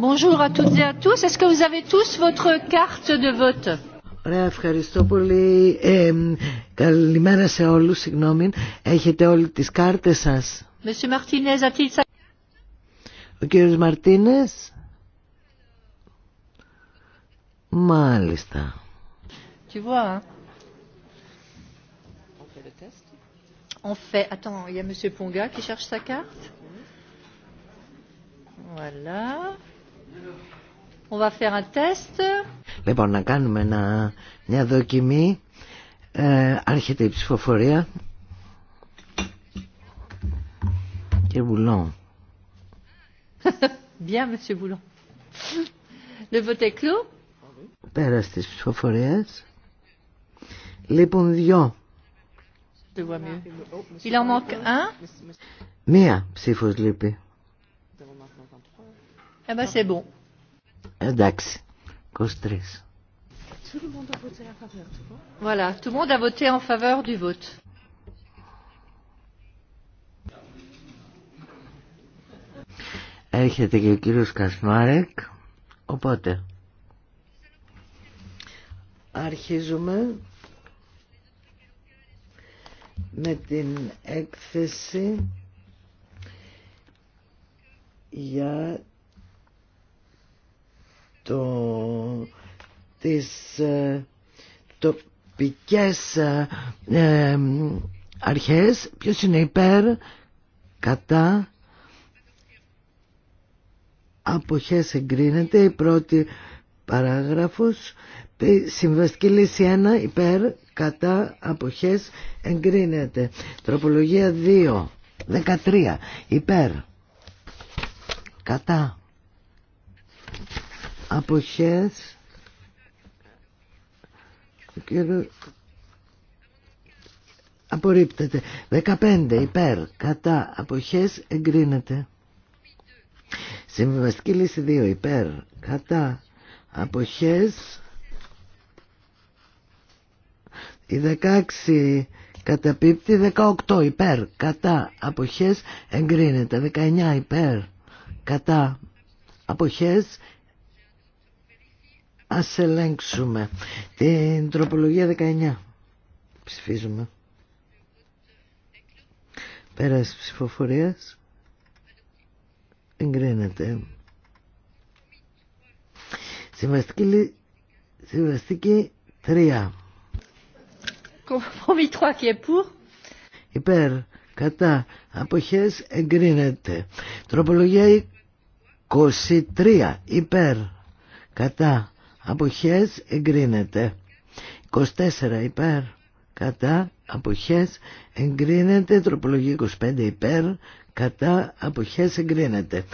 Bonjour à toutes et à tous. Est-ce que vous avez tous votre carte de vote? Ωραία, ευχαριστώ πολύ. Ε, καλημέρα σε όλους, συγγνώμη. Έχετε όλοι τις κάρτες σας. Monsieur Martinez, a Ο κύριος Μαρτίνες. Μάλιστα. Tu vois, hein? On fait le test. On fait. Attends, il y a Monsieur Ponga qui cherche sa carte. Voilà. On test. Λοιπόν, να κάνουμε μια δοκιμή. Ε, άρχεται η ψηφοφορία. Κύριε Μπουλόν. Bien, Πέρα ψηφοφορίες. Λοιπόν, δυο. Il en manque un. Μία ψήφος λείπει. Eh ben, c'est bon. Dax, Tout le monde voté Εντάξει. 23. Voilà, tout le monde a voté en faveur du vote. Έρχεται και ο κύριος Κασμάρεκ, οπότε αρχίζουμε με την έκθεση για το, τις ε, τοπικές ε, ε, αρχές ποιος είναι υπέρ κατά αποχές εγκρίνεται η πρώτη παράγραφος συμβαστική λύση 1 υπέρ κατά αποχές εγκρίνεται τροπολογία 2 13 υπέρ κατά αποχές απορρίπτεται 15 υπέρ κατά αποχές εγκρίνεται συμβιβαστική λύση 2 υπέρ κατά αποχές η 16 καταπίπτει 18 υπέρ κατά αποχές εγκρίνεται 19 υπέρ κατά αποχές Ας ελέγξουμε την τροπολογία 19. Ψηφίζουμε. Πέρας ψηφοφορίας. Εγκρίνεται. Συμβαστική, συμβαστική 3. 3 και Υπέρ, κατά, αποχές εγκρίνεται. Τροπολογία 23. Υπέρ, κατά, αποχές εγκρίνεται 24 υπέρ κατά αποχές εγκρίνεται τροπολογία 25 υπέρ κατά αποχές εγκρίνεται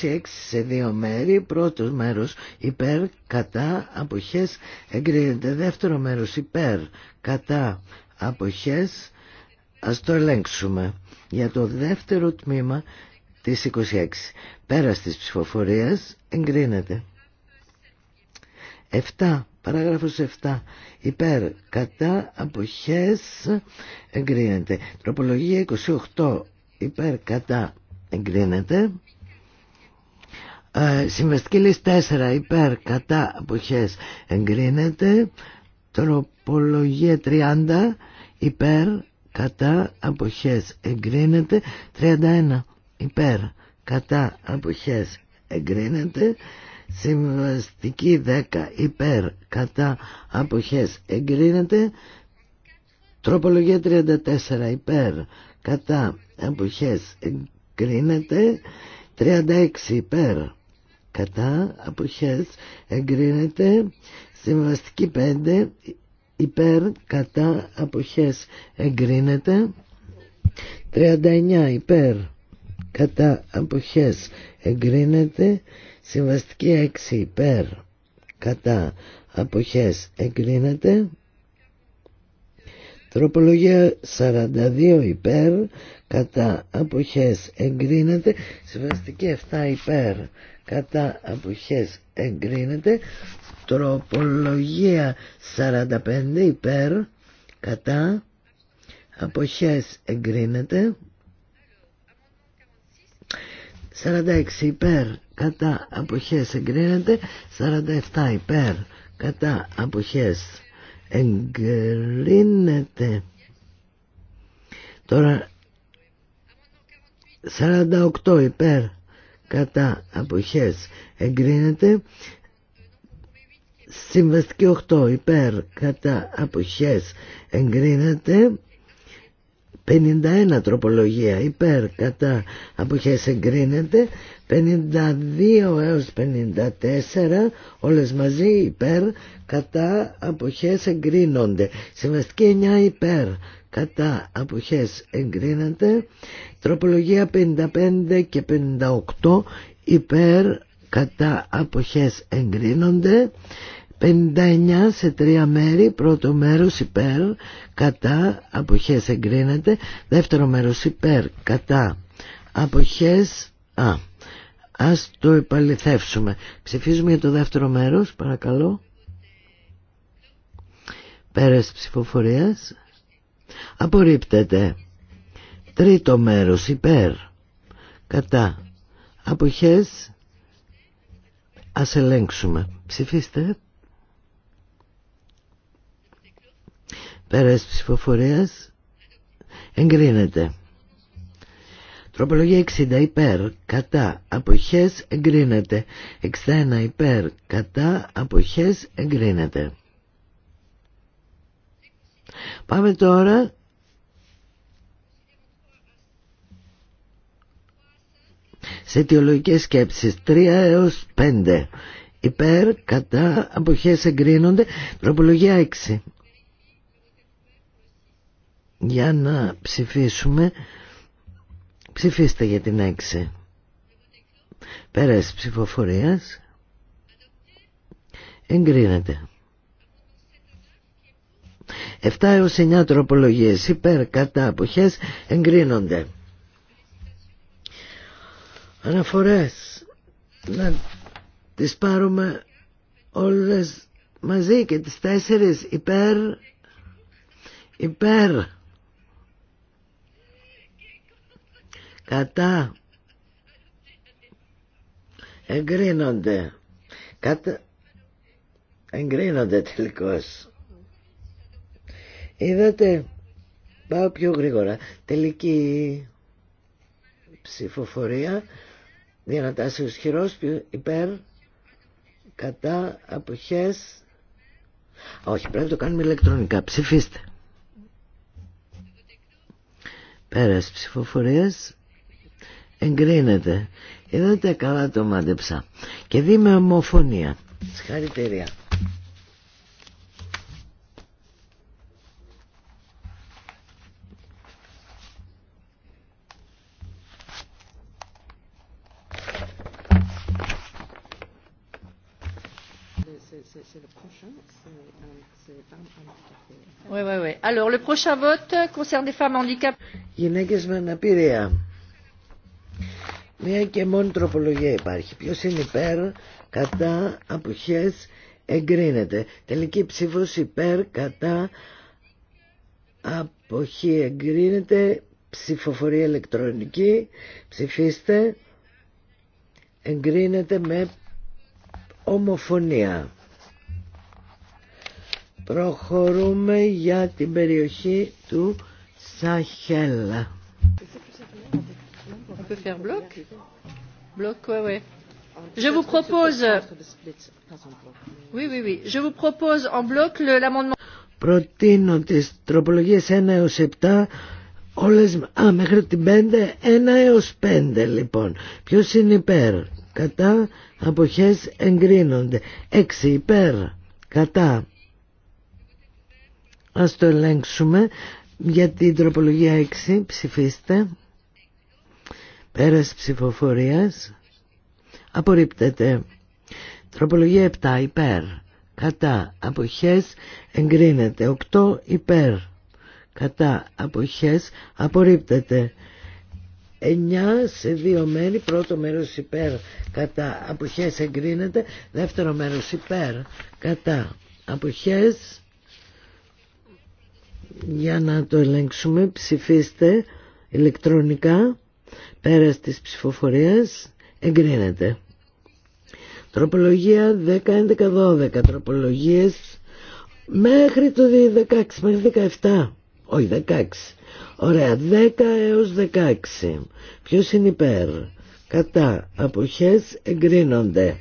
26 σε δύο μέρη πρώτο μέρος υπέρ κατά αποχές εγκρίνεται δεύτερο μέρος υπέρ κατά αποχές ας το ελέγξουμε για το δεύτερο τμήμα της 26 πέρας της ψηφοφορίας εγκρίνεται 7. Παράγραφος 7. Υπέρ κατά αποχές εγκρίνεται. Τροπολογία 28. Υπέρ κατά εγκρίνεται. Ε, συμβαστική λύση 4. Υπέρ κατά αποχές εγκρίνεται. Τροπολογία 30. Υπέρ κατά αποχές εγκρίνεται. 31. Υπέρ κατά αποχές εγκρίνεται. Συμβαστική 10 υπέρ κατά αποχές εγκρίνεται. Τροπολογία 34 υπέρ κατά αποχές εγκρίνεται. 36 υπέρ κατά αποχές εγκρίνεται. Συμβαστική 5 υπέρ κατά αποχές εγκρίνεται. 39 υπέρ κατά αποχές εγκρίνεται. Συμβαστική 6 υπέρ κατά αποχές εγκρίνεται. Τροπολογία 42 υπέρ κατά αποχές εγκρίνεται. Συμβαστική 7 υπέρ κατά αποχές εγκρίνεται. Τροπολογία 45 υπέρ κατά αποχές εγκρίνεται. 46 υπέρ κατά αποχές εγκρίνεται 47 υπέρ κατά αποχές εγκρίνεται τώρα 48 υπέρ κατά αποχές εγκρίνεται συμβαστική 8 υπέρ κατά αποχές εγκρίνεται 51 τροπολογία υπέρ κατά αποχές εγκρίνεται 52 έως 54 όλες μαζί υπέρ κατά αποχές εγκρίνονται συμβαστική 9 υπέρ κατά αποχές εγκρίνεται τροπολογία 55 και 58 υπέρ κατά αποχές εγκρίνονται 59 σε τρία μέρη, πρώτο μέρος υπέρ, κατά, αποχές εγκρίνεται, δεύτερο μέρος υπέρ, κατά, αποχές, α, Ας το επαληθεύσουμε. Ψηφίζουμε για το δεύτερο μέρος, παρακαλώ. Πέρας ψηφοφορίας. Απορρίπτεται. Τρίτο μέρος, υπέρ. Κατά. Αποχές. Ας ελέγξουμε. Ψηφίστε. Πέρας ψηφοφορίας. Εγκρίνεται. Τροπολογία 60 υπέρ, κατά, αποχές εγκρίνεται. 61 υπέρ, κατά, αποχές εγκρίνεται. Πάμε τώρα... Σε αιτιολογικές σκέψεις 3 έως 5 υπέρ, κατά, αποχές εγκρίνονται, τροπολογία 6. Για να ψηφίσουμε Ψηφίστε για την έξι. Πέρας ψηφοφορίας. Εγκρίνεται. 7 έως 9 τροπολογίες υπέρ κατά αποχές εγκρίνονται. Αναφορές. Να τις πάρουμε όλες μαζί και τις τέσσερις υπέρ υπέρ κατά εγκρίνονται κατά εγκρίνονται τελικώς είδατε πάω πιο γρήγορα τελική ψηφοφορία διανατάσεως χειρός υπέρ κατά αποχές όχι πρέπει να το κάνουμε ηλεκτρονικά ψηφίστε πέρας ψηφοφορίας εγκρίνεται. Είδατε καλά το μάντεψα. Και δει με ομοφωνία. Συγχαρητήρια. Oui, Γυναίκες με αναπηρία. Μία και μόνη τροπολογία υπάρχει. Ποιος είναι υπέρ, κατά, αποχές, εγκρίνεται. Τελική ψήφος υπέρ, κατά, αποχή εγκρίνεται. Ψηφοφορία ηλεκτρονική. Ψηφίστε. Εγκρίνεται με ομοφωνία. Προχωρούμε για την περιοχή του Σαχέλα peut faire bloc Bloc, oui, oui. Je vous propose. Oui, oui, oui. Je vous propose en bloc l'amendement. Προτείνω τι τροπολογίε 1 έω 7, όλε. μέχρι την 5, 1 έω 5 λοιπόν. Ποιο είναι υπέρ, κατά, αποχέ εγκρίνονται. 6 υπέρ, κατά. Α το ελέγξουμε για την τροπολογία 6, ψηφίστε. Πέρας ψηφοφορίας απορρίπτεται. Τροπολογία 7 υπέρ. Κατά αποχές εγκρίνεται. 8 υπέρ. Κατά αποχές απορρίπτεται. 9 σε δύο μέρη. Πρώτο μέρος υπέρ. Κατά αποχές εγκρίνεται. Δεύτερο μέρος υπέρ. Κατά αποχές. Για να το ελέγξουμε. Ψηφίστε ηλεκτρονικά. Πέρας της ψηφοφορίας εγκρίνεται. Τροπολογία 10, 11, 12. Τροπολογίες μέχρι το 16, μέχρι 17. Όχι 16. Ωραία, 10 έως 16. Ποιος είναι υπέρ. Κατά. Αποχές εγκρίνονται.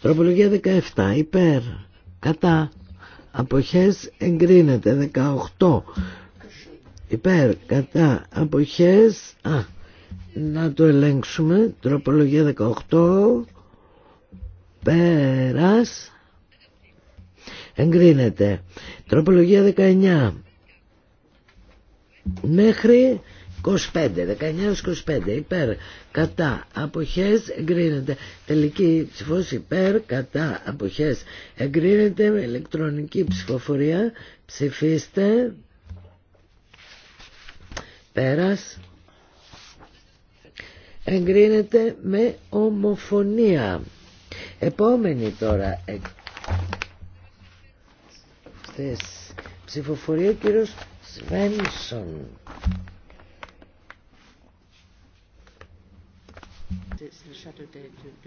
Τροπολογία 17. Υπέρ. Κατά. Αποχές εγκρίνεται. 18. Υπέρ. Κατά. Αποχές... Α, να το ελέγξουμε τροπολογία 18 πέρας εγκρίνεται τροπολογία 19 μέχρι 25 19-25 υπέρ κατά αποχές εγκρίνεται τελική ψηφός υπέρ κατά αποχές εγκρίνεται ηλεκτρονική ψηφοφορία ψηφίστε πέρας εγκρίνεται με ομοφωνία. Επόμενη τώρα ε, ψηφοφορία ο κύριος Σβένσον.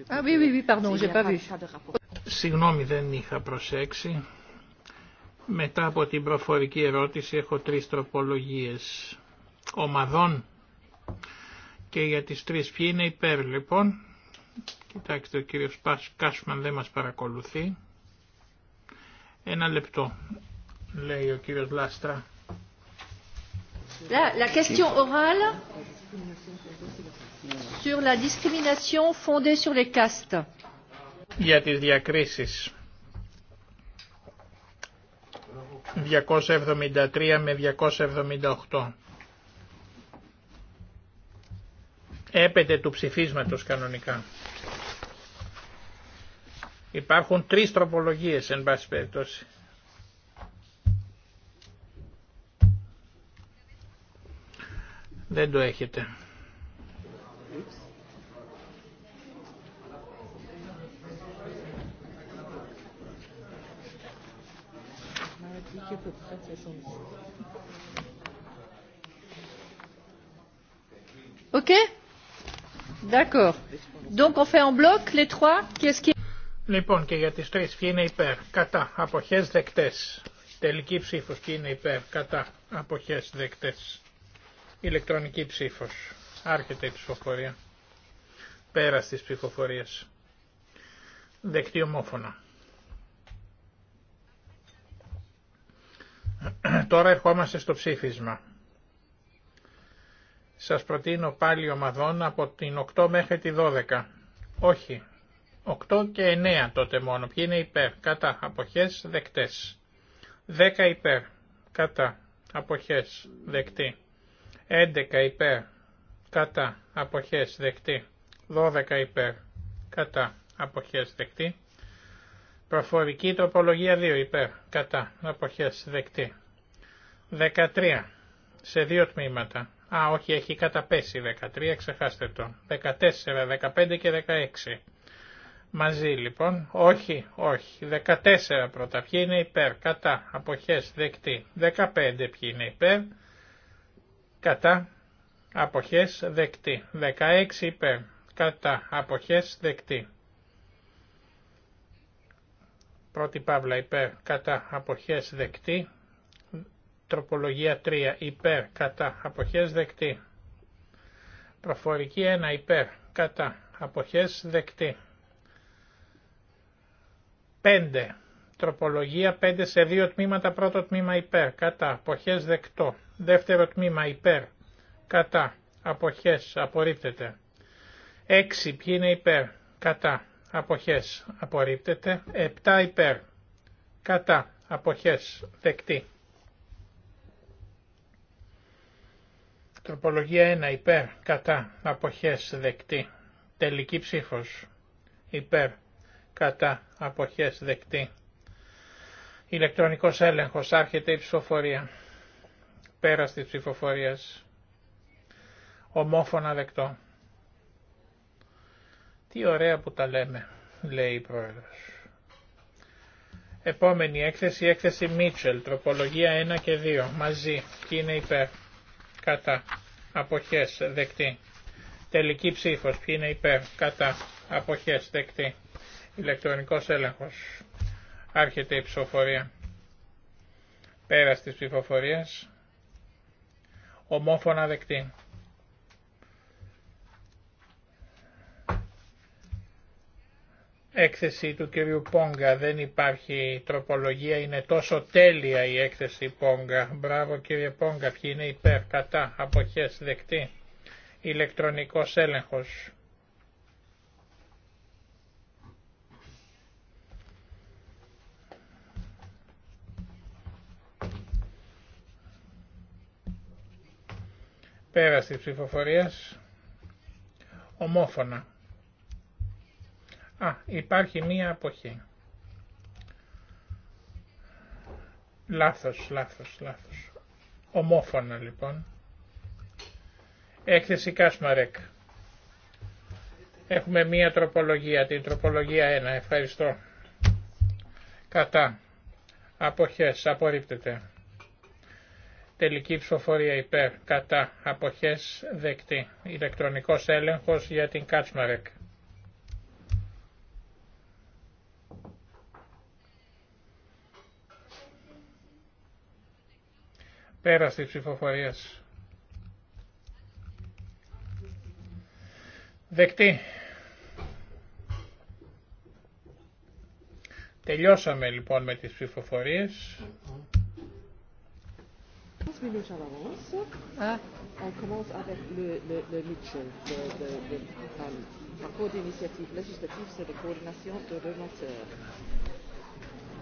Ah Συγγνώμη δεν είχα προσέξει. Μετά από την προφορική ερώτηση έχω τρεις τροπολογίες ομαδών και για τις τρεις ποιοι είναι υπέρ λοιπόν. Κοιτάξτε ο κύριος Κάσμαν δεν μας παρακολουθεί. Ένα λεπτό λέει ο κύριος Λάστρα. La, la Για τις διακρίσεις. 273 με 278. έπεται του ψηφίσματος κανονικά. Υπάρχουν τρεις τροπολογίες εν πάση περιπτώσει. Δεν το έχετε. Okay. Λοιπόν και για τις τρεις ποιοι είναι υπέρ, κατά, αποχές δεκτές. Τελική ψήφος ποιοι είναι υπέρ, κατά, αποχές δεκτές. Ηλεκτρονική ψήφος. Άρχεται η ψηφοφορία. Πέρα της ψηφοφορίες. Δεκτή ομόφωνα. Τώρα ερχόμαστε στο ψήφισμα. Σας προτείνω πάλι ομαδών από την 8 μέχρι τη 12. Όχι. 8 και 9 τότε μόνο. Ποιοι είναι υπέρ. Κατά. Αποχές. Δεκτές. 10 υπέρ. Κατά. Αποχές. Δεκτή. 11 υπέρ. Κατά. Αποχές. Δεκτή. 12 υπέρ. Κατά. Αποχές. Δεκτή. Προφορική τροπολογία 2 υπέρ. Κατά. Αποχές. Δεκτή. 13. Σε δύο τμήματα. Α, όχι, έχει καταπέσει 13, ξεχάστε το. 14, 15 και 16. Μαζί λοιπόν, όχι, όχι, 14 πρώτα, ποιοι είναι υπέρ, κατά, αποχές, δεκτή, 15 ποιοι είναι υπέρ, κατά, αποχές, δεκτή, 16 υπέρ, κατά, αποχές, δεκτή. Πρώτη παύλα υπέρ, κατά, αποχές, δεκτή, Τροπολογία 3. Υπέρ, κατά, αποχές δεκτή. Προφορική 1. Υπέρ, κατά, αποχές δεκτή. 5. Τροπολογία 5 σε δύο τμήματα. Πρώτο τμήμα υπέρ, κατά, αποχές δεκτό. Δεύτερο τμήμα υπέρ, κατά, αποχές, απορρίπτεται. 6. Ποιοι είναι υπέρ, κατά, αποχές, απορρίπτεται. 7. Υπέρ, κατά, αποχές, δεκτή. Τροπολογία 1 υπέρ, κατά, αποχές δεκτή. Τελική ψήφος υπέρ, κατά, αποχές δεκτή. Ηλεκτρονικός έλεγχος, άρχεται η ψηφοφορία. Πέρας της ψηφοφορίας. Ομόφωνα δεκτό. Τι ωραία που τα λέμε, λέει η πρόεδρος. Επόμενη έκθεση, έκθεση Μίτσελ, τροπολογία 1 και 2, μαζί, και είναι υπέρ κατά, αποχές, δεκτή. Τελική ψήφος, ποιοι είναι υπέρ, κατά, αποχές, δεκτή. Ηλεκτρονικός έλεγχος. Άρχεται η ψηφοφορία. Πέρας της ψηφοφορίας. Ομόφωνα δεκτή. έκθεση του κυρίου Πόγκα. Δεν υπάρχει τροπολογία, είναι τόσο τέλεια η έκθεση Πόγκα. Μπράβο κύριε Πόγκα, ποιοι είναι υπέρ, κατά, αποχές, δεκτή. Ηλεκτρονικός έλεγχος. Πέραση ψηφοφορίας. Ομόφωνα. Α, υπάρχει μία αποχή. Λάθος, λάθος, λάθος. Ομόφωνα λοιπόν. Έκθεση Κάσμαρεκ. Έχουμε μία τροπολογία, την τροπολογία 1. Ευχαριστώ. Κατά. Αποχές, απορρίπτεται. Τελική ψηφοφορία υπέρ, κατά, αποχές, δεκτή. Ηλεκτρονικός έλεγχος για την Κάτσμαρεκ. Πέραστη ψηφοφορία. ψηφοφορίας. Δεκτή. Τελειώσαμε λοιπόν με τις ψηφοφορίες. Mais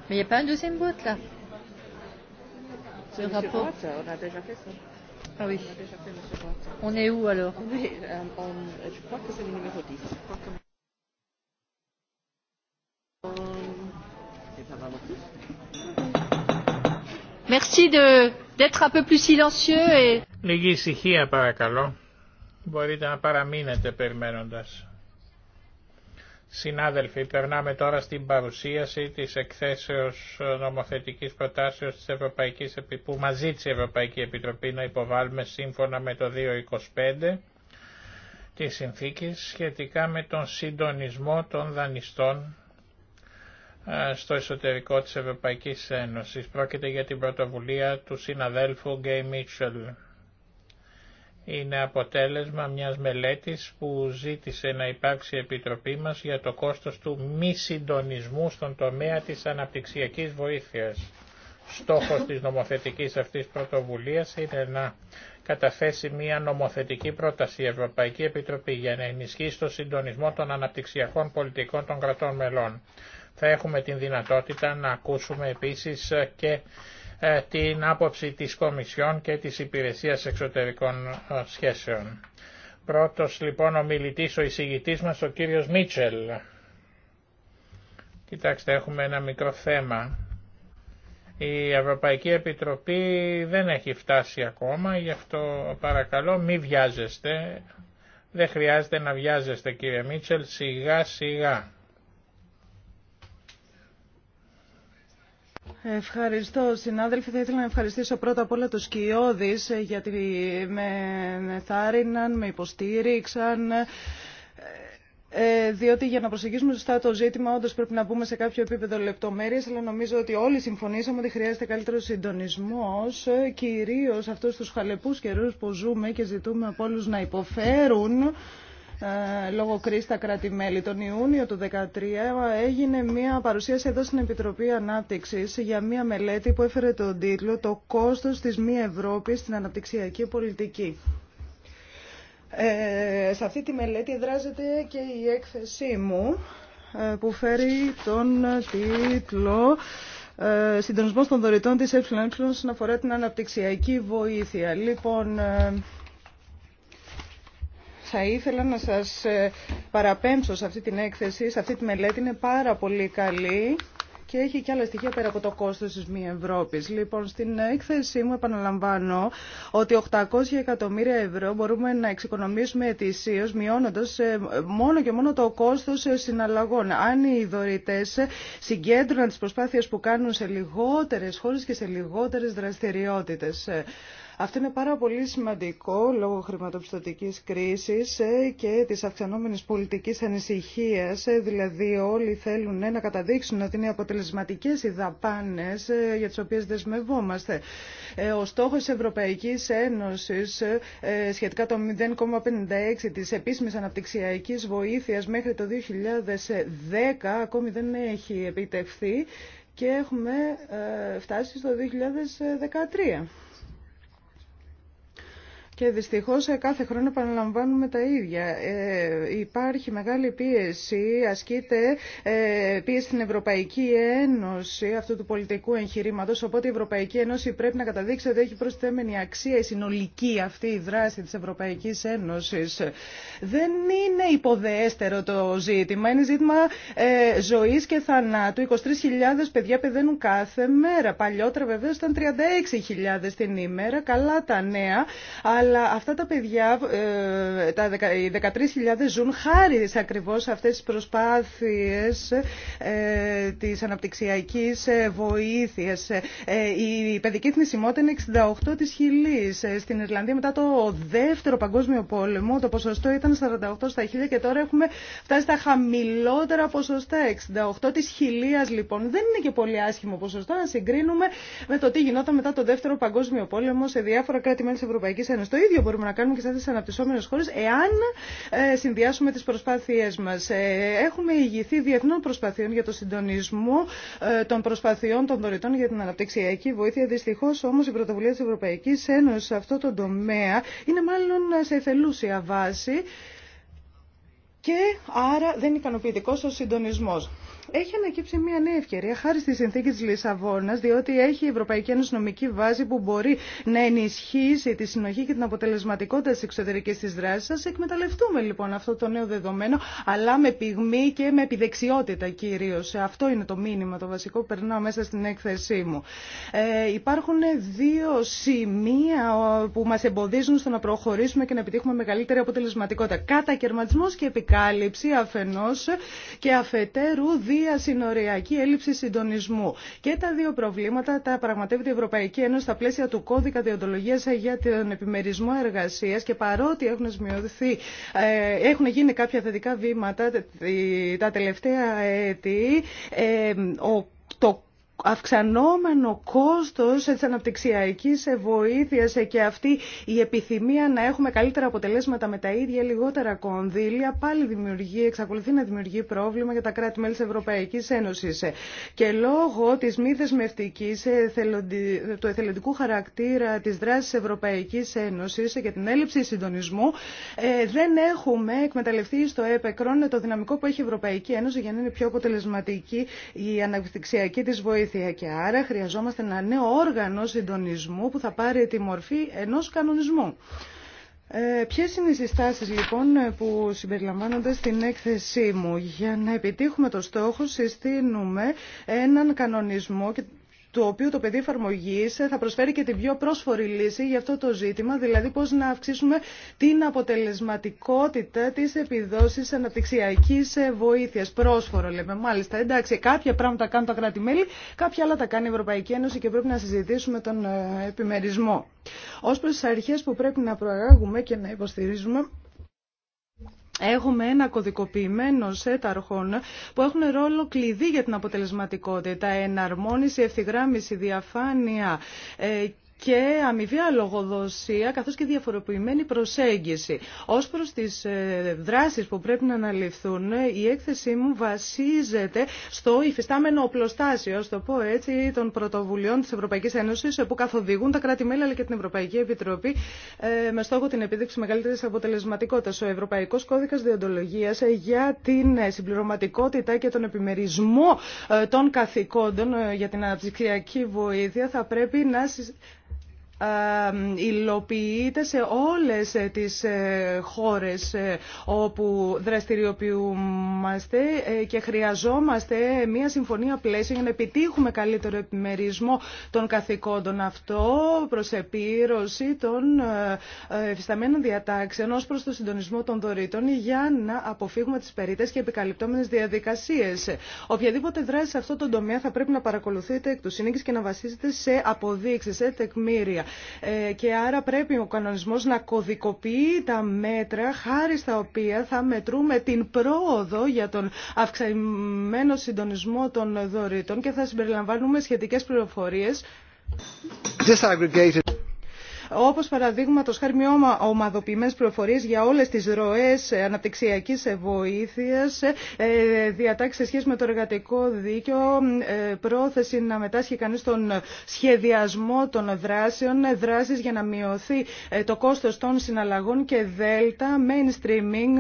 il n'y a pas un deuxième vote là le rapport. On a déjà fait ça. Ah oui. On est où alors Je crois que c'est le numéro 10. Je crois que... Merci d'être un peu plus silencieux et... Λίγη ησυχία παρακαλώ. Μπορείτε να παραμείνετε περιμένοντας. Συνάδελφοι, περνάμε τώρα στην παρουσίαση της εκθέσεως νομοθετικής προτάσεως της Ευρωπαϊκής που μαζί της Ευρωπαϊκής Ευρωπαϊκή Επιτροπή να υποβάλουμε σύμφωνα με το 225 τη συνθήκη σχετικά με τον συντονισμό των δανειστών ε, στο εσωτερικό της Ευρωπαϊκής Ένωσης. Πρόκειται για την πρωτοβουλία του συναδέλφου Γκέι Μίτσελ είναι αποτέλεσμα μιας μελέτης που ζήτησε να υπάρξει η Επιτροπή μας για το κόστος του μη συντονισμού στον τομέα της αναπτυξιακής βοήθειας. Στόχος της νομοθετικής αυτής πρωτοβουλίας είναι να καταθέσει μια νομοθετική πρόταση η Ευρωπαϊκή Επιτροπή για να ενισχύσει το συντονισμό των αναπτυξιακών πολιτικών των κρατών μελών. Θα έχουμε την δυνατότητα να ακούσουμε επίσης και ε, την άποψη της Κομισιόν και της Υπηρεσίας Εξωτερικών ε, Σχέσεων. Πρώτος λοιπόν ο μιλητής, ο εισηγητής μας, ο κύριος Μίτσελ. Κοιτάξτε, έχουμε ένα μικρό θέμα. Η Ευρωπαϊκή Επιτροπή δεν έχει φτάσει ακόμα, γι' αυτό παρακαλώ μη βιάζεστε. Δεν χρειάζεται να βιάζεστε κύριε Μίτσελ, σιγά σιγά. Ευχαριστώ συνάδελφοι. Θα ήθελα να ευχαριστήσω πρώτα απ' όλα τους Κιώδης ε, γιατί με θάρρυναν, με υποστήριξαν ε, ε, διότι για να προσεγγίσουμε σωστά το ζήτημα, όντω πρέπει να πούμε σε κάποιο επίπεδο λεπτομέρειε, αλλά νομίζω ότι όλοι συμφωνήσαμε ότι χρειάζεται καλύτερο συντονισμό, κυρίω αυτού του χαλεπού καιρού που ζούμε και ζητούμε από όλου να υποφέρουν. Ε, λόγω κρίση στα κράτη-μέλη. Τον Ιούνιο του 2013 έγινε μια παρουσίαση εδώ στην Επιτροπή Ανάπτυξης για μια μελέτη που έφερε τον τίτλο «Το κόστος τη μη Ευρώπη στην αναπτυξιακή πολιτική». Ε, σε αυτή τη μελέτη δράζεται και η έκθεσή μου ε, που φέρει τον τίτλο ε, «Συντονισμός των δωρητών της ΕΕ όσον αφορά την αναπτυξιακή βοήθεια. Λοιπόν, θα ήθελα να σας ε, παραπέμψω σε αυτή την έκθεση, σε αυτή τη μελέτη. Είναι πάρα πολύ καλή και έχει και άλλα στοιχεία πέρα από το κόστος της μη Ευρώπης. Λοιπόν, στην έκθεσή μου επαναλαμβάνω ότι 800 εκατομμύρια ευρώ μπορούμε να εξοικονομήσουμε ετησίως μειώνοντας ε, μόνο και μόνο το κόστος ε, συναλλαγών. Αν οι δωρητές συγκέντρωναν τις προσπάθειες που κάνουν σε λιγότερες χώρες και σε λιγότερες δραστηριότητες. Αυτό είναι πάρα πολύ σημαντικό λόγω χρηματοπιστωτικής κρίσης ε, και της αυξανόμενης πολιτικής ανησυχίας. Ε, δηλαδή όλοι θέλουν ε, να καταδείξουν ότι είναι αποτελεσματικές οι δαπάνες για τις οποίες δεσμευόμαστε. Ο στόχος της Ευρωπαϊκής Ένωσης σχετικά το 0,56 της επίσημης αναπτυξιακής βοήθειας μέχρι το 2010 ακόμη δεν έχει επιτευχθεί και έχουμε φτάσει στο 2013. Και δυστυχώς ε, κάθε χρόνο επαναλαμβάνουμε τα ίδια. Ε, υπάρχει μεγάλη πίεση, ασκείται ε, πίεση στην Ευρωπαϊκή Ένωση αυτού του πολιτικού εγχειρήματος, οπότε η Ευρωπαϊκή Ένωση πρέπει να καταδείξει ότι έχει προσθέμενη αξία η συνολική αυτή η δράση της Ευρωπαϊκής Ένωσης. Δεν είναι υποδεέστερο το ζήτημα, είναι ζήτημα ε, ζωής και θανάτου. 23.000 παιδιά παιδένουν κάθε μέρα. Παλιότερα βεβαίως ήταν 36.000 την ημέρα, καλά τα νέα, αλλά αυτά τα παιδιά, ε, τα 13.000 ζουν χάρη σε ακριβώς αυτές τις προσπάθειες ε, της αναπτυξιακής ε, βοήθειας. Ε, η παιδική θνησιμότητα είναι 68 της Χιλής. Στην Ιρλανδία μετά το δεύτερο παγκόσμιο πόλεμο το ποσοστό ήταν 48 στα χίλια και τώρα έχουμε φτάσει στα χαμηλότερα ποσοστά. 68 της Χιλίας λοιπόν δεν είναι και πολύ άσχημο ποσοστό να συγκρίνουμε με το τι γινόταν μετά το δεύτερο παγκόσμιο πόλεμο σε διάφορα κράτη-μέλη της Ευρωπαϊκής Ένωσης. Το ίδιο μπορούμε να κάνουμε και σε τι αναπτυσσόμενες χώρες εάν ε, συνδυάσουμε τις προσπάθειές μας. Ε, έχουμε ηγηθεί διεθνών προσπαθειών για το συντονισμό ε, των προσπαθειών των δωρητών για την αναπτυξιακή βοήθεια. Δυστυχώς όμως η πρωτοβουλία της Ευρωπαϊκής Ένωσης σε αυτό το τομέα είναι μάλλον σε εθελούσια βάση και άρα δεν ικανοποιητικός ο συντονισμός. Έχει ανακύψει μια νέα ευκαιρία χάρη στη συνθήκη τη Λισαβόνα, διότι έχει η Ευρωπαϊκή Ένωση νομική βάση που μπορεί να ενισχύσει τη συνοχή και την αποτελεσματικότητα τη εξωτερική τη δράση. Σα εκμεταλλευτούμε λοιπόν αυτό το νέο δεδομένο, αλλά με πυγμή και με επιδεξιότητα κυρίω. Αυτό είναι το μήνυμα το βασικό που περνάω μέσα στην έκθεσή μου. Ε, υπάρχουν δύο σημεία που μα εμποδίζουν στο να προχωρήσουμε και να επιτύχουμε μεγαλύτερη αποτελεσματικότητα. Κατακαιρματισμό και επικάλυψη αφενό και αφετέρου Συνοριακή έλλειψη συντονισμού. Και τα δύο προβλήματα τα πραγματεύεται η Ευρωπαϊκή Ένωση στα πλαίσια του κώδικα διοντολογία για τον επιμερισμό εργασία και παρότι έχουν ε, έχουν γίνει κάποια θετικά βήματα τα τελευταία έτη, ε, ο αυξανόμενο κόστος της αναπτυξιακής βοήθειας και αυτή η επιθυμία να έχουμε καλύτερα αποτελέσματα με τα ίδια λιγότερα κονδύλια πάλι δημιουργεί, εξακολουθεί να δημιουργεί πρόβλημα για τα κράτη-μέλη της Ευρωπαϊκής Ένωσης. Και λόγω της μη δεσμευτικής ε, του εθελοντικού χαρακτήρα της δράσης της Ευρωπαϊκής Ένωσης και την έλλειψη συντονισμού ε, δεν έχουμε εκμεταλλευτεί στο έπεκρον το δυναμικό που έχει η Ευρωπαϊκή Ένωση για να είναι πιο αποτελεσματική η αναπτυξιακή της βοήθεια βοήθεια και άρα χρειαζόμαστε ένα νέο όργανο συντονισμού που θα πάρει τη μορφή ενός κανονισμού. Ε, ποιες είναι οι συστάσεις λοιπόν που συμπεριλαμβάνονται στην έκθεσή μου. Για να επιτύχουμε το στόχο συστήνουμε έναν κανονισμό το οποίο το παιδί εφαρμογή θα προσφέρει και την πιο πρόσφορη λύση για αυτό το ζήτημα, δηλαδή πώς να αυξήσουμε την αποτελεσματικότητα τη επιδόση αναπτυξιακή βοήθεια. Πρόσφορο λέμε, μάλιστα. Εντάξει, κάποια πράγματα κάνουν τα κράτη-μέλη, κάποια άλλα τα κάνει η Ευρωπαϊκή Ένωση και πρέπει να συζητήσουμε τον ε, επιμερισμό. Ω προ τι αρχέ που πρέπει να προαγάγουμε και να υποστηρίζουμε, Έχουμε ένα κωδικοποιημένο σετ αρχών που έχουν ρόλο κλειδί για την αποτελεσματικότητα, εναρμόνιση, ευθυγράμμιση, διαφάνεια ε, και αμοιβή λογοδοσία καθώς και διαφοροποιημένη προσέγγιση. Ως προς τις ε, δράσεις που πρέπει να αναλυφθούν, η έκθεσή μου βασίζεται στο υφιστάμενο οπλοστάσιο, το πω έτσι, των πρωτοβουλειών της Ευρωπαϊκής Ένωσης που καθοδηγούν τα κράτη-μέλη αλλά και την Ευρωπαϊκή Επιτροπή ε, με στόχο την επίδειξη μεγαλύτερης αποτελεσματικότητας. Ο Ευρωπαϊκός Κώδικα Διοντολογίας για την συμπληρωματικότητα και τον επιμερισμό ε, των καθηκόντων για την αναπτυξιακή βοήθεια θα πρέπει να υλοποιείται σε όλες τις ε, χώρες ε, όπου δραστηριοποιούμαστε ε, και χρειαζόμαστε μια συμφωνία πλαίσιο για να επιτύχουμε καλύτερο επιμερισμό των καθηκόντων. Αυτό προς επίρρωση των εφισταμένων διατάξεων ως προς το συντονισμό των δωρήτων για να αποφύγουμε τις περίτες και επικαλυπτόμενες διαδικασίες. Οποιαδήποτε δράση σε αυτό το τομέα θα πρέπει να παρακολουθείτε εκ του και να βασίζεται σε αποδείξεις, σε τεκμήρια. Ε, και άρα πρέπει ο κανονισμός να κωδικοποιεί τα μέτρα χάρη στα οποία θα μετρούμε την πρόοδο για τον αυξημένο συντονισμό των δωρητών και θα συμπεριλαμβάνουμε σχετικές πληροφορίες όπως παραδείγματο χάρη μια ομαδοποιημένες προφορίες για όλες τις ροές αναπτυξιακής βοήθειας, ε, διατάξεις σε σχέση με το εργατικό δίκαιο, ε, πρόθεση να μετάσχει κάνει τον σχεδιασμό των δράσεων, ε, δράσεις για να μειωθεί το κόστος των συναλλαγών και δέλτα, mainstreaming,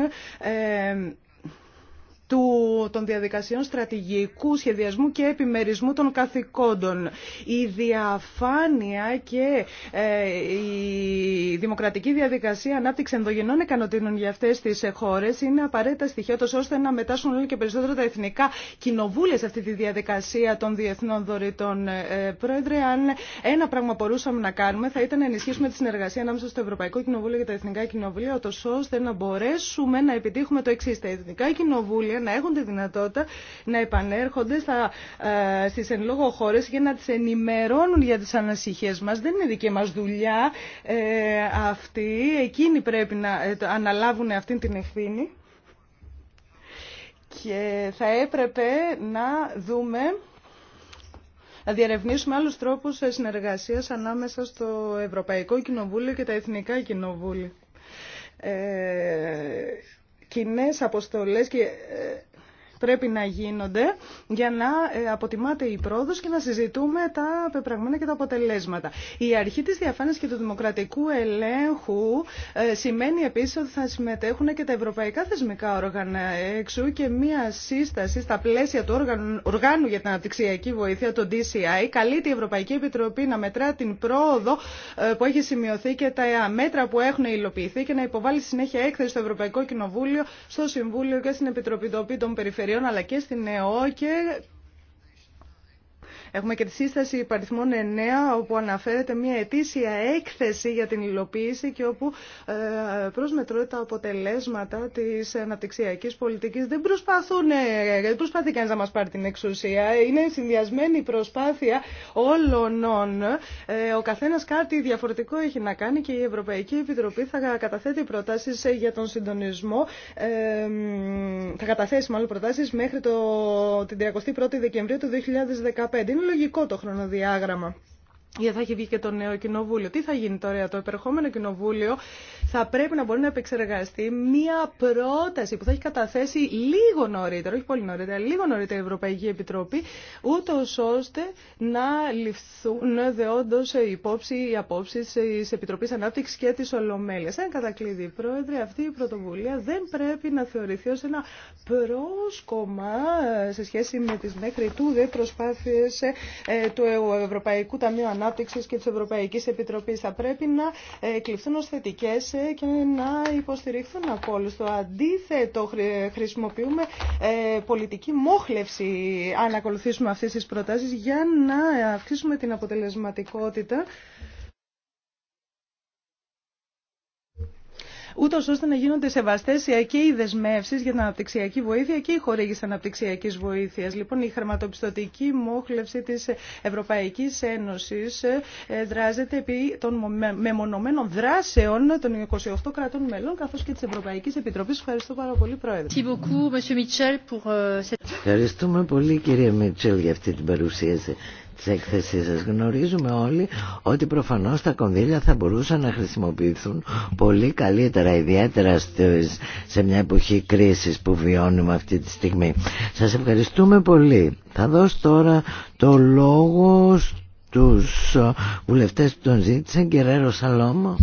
του, των διαδικασιών στρατηγικού σχεδιασμού και επιμερισμού των καθηκόντων. Η διαφάνεια και ε, η δημοκρατική διαδικασία ανάπτυξη ενδογενών ικανοτήτων για αυτέ τι χώρε είναι απαραίτητα στοιχεία, ώστε να μετάσχουν όλο και περισσότερο τα εθνικά κοινοβούλια σε αυτή τη διαδικασία των διεθνών δωρητών. Ε, πρόεδρε, αν ένα πράγμα μπορούσαμε να κάνουμε θα ήταν να ενισχύσουμε τη συνεργασία ανάμεσα στο Ευρωπαϊκό Κοινοβούλιο και τα Εθνικά Κοινοβούλια, ώστε να μπορέσουμε να επιτύχουμε το εξή. Τα Εθνικά Κοινοβούλια να έχουν τη δυνατότητα να επανέρχονται στα, ε, στις εν λόγω χώρες και να τις ενημερώνουν για τις ανασυχίες μας. Δεν είναι δική μας δουλειά ε, αυτή. Εκείνοι πρέπει να ε, αναλάβουν αυτή την ευθύνη. Και θα έπρεπε να δούμε να διαρευνήσουμε άλλους τρόπους συνεργασίας ανάμεσα στο Ευρωπαϊκό Κοινοβούλιο και τα Εθνικά Κοινοβούλια. Ε, κοινέ αποστολέ και ε, πρέπει να γίνονται για να ε, αποτιμάται η πρόοδος και να συζητούμε τα πεπραγμένα και τα αποτελέσματα. Η αρχή της διαφάνειας και του δημοκρατικού ελέγχου ε, σημαίνει επίσης ότι θα συμμετέχουν και τα ευρωπαϊκά θεσμικά όργανα έξω και μία σύσταση στα πλαίσια του οργάνου, για την αναπτυξιακή βοήθεια, το DCI, καλεί την Ευρωπαϊκή Επιτροπή να μετρά την πρόοδο ε, που έχει σημειωθεί και τα μέτρα που έχουν υλοποιηθεί και να υποβάλει συνέχεια έκθεση στο Ευρωπαϊκό Κοινοβούλιο, στο Συμβούλιο και στην Επιτροπή των Περιφερειών αλλά και στην ΕΟ και Έχουμε και τη σύσταση υπαριθμών 9, όπου αναφέρεται μια ετήσια έκθεση για την υλοποίηση και όπου ε, προσμετρώνται τα αποτελέσματα τη αναπτυξιακή πολιτική. Δεν προσπαθούν, ε, δεν προσπαθεί κανεί να μα πάρει την εξουσία. Είναι συνδυασμένη η προσπάθεια όλων. Ε, ο καθένα κάτι διαφορετικό έχει να κάνει και η Ευρωπαϊκή Επιτροπή θα καταθέτει προτάσει για τον συντονισμό. Ε, θα καταθέσει μάλλον προτάσει μέχρι το, την 31η Δεκεμβρίου του 2015 είναι λογικό το χρονοδιάγραμμα. Για θα έχει βγει και το νέο κοινοβούλιο. Τι θα γίνει τώρα το επερχόμενο κοινοβούλιο θα πρέπει να μπορεί να επεξεργαστεί μία πρόταση που θα έχει καταθέσει λίγο νωρίτερα, όχι πολύ νωρίτερα, λίγο νωρίτερα η Ευρωπαϊκή Επιτροπή, ούτω ώστε να ληφθούν δεόντω υπόψη οι απόψει τη Επιτροπή Ανάπτυξη και τη Ολομέλεια. Σαν κατακλείδη, Πρόεδρε, αυτή η πρωτοβουλία δεν πρέπει να θεωρηθεί ω ένα πρόσκομα σε σχέση με τι μέχρι τούδε προσπάθειε ε, του ε, Ευρωπαϊκού Ταμείου Ανάπτυξη και τη Ευρωπαϊκή Επιτροπή. Θα πρέπει να ε, κληθούν ω θετικέ και να υποστηριχθούν από όλου. Το αντίθετο χρησιμοποιούμε ε, πολιτική μόχλευση αν ακολουθήσουμε αυτές τις προτάσεις για να αυξήσουμε την αποτελεσματικότητα ούτω ώστε να γίνονται σεβαστέ και οι δεσμεύσει για την αναπτυξιακή βοήθεια και η χορήγηση αναπτυξιακή βοήθεια. Λοιπόν, η χρηματοπιστωτική μόχλευση τη Ευρωπαϊκή Ένωση ε, δράζεται επί των μεμονωμένων δράσεων των 28 κρατών μελών καθώ και τη Ευρωπαϊκή Επιτροπή. Ευχαριστώ πάρα πολύ, Πρόεδρε. Euh, Ευχαριστούμε πολύ, κύριε Μίτσελ, για αυτή την παρουσίαση τη έκθεσή σα. Γνωρίζουμε όλοι ότι προφανώ τα κονδύλια θα μπορούσαν να χρησιμοποιηθούν πολύ καλύτερα ιδιαίτερα, ιδιαίτερα σε μια εποχή κρίση που βιώνουμε αυτή τη στιγμή. Σας ευχαριστούμε πολύ. Θα δώσω τώρα το λόγο στους βουλευτέ που τον ζήτησαν, Κεραίρο Σαλόμο.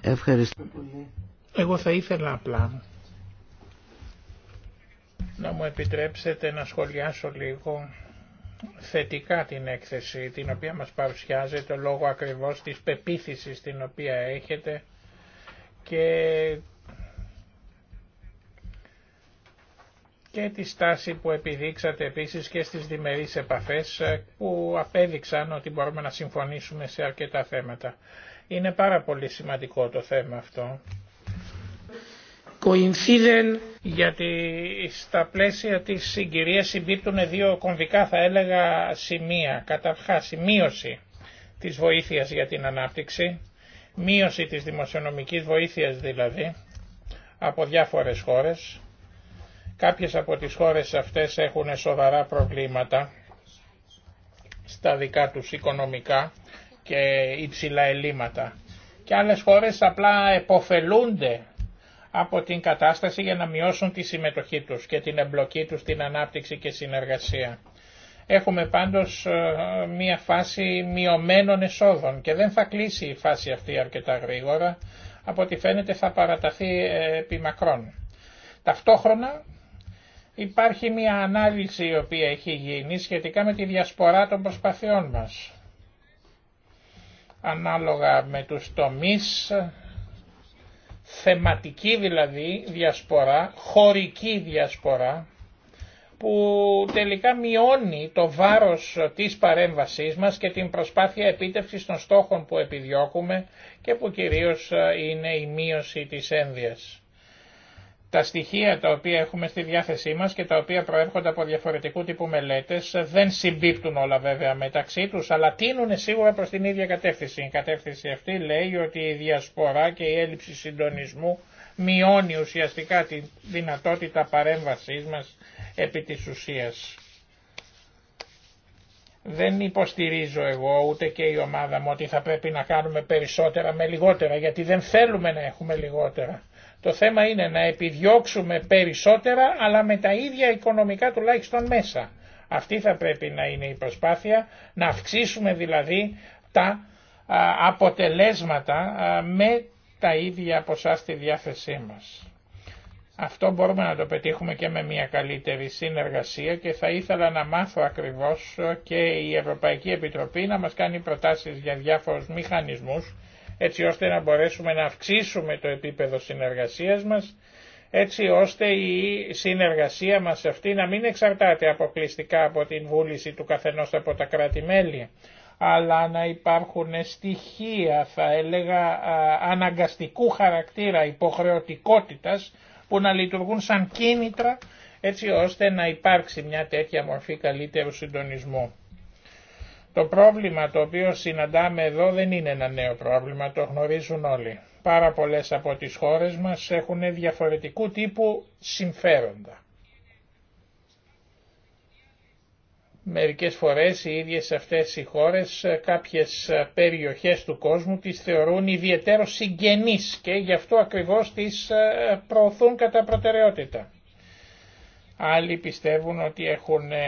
Ευχαριστώ πολύ. Εγώ θα ήθελα απλά να μου επιτρέψετε να σχολιάσω λίγο θετικά την έκθεση την οποία μας παρουσιάζεται λόγω ακριβώς της πεποίθησης την οποία έχετε και, και τη στάση που επιδείξατε επίσης και στις διμερείς επαφές που απέδειξαν ότι μπορούμε να συμφωνήσουμε σε αρκετά θέματα. Είναι πάρα πολύ σημαντικό το θέμα αυτό γιατί στα πλαίσια της συγκυρίας συμπίπτουν δύο κομβικά θα έλεγα σημεία. καταρχά η μείωση της βοήθειας για την ανάπτυξη, μείωση της δημοσιονομικής βοήθειας δηλαδή από διάφορες χώρες. Κάποιες από τις χώρες αυτές έχουν σοβαρά προβλήματα στα δικά τους οικονομικά και υψηλά ελλείμματα. Και άλλες χώρες απλά εποφελούνται από την κατάσταση για να μειώσουν τη συμμετοχή τους και την εμπλοκή τους στην ανάπτυξη και συνεργασία. Έχουμε πάντως ε, μία φάση μειωμένων εσόδων και δεν θα κλείσει η φάση αυτή αρκετά γρήγορα, από ό,τι φαίνεται θα παραταθεί ε, επί Ταυτόχρονα υπάρχει μία ανάλυση η οποία έχει γίνει σχετικά με τη διασπορά των προσπαθειών μας. Ανάλογα με τους τομείς θεματική δηλαδή διασπορά, χωρική διασπορά, που τελικά μειώνει το βάρος της παρέμβασής μας και την προσπάθεια επίτευξης των στόχων που επιδιώκουμε και που κυρίως ε, είναι η μείωση της ένδυας. Τα στοιχεία τα οποία έχουμε στη διάθεσή μας και τα οποία προέρχονται από διαφορετικού τύπου μελέτες δεν συμπίπτουν όλα βέβαια μεταξύ τους, αλλά τίνουν σίγουρα προς την ίδια κατεύθυνση. Η κατεύθυνση αυτή λέει ότι η διασπορά και η έλλειψη συντονισμού μειώνει ουσιαστικά τη δυνατότητα παρέμβασής μας επί της ουσίας. Δεν υποστηρίζω εγώ ούτε και η ομάδα μου ότι θα πρέπει να κάνουμε περισσότερα με λιγότερα, γιατί δεν θέλουμε να έχουμε λιγότερα. Το θέμα είναι να επιδιώξουμε περισσότερα αλλά με τα ίδια οικονομικά τουλάχιστον μέσα. Αυτή θα πρέπει να είναι η προσπάθεια, να αυξήσουμε δηλαδή τα αποτελέσματα με τα ίδια ποσά στη διάθεσή μας. Αυτό μπορούμε να το πετύχουμε και με μια καλύτερη συνεργασία και θα ήθελα να μάθω ακριβώς και η Ευρωπαϊκή Επιτροπή να μας κάνει προτάσεις για διάφορους μηχανισμούς έτσι ώστε να μπορέσουμε να αυξήσουμε το επίπεδο συνεργασίας μας, έτσι ώστε η συνεργασία μας αυτή να μην εξαρτάται αποκλειστικά από την βούληση του καθενός από τα κράτη-μέλη, αλλά να υπάρχουν στοιχεία, θα έλεγα, αναγκαστικού χαρακτήρα υποχρεωτικότητας που να λειτουργούν σαν κίνητρα έτσι ώστε να υπάρξει μια τέτοια μορφή καλύτερου συντονισμού. Το πρόβλημα το οποίο συναντάμε εδώ δεν είναι ένα νέο πρόβλημα, το γνωρίζουν όλοι. Πάρα πολλές από τις χώρες μας έχουν διαφορετικού τύπου συμφέροντα. Μερικές φορές οι ίδιες αυτές οι χώρες κάποιες περιοχές του κόσμου τις θεωρούν ιδιαίτερο συγγενείς και γι' αυτό ακριβώς τις προωθούν κατά προτεραιότητα. Άλλοι πιστεύουν ότι έχουν, ε,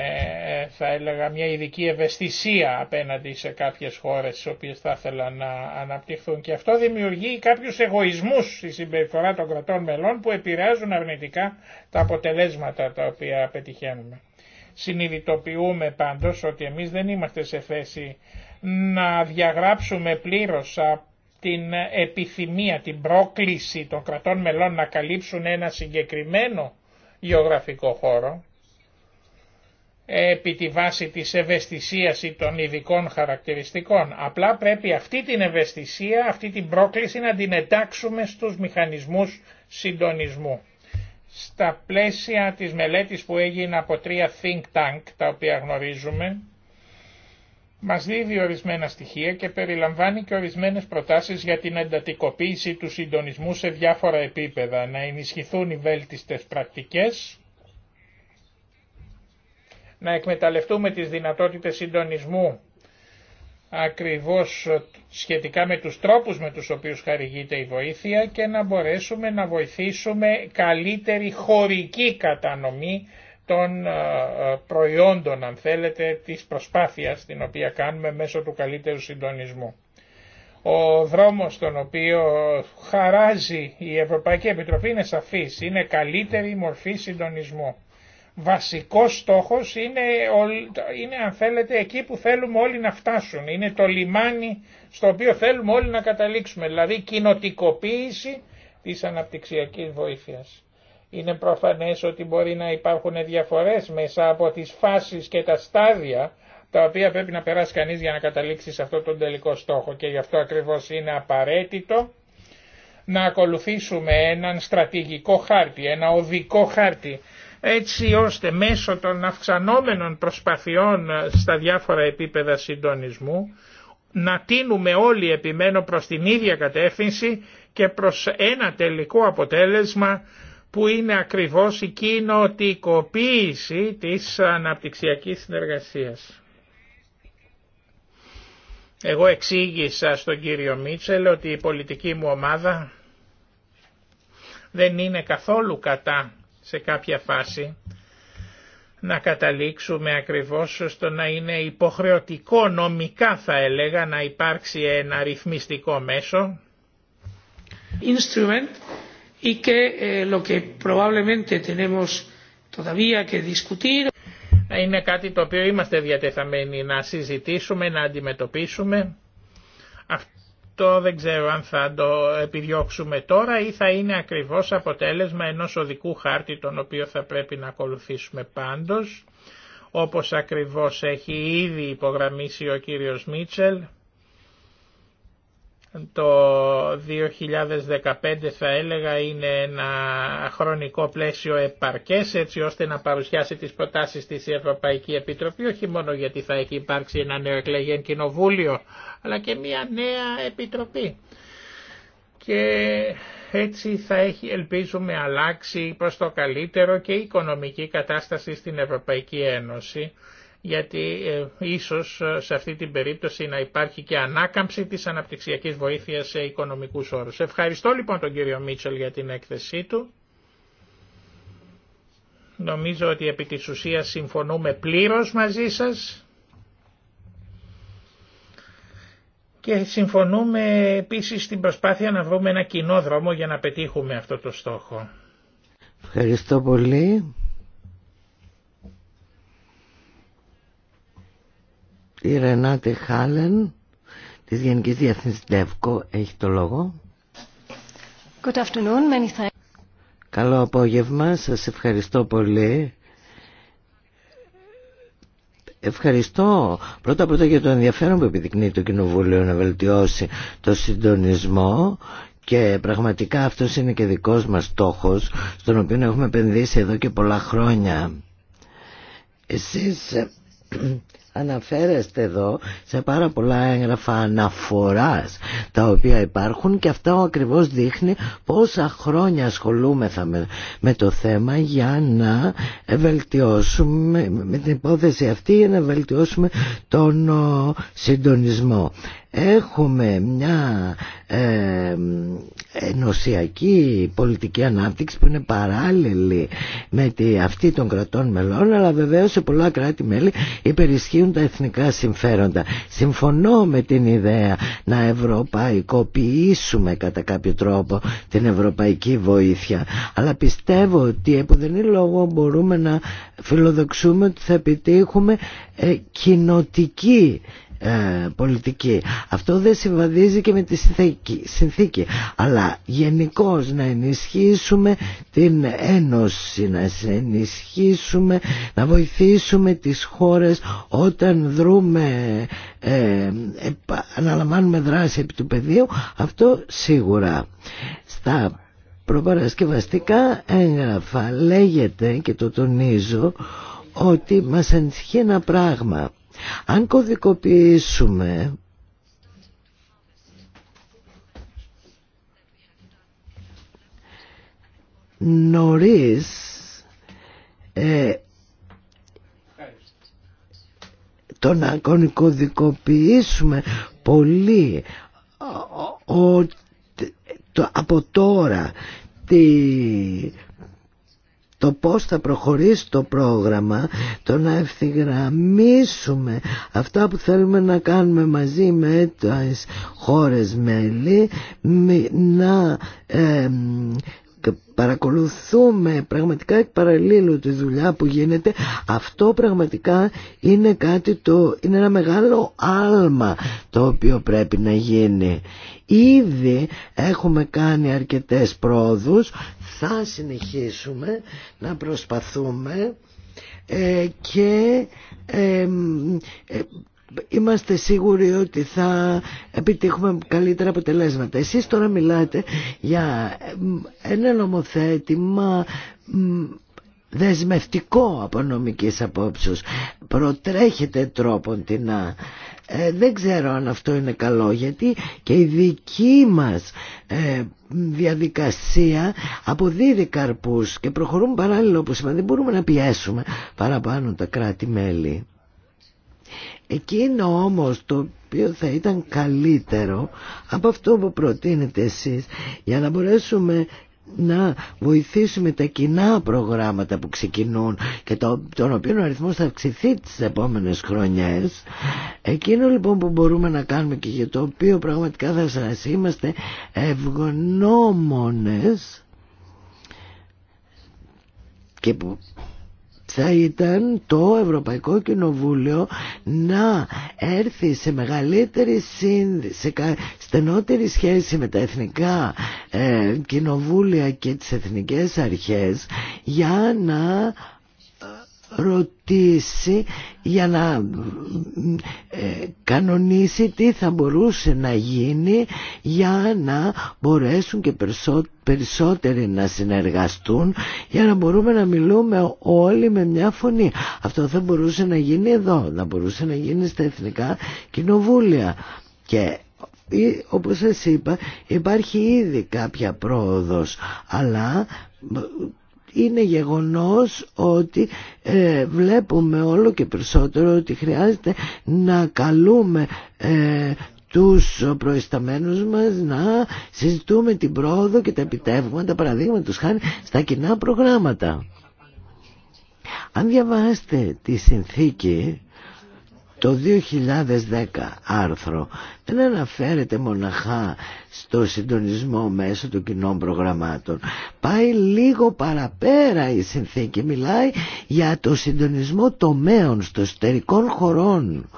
ε, θα έλεγα, μια ειδική ευαισθησία απέναντι σε κάποιες χώρες τις οποίες θα ήθελαν να αναπτυχθούν και αυτό δημιουργεί κάποιους εγωισμούς στη συμπεριφορά των κρατών μελών που επηρεάζουν αρνητικά τα αποτελέσματα τα οποία πετυχαίνουμε. Συνειδητοποιούμε πάντως ότι εμείς δεν είμαστε σε θέση να διαγράψουμε πλήρως την επιθυμία, την πρόκληση των κρατών μελών να καλύψουν ένα συγκεκριμένο γεωγραφικό χώρο, επί τη βάση της ευαισθησίας ή των ειδικών χαρακτηριστικών. Απλά πρέπει αυτή την ευαισθησία, αυτή την πρόκληση να την εντάξουμε στους μηχανισμούς συντονισμού. Στα πλαίσια της μελέτης που έγινε από τρία think tank, τα οποία γνωρίζουμε, μας δίδει ορισμένα στοιχεία και περιλαμβάνει και ορισμένες προτάσεις για την εντατικοποίηση του συντονισμού σε διάφορα επίπεδα, να ενισχυθούν οι βέλτιστες πρακτικές, να εκμεταλλευτούμε τις δυνατότητες συντονισμού ακριβώς σχετικά με τους τρόπους με τους οποίους χαρηγείται η βοήθεια και να μπορέσουμε να βοηθήσουμε καλύτερη χωρική κατανομή των ε, ε, προϊόντων, αν θέλετε, της προσπάθειας την οποία κάνουμε μέσω του καλύτερου συντονισμού. Ο δρόμος τον οποίο χαράζει η Ευρωπαϊκή Επιτροπή είναι σαφής, είναι καλύτερη μορφή συντονισμού. Βασικός στόχος είναι, είναι αν θέλετε εκεί που θέλουμε όλοι να φτάσουν, είναι το λιμάνι στο οποίο θέλουμε όλοι να καταλήξουμε, δηλαδή κοινοτικοποίηση της αναπτυξιακής βοήθειας. Είναι προφανές ότι μπορεί να υπάρχουν διαφορές μέσα από τις φάσεις και τα στάδια τα οποία πρέπει να περάσει κανείς για να καταλήξει σε αυτό τον τελικό στόχο και γι' αυτό ακριβώς είναι απαραίτητο να ακολουθήσουμε έναν στρατηγικό χάρτη, ένα οδικό χάρτη, έτσι ώστε μέσω των αυξανόμενων προσπαθειών στα διάφορα επίπεδα συντονισμού να τίνουμε όλοι επιμένω προς την ίδια κατεύθυνση και προς ένα τελικό αποτέλεσμα που είναι ακριβώς η κοινοτικοποίηση της αναπτυξιακής συνεργασίας. Εγώ εξήγησα στον κύριο Μίτσελ ότι η πολιτική μου ομάδα δεν είναι καθόλου κατά σε κάποια φάση να καταλήξουμε ακριβώς στο να είναι υποχρεωτικό νομικά θα έλεγα να υπάρξει ένα ρυθμιστικό μέσο Instrument y que eh, tenemos todavía que είναι κάτι το οποίο είμαστε διατεθαμένοι να συζητήσουμε, να αντιμετωπίσουμε. Αυτό δεν ξέρω αν θα το επιδιώξουμε τώρα ή θα είναι ακριβώς αποτέλεσμα ενός οδικού χάρτη τον οποίο θα πρέπει να ακολουθήσουμε πάντως, όπως ακριβώς έχει ήδη υπογραμμίσει ο κύριος Μίτσελ, το 2015 θα έλεγα είναι ένα χρονικό πλαίσιο επαρκές έτσι ώστε να παρουσιάσει τις προτάσεις της Ευρωπαϊκή Επιτροπή όχι μόνο γιατί θα έχει υπάρξει ένα νέο εκλεγέν κοινοβούλιο αλλά και μια νέα επιτροπή. Και έτσι θα έχει ελπίζουμε αλλάξει προς το καλύτερο και η οικονομική κατάσταση στην Ευρωπαϊκή Ένωση γιατί ε, ίσως ε, σε αυτή την περίπτωση να υπάρχει και ανάκαμψη της αναπτυξιακής βοήθειας σε οικονομικούς όρους. Ευχαριστώ λοιπόν τον κύριο Μίτσελ για την έκθεσή του. Νομίζω ότι επί της ουσίας συμφωνούμε πλήρως μαζί σας. Και συμφωνούμε επίσης στην προσπάθεια να βρούμε ένα κοινό δρόμο για να πετύχουμε αυτό το στόχο. Ευχαριστώ πολύ. Η Ρενάτε Χάλεν της Γενικής Διεθνής Λεύκο έχει το λόγο. Good afternoon, many thanks. Καλό απόγευμα, σας ευχαριστώ πολύ. Ευχαριστώ πρώτα πρώτα για το ενδιαφέρον που επιδεικνύει το Κοινοβούλιο να βελτιώσει το συντονισμό και πραγματικά αυτός είναι και δικός μας στόχος στον οποίο έχουμε επενδύσει εδώ και πολλά χρόνια. Εσείς αναφέρεστε εδώ σε πάρα πολλά έγγραφα αναφοράς τα οποία υπάρχουν και αυτό ακριβώς δείχνει πόσα χρόνια ασχολούμεθα με, το θέμα για να βελτιώσουμε με την υπόθεση αυτή για να βελτιώσουμε τον συντονισμό έχουμε μια ε, ενωσιακή πολιτική ανάπτυξη που είναι παράλληλη με τη, αυτή των κρατών μελών αλλά βεβαίως σε πολλά κράτη-μέλη υπερισχύουν τα εθνικά συμφέροντα. Συμφωνώ με την ιδέα να ευρωπαϊκοποιήσουμε κατά κάποιο τρόπο την ευρωπαϊκή βοήθεια αλλά πιστεύω ότι επουδενή λόγο μπορούμε να φιλοδοξούμε ότι θα επιτύχουμε ε, κοινοτική ε, πολιτική. Αυτό δεν συμβαδίζει και με τη συνθήκη. Αλλά γενικώ να ενισχύσουμε την ένωση, να ενισχύσουμε, να βοηθήσουμε τις χώρες όταν δρούμε, ε, αναλαμβάνουμε δράση επί του πεδίου. Αυτό σίγουρα. Στα προπαρασκευαστικά έγγραφα λέγεται και το τονίζω ότι μας ανησυχεί ένα πράγμα αν κωδικοποιήσουμε νωρίς ε, το να κωδικοποιήσουμε πολύ ο, το, από τώρα τη το πώς θα προχωρήσει το πρόγραμμα, το να ευθυγραμμίσουμε αυτά που θέλουμε να κάνουμε μαζί με τις χώρες μέλη, να ε, παρακολουθούμε πραγματικά εκ παραλλήλου τη δουλειά που γίνεται αυτό πραγματικά είναι κάτι το είναι ένα μεγάλο άλμα το οποίο πρέπει να γίνει ήδη έχουμε κάνει αρκετές πρόοδους θα συνεχίσουμε να προσπαθούμε ε, και ε, είμαστε σίγουροι ότι θα επιτύχουμε καλύτερα αποτελέσματα. Εσείς τώρα μιλάτε για ένα νομοθέτημα δεσμευτικό από νομικής απόψεως. Προτρέχετε τρόπον την να... Ε, δεν ξέρω αν αυτό είναι καλό γιατί και η δική μας ε, διαδικασία αποδίδει καρπούς και προχωρούμε παράλληλα όπως είπα. Δεν μπορούμε να πιέσουμε παραπάνω τα κράτη-μέλη. Εκείνο όμως το οποίο θα ήταν καλύτερο από αυτό που προτείνετε εσείς για να μπορέσουμε να βοηθήσουμε τα κοινά προγράμματα που ξεκινούν και το, τον οποίο ο αριθμός θα αυξηθεί τις επόμενες χρονιές εκείνο λοιπόν που μπορούμε να κάνουμε και για το οποίο πραγματικά θα σας είμαστε ευγνώμονες και που θα ήταν το Ευρωπαϊκό Κοινοβούλιο να έρθει σε μεγαλύτερη σύνδεση σε στενότερη σχέση με τα εθνικά ε, κοινοβούλια και τις εθνικές αρχές για να ρωτήσει για να ε, κανονίσει τι θα μπορούσε να γίνει για να μπορέσουν και περισσότεροι να συνεργαστούν για να μπορούμε να μιλούμε όλοι με μια φωνή. Αυτό θα μπορούσε να γίνει εδώ, να μπορούσε να γίνει στα εθνικά κοινοβούλια και όπως σας είπα υπάρχει ήδη κάποια πρόοδος αλλά είναι γεγονός ότι ε, βλέπουμε όλο και περισσότερο ότι χρειάζεται να καλούμε ε, τους προϊσταμένους μας να συζητούμε την πρόοδο και τα επιτεύγματα τους χάνει, στα κοινά προγράμματα. Αν διαβάσετε τη συνθήκη το 2010 άρθρο δεν αναφέρεται μοναχά στο συντονισμό μέσω των κοινών προγραμμάτων. Πάει λίγο παραπέρα η συνθήκη. Μιλάει για το συντονισμό τομέων στο εσωτερικών χωρών.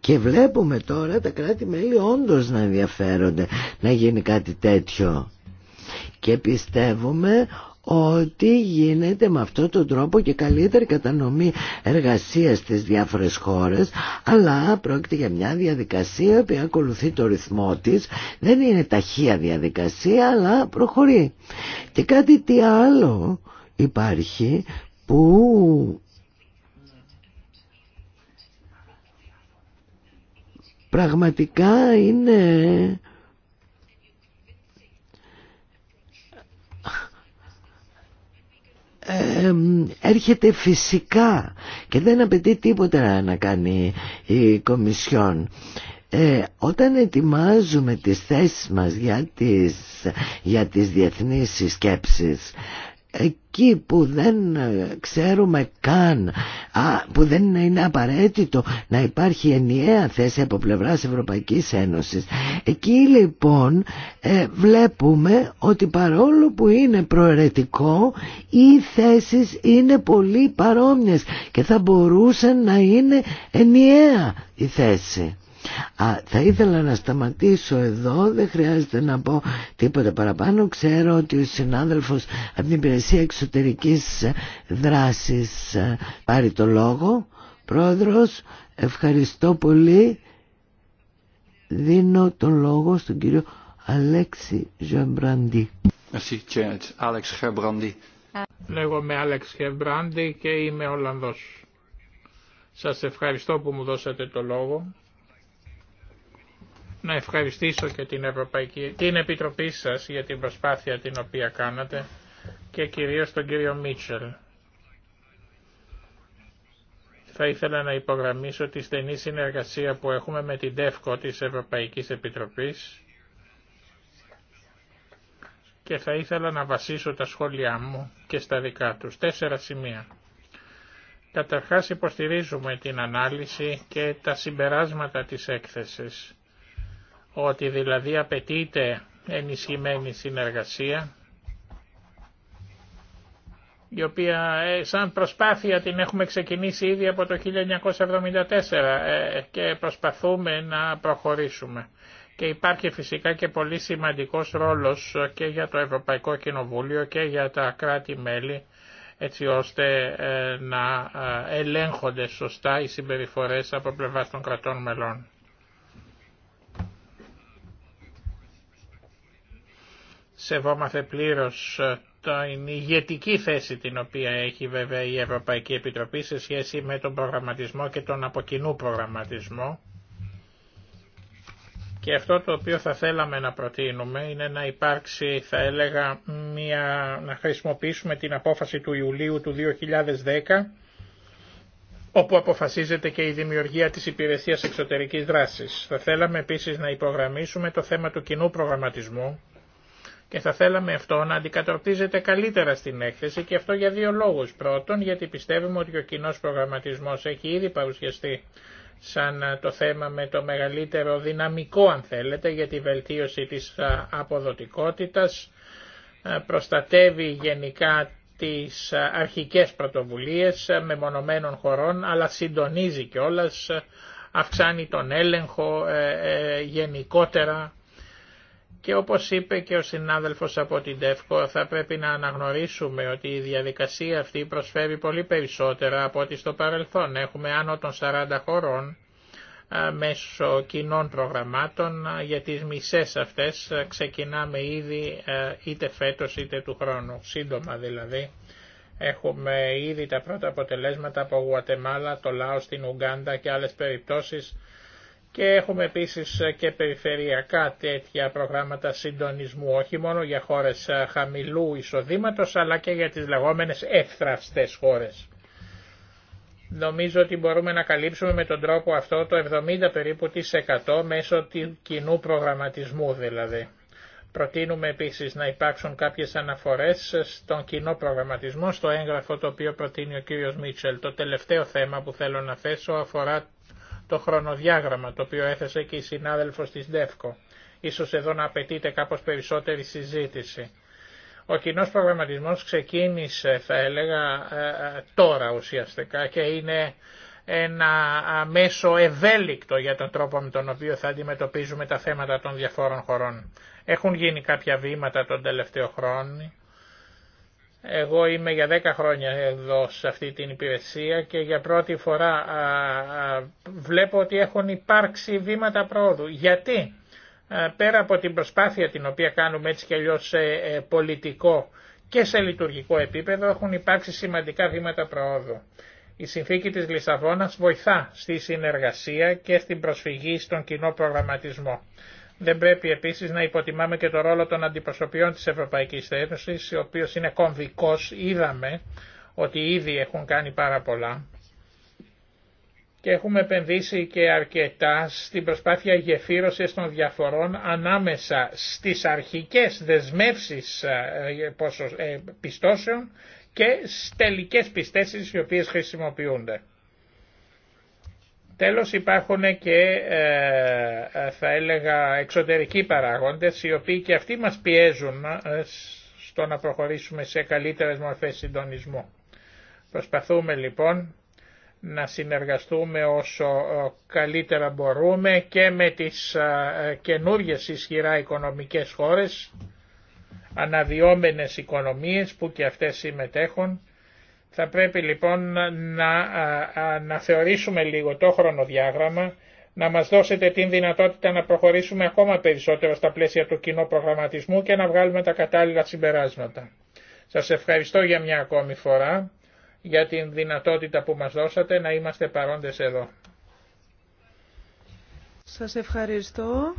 Και βλέπουμε τώρα τα κράτη-μέλη όντως να ενδιαφέρονται να γίνει κάτι τέτοιο. Και πιστεύουμε ότι γίνεται με αυτόν τον τρόπο και καλύτερη κατανομή εργασίας στις διάφορες χώρες αλλά πρόκειται για μια διαδικασία που ακολουθεί το ρυθμό της δεν είναι ταχεία διαδικασία αλλά προχωρεί και κάτι τι άλλο υπάρχει που πραγματικά είναι έρχεται φυσικά και δεν απαιτεί τίποτα να κάνει η Κομισιόν. Ε, όταν ετοιμάζουμε τις θέσεις μας για τις, για τις διεθνείς συσκέψεις εκεί που δεν ξέρουμε καν που δεν είναι απαραίτητο να υπάρχει ενιαία θέση από πλευράς Ευρωπαϊκής Ένωσης εκεί λοιπόν ε, βλέπουμε ότι παρόλο που είναι προαιρετικό οι θέσεις είναι πολύ παρόμοιες και θα μπορούσαν να είναι ενιαία η θέση θα ήθελα να σταματήσω εδώ, δεν χρειάζεται να πω τίποτα παραπάνω. Ξέρω ότι ο συνάδελφος από την Υπηρεσία Εξωτερικής Δράσης ε, πάρει το λόγο. Πρόεδρος, ευχαριστώ πολύ. Δίνω το λόγο στον κύριο Αλέξη Ζεμπραντή. Λέγομαι Άλεξ Χεμπράντη και είμαι Ολλανδός. Σας ευχαριστώ που μου δώσατε το λόγο. Να ευχαριστήσω και την, Ευρωπαϊκή, την Επιτροπή σας για την προσπάθεια την οποία κάνατε και κυρίως τον κύριο Μίτσελ. Θα ήθελα να υπογραμμίσω τη στενή συνεργασία που έχουμε με την ΤΕΦΚΟ της Ευρωπαϊκής Επιτροπής και θα ήθελα να βασίσω τα σχόλιά μου και στα δικά τους. Τέσσερα σημεία. Καταρχάς υποστηρίζουμε την ανάλυση και τα συμπεράσματα της έκθεσης ότι δηλαδή απαιτείται ενισχυμένη συνεργασία η οποία ε, σαν προσπάθεια την έχουμε ξεκινήσει ήδη από το 1974 ε, και προσπαθούμε να προχωρήσουμε. Και υπάρχει φυσικά και πολύ σημαντικός ρόλος και για το Ευρωπαϊκό Κοινοβούλιο και για τα κράτη-μέλη έτσι ώστε ε, να ελέγχονται σωστά οι συμπεριφορές από πλευρά των κρατών μελών. Σεβόμαθε πλήρως ε, την ηγετική θέση την οποία έχει βέβαια η Ευρωπαϊκή Επιτροπή σε σχέση με τον προγραμματισμό και τον αποκοινού προγραμματισμό. Και αυτό το οποίο θα θέλαμε να προτείνουμε είναι να υπάρξει, θα έλεγα, μια, να χρησιμοποιήσουμε την απόφαση του Ιουλίου του 2010, όπου αποφασίζεται και η δημιουργία της υπηρεσίας εξωτερικής δράσης. Θα θέλαμε επίσης να υπογραμμίσουμε το θέμα του κοινού προγραμματισμού, και θα θέλαμε αυτό να αντικατορπίζεται καλύτερα στην έκθεση και αυτό για δύο λόγους. Πρώτον, γιατί πιστεύουμε ότι ο κοινό προγραμματισμός έχει ήδη παρουσιαστεί σαν ε, το θέμα με το μεγαλύτερο δυναμικό, αν θέλετε, για τη βελτίωση της ε, αποδοτικότητας, ε, προστατεύει γενικά τις αρχικές πρωτοβουλίες μονομένων χωρών, αλλά συντονίζει κιόλας, αυξάνει τον έλεγχο γενικότερα και όπως είπε και ο συνάδελφος από την ΤΕΦΚΟ θα πρέπει να αναγνωρίσουμε ότι η διαδικασία αυτή προσφέρει πολύ περισσότερα από ό,τι στο παρελθόν. Έχουμε άνω των 40 χωρών μέσω κοινών προγραμμάτων για τις μισές αυτές ξεκινάμε ήδη είτε φέτος είτε του χρόνου, σύντομα δηλαδή. Έχουμε ήδη τα πρώτα αποτελέσματα από Γουατεμάλα, το Λάος, την Ουγκάντα και άλλες περιπτώσεις και έχουμε επίσης ε, και περιφερειακά τέτοια προγράμματα συντονισμού, όχι μόνο για χώρες ε, χαμηλού εισοδήματος, αλλά και για τις λεγόμενες εύθραυστες χώρες. Νομίζω ότι μπορούμε να καλύψουμε με τον τρόπο αυτό το 70 περίπου της 100 μέσω του κοινού προγραμματισμού δηλαδή. Προτείνουμε επίσης να υπάρξουν κάποιες αναφορές στον κοινό προγραμματισμό, στο έγγραφο το οποίο προτείνει ο κύριος Μίτσελ. Το τελευταίο θέμα που θέλω να θέσω αφορά το χρονοδιάγραμμα το οποίο έθεσε και η συνάδελφος της ΔΕΦΚΟ. Ίσως εδώ να απαιτείται κάπως περισσότερη συζήτηση. Ο κοινός προγραμματισμός ξεκίνησε θα έλεγα ε, ε, τώρα ουσιαστικά και είναι ένα μέσο ευέλικτο για τον τρόπο με τον οποίο θα αντιμετωπίζουμε τα θέματα των διαφόρων χωρών. Έχουν γίνει κάποια βήματα τον τελευταίο χρόνο εγώ είμαι για 10 χρόνια εδώ σε αυτή την υπηρεσία και για πρώτη φορά βλέπω ότι έχουν υπάρξει βήματα πρόοδου. Γιατί πέρα από την προσπάθεια την οποία κάνουμε έτσι και αλλιώς σε ε, πολιτικό και σε λειτουργικό επίπεδο έχουν υπάρξει σημαντικά βήματα προόδου. Η συνθήκη της Λισαβόνας βοηθά στη συνεργασία και στην προσφυγή στον κοινό προγραμματισμό. Δεν πρέπει επίσης να υποτιμάμε και το ρόλο των αντιπροσωπιών της Ευρωπαϊκής Ένωσης, ο οποίος είναι κομβικός, είδαμε ότι ήδη έχουν κάνει πάρα πολλά και έχουμε επενδύσει και αρκετά στην προσπάθεια γεφύρωσης των διαφορών ανάμεσα στις αρχικές δεσμεύσεις ε, ε, πιστώσεων και στις τελικές πιστέσεις οι οποίες χρησιμοποιούνται. Τέλος υπάρχουν και ε, ε, θα έλεγα εξωτερικοί παράγοντες οι οποίοι και αυτοί μας πιέζουν ε, στο να προχωρήσουμε σε καλύτερες μορφές συντονισμού. Προσπαθούμε λοιπόν να συνεργαστούμε όσο καλύτερα μπορούμε και με τις καινούργιες ισχυρά οικονομικές χώρες, αναδυόμενες οικονομίες που και αυτές συμμετέχουν θα πρέπει λοιπόν να θεωρήσουμε λίγο το χρονοδιάγραμμα, να μας δώσετε την δυνατότητα να προχωρήσουμε ακόμα περισσότερο στα πλαίσια του κοινού προγραμματισμού και να βγάλουμε τα κατάλληλα συμπεράσματα. Σας ευχαριστώ για μια ακόμη φορά για την δυνατότητα που μας δώσατε να είμαστε παρόντες εδώ. Σας ευχαριστώ.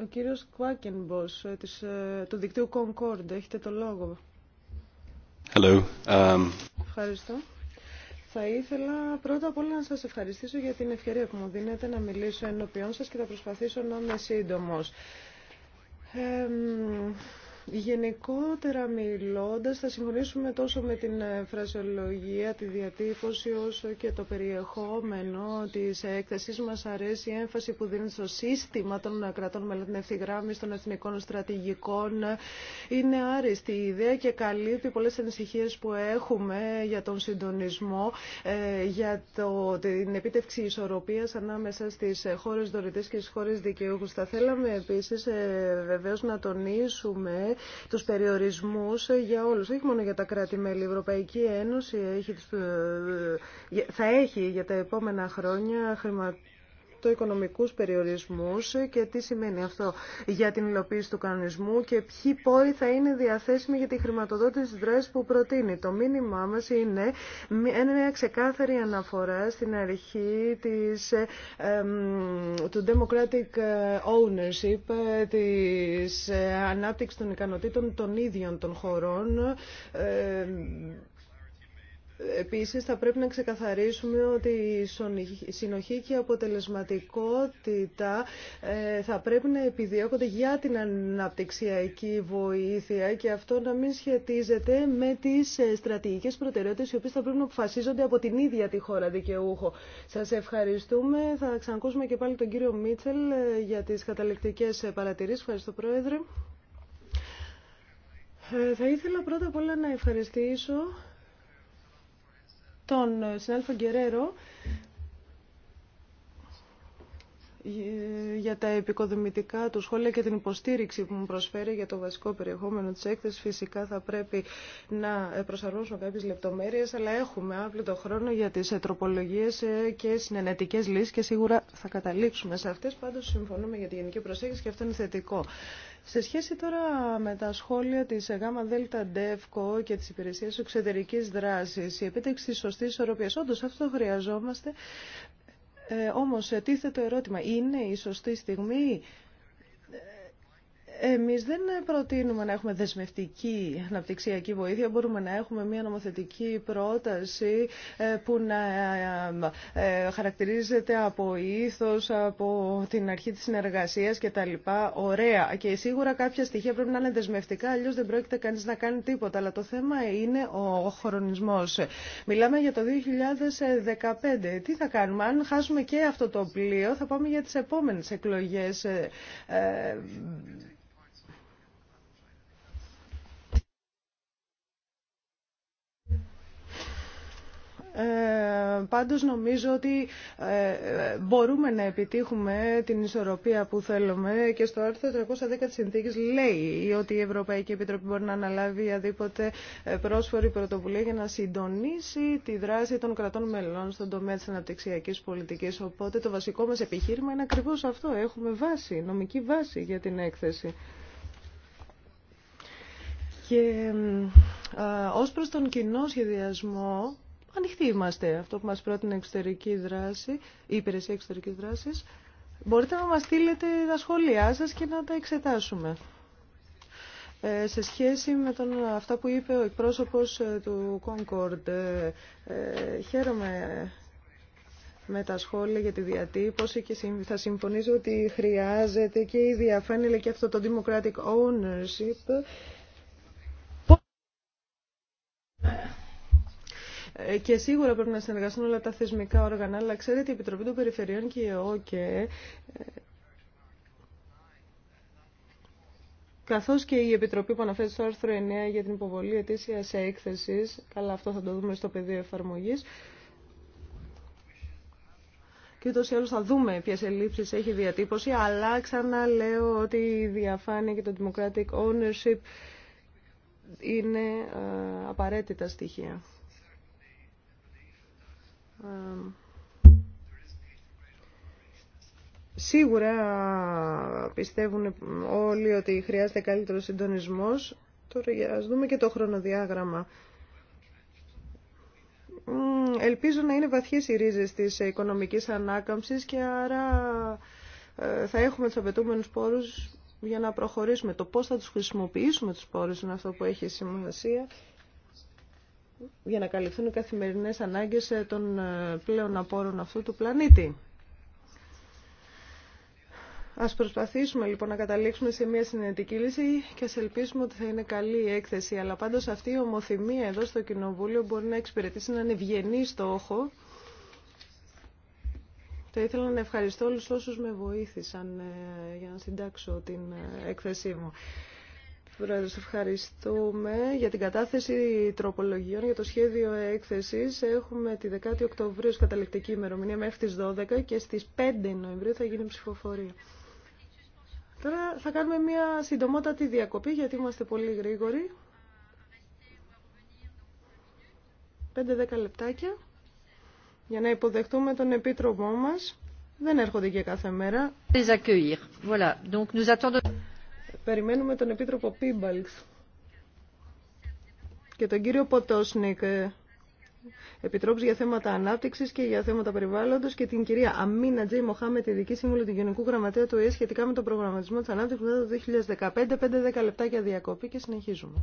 Ο κύριος Κουάκενμπος ε, του δικτύου Concord, έχετε το λόγο. Hello. Um, Ευχαριστώ. Θα ήθελα πρώτα απ' όλα να σας ευχαριστήσω για την ευκαιρία που μου δίνετε να μιλήσω ενώπιόν σας και θα προσπαθήσω να είμαι σύντομος. Ε, Γενικότερα μιλώντας, θα συμφωνήσουμε τόσο με την ε, φρασιολογία, τη διατύπωση, όσο και το περιεχόμενο της έκθεσής μας αρέσει η έμφαση που δίνει στο σύστημα των κρατών μελών, την ευθυγράμμιση των εθνικών στρατηγικών. Είναι άριστη η ιδέα και καλύπτει πολλές ανησυχίες που έχουμε για τον συντονισμό, ε, για το, την επίτευξη ισορροπίας ανάμεσα στις χώρες δωρητές και στις χώρες δικαιούχους. Θα θέλαμε επίσης ε, βεβαίως να τονίσουμε τους περιορισμούς για όλους, όχι μόνο για τα κράτη-μέλη. Η Ευρωπαϊκή Ένωση ε, ε, θα έχει για τα επόμενα χρόνια χρηματοδοτήσει οικονομικούς περιορισμούς και τι σημαίνει αυτό για την υλοποίηση του κανονισμού και ποιοι πόροι θα είναι διαθέσιμοι για τη χρηματοδότηση της δράσης που προτείνει. Το μήνυμά μας είναι μια ξεκάθαρη αναφορά στην αρχή της, του democratic ownership, της ε, ανάπτυξης των ικανοτήτων των ίδιων των χωρών Επίσης θα πρέπει να ξεκαθαρίσουμε ότι η συνοχή και η αποτελεσματικότητα ε, θα πρέπει να επιδιώκονται για την αναπτυξιακή βοήθεια και αυτό να μην σχετίζεται με τις ε, στρατηγικές προτεραιότητες οι οποίες θα πρέπει να αποφασίζονται από την ίδια τη χώρα δικαιούχο. Σας ευχαριστούμε. Θα ξανακούσουμε και πάλι τον κύριο Μίτσελ ε, για τις καταληκτικές παρατηρήσεις. Ευχαριστώ Πρόεδρε. Θα ήθελα πρώτα απ' όλα να ευχαριστήσω τον ε, συνάδελφο Γκερέρο ε, για τα επικοδομητικά του σχόλια και την υποστήριξη που μου προσφέρει για το βασικό περιεχόμενο της έκθεσης. Φυσικά θα πρέπει να προσαρμόσουμε κάποιες λεπτομέρειες, αλλά έχουμε άπλητο χρόνο για τις ε, τροπολογίε ε, και συνενετικές λύσεις και σίγουρα θα καταλήξουμε σε αυτές. Πάντως συμφωνούμε για τη γενική προσέγγιση και αυτό είναι θετικό. Σε σχέση τώρα με τα σχόλια τη ΓΑΜΑ ΔΕΛΤΑ ΝΤΕΦΚΟ και τη υπηρεσία εξωτερική δράση, η επίτευξη τη σωστή ισορροπία. Όντω, αυτό χρειαζόμαστε Όμω, ε, όμως, ε, τίθεται το ερώτημα, είναι η σωστή στιγμή εμείς δεν προτείνουμε να έχουμε δεσμευτική αναπτυξιακή βοήθεια. Μπορούμε να έχουμε μια νομοθετική πρόταση ε, που να ε, ε, χαρακτηρίζεται από ήθος, από την αρχή της συνεργασίας κτλ. Ωραία. Και σίγουρα κάποια στοιχεία πρέπει να είναι δεσμευτικά, αλλιώς δεν πρόκειται κανείς να κάνει τίποτα. Αλλά το θέμα είναι ο χρονισμός. Μιλάμε για το 2015. Τι θα κάνουμε. Αν χάσουμε και αυτό το πλοίο θα πάμε για τις επόμενες εκλογές Ε, πάντως νομίζω ότι ε, μπορούμε να επιτύχουμε την ισορροπία που θέλουμε και στο άρθρο 310 της συνθήκης λέει ότι η Ευρωπαϊκή Επιτροπή μπορεί να αναλάβει αδίποτε ε, πρόσφορη πρωτοβουλία για να συντονίσει τη δράση των κρατών μελών στον τομέα της αναπτυξιακής πολιτικής. Οπότε το βασικό μας επιχείρημα είναι ακριβώς αυτό. Έχουμε βάση, νομική βάση για την έκθεση. Και ως προς τον κοινό σχεδιασμό ανοιχτοί είμαστε. Αυτό που μας πρότεινε εξωτερική δράση, η υπηρεσία εξωτερική δράσης, μπορείτε να μας στείλετε τα σχόλιά σας και να τα εξετάσουμε. Ε, σε σχέση με τον, αυτά που είπε ο εκπρόσωπος ε, του Concord, ε, ε, χαίρομαι με τα σχόλια για τη διατύπωση και θα συμφωνήσω ότι χρειάζεται και η διαφάνεια και αυτό το democratic ownership και σίγουρα πρέπει να συνεργαστούν όλα τα θεσμικά όργανα, αλλά ξέρετε η Επιτροπή των Περιφερειών και η ΕΟΚΕ Καθώς και η Επιτροπή που αναφέρεται στο άρθρο 9 για την υποβολή σε έκθεση, καλά αυτό θα το δούμε στο πεδίο εφαρμογής, και ούτως ή άλλως θα δούμε ποιες ελλείψεις έχει διατύπωση, αλλά ξαναλέω ότι η διαφάνεια και το democratic ownership είναι ε, απαραίτητα στοιχεία. Ε, σίγουρα πιστεύουν όλοι ότι χρειάζεται καλύτερο συντονισμός. Τώρα ας δούμε και το χρονοδιάγραμμα. Ελπίζω να είναι βαθιές οι ρίζες της οικονομικής ανάκαμψης και άρα ε, θα έχουμε τους απαιτούμενους πόρους για να προχωρήσουμε. Το πώς θα τους χρησιμοποιήσουμε τους πόρους είναι αυτό που έχει σημασία για να καλυφθούν οι καθημερινές ανάγκες ε, των ε, πλέον απόρων αυτού του πλανήτη. Ας προσπαθήσουμε λοιπόν να καταλήξουμε σε μια συνενετική λύση και ας ελπίσουμε ότι θα είναι καλή η έκθεση. Αλλά πάντως αυτή η ομοθυμία εδώ στο Κοινοβούλιο μπορεί να εξυπηρετήσει έναν ευγενή στόχο. Θα ήθελα να ευχαριστώ όλους όσους με βοήθησαν ε, για να συντάξω την έκθεσή μου. Σας ευχαριστούμε για την κατάθεση τροπολογιών για το σχέδιο έκθεσης. Έχουμε τη 10η Οκτωβρίου ως καταληκτική ημερομηνία μέχρι τις 12 και στις 5 Νοεμβρίου θα γίνει ψηφοφορία. Τώρα θα κάνουμε μια συντομότατη διακοπή γιατί είμαστε πολύ γρήγοροι. 5-10 λεπτάκια για να υποδεχτούμε τον επίτροπό μα. Δεν έρχονται και κάθε μέρα. Voilà. Donc nous attendons... Περιμένουμε τον Επίτροπο Πίμπαλξ και τον κύριο Ποτόσνικ, ε, Επιτρόπους για θέματα ανάπτυξης και για θέματα περιβάλλοντος και την κυρία Αμίνα Τζέι Μοχάμε, τη δική σύμβουλο του Γενικού Γραμματέα του ΕΕ σχετικά με τον προγραμματισμό της ανάπτυξης του 2015, 5-10 λεπτά για διακοπή και συνεχίζουμε.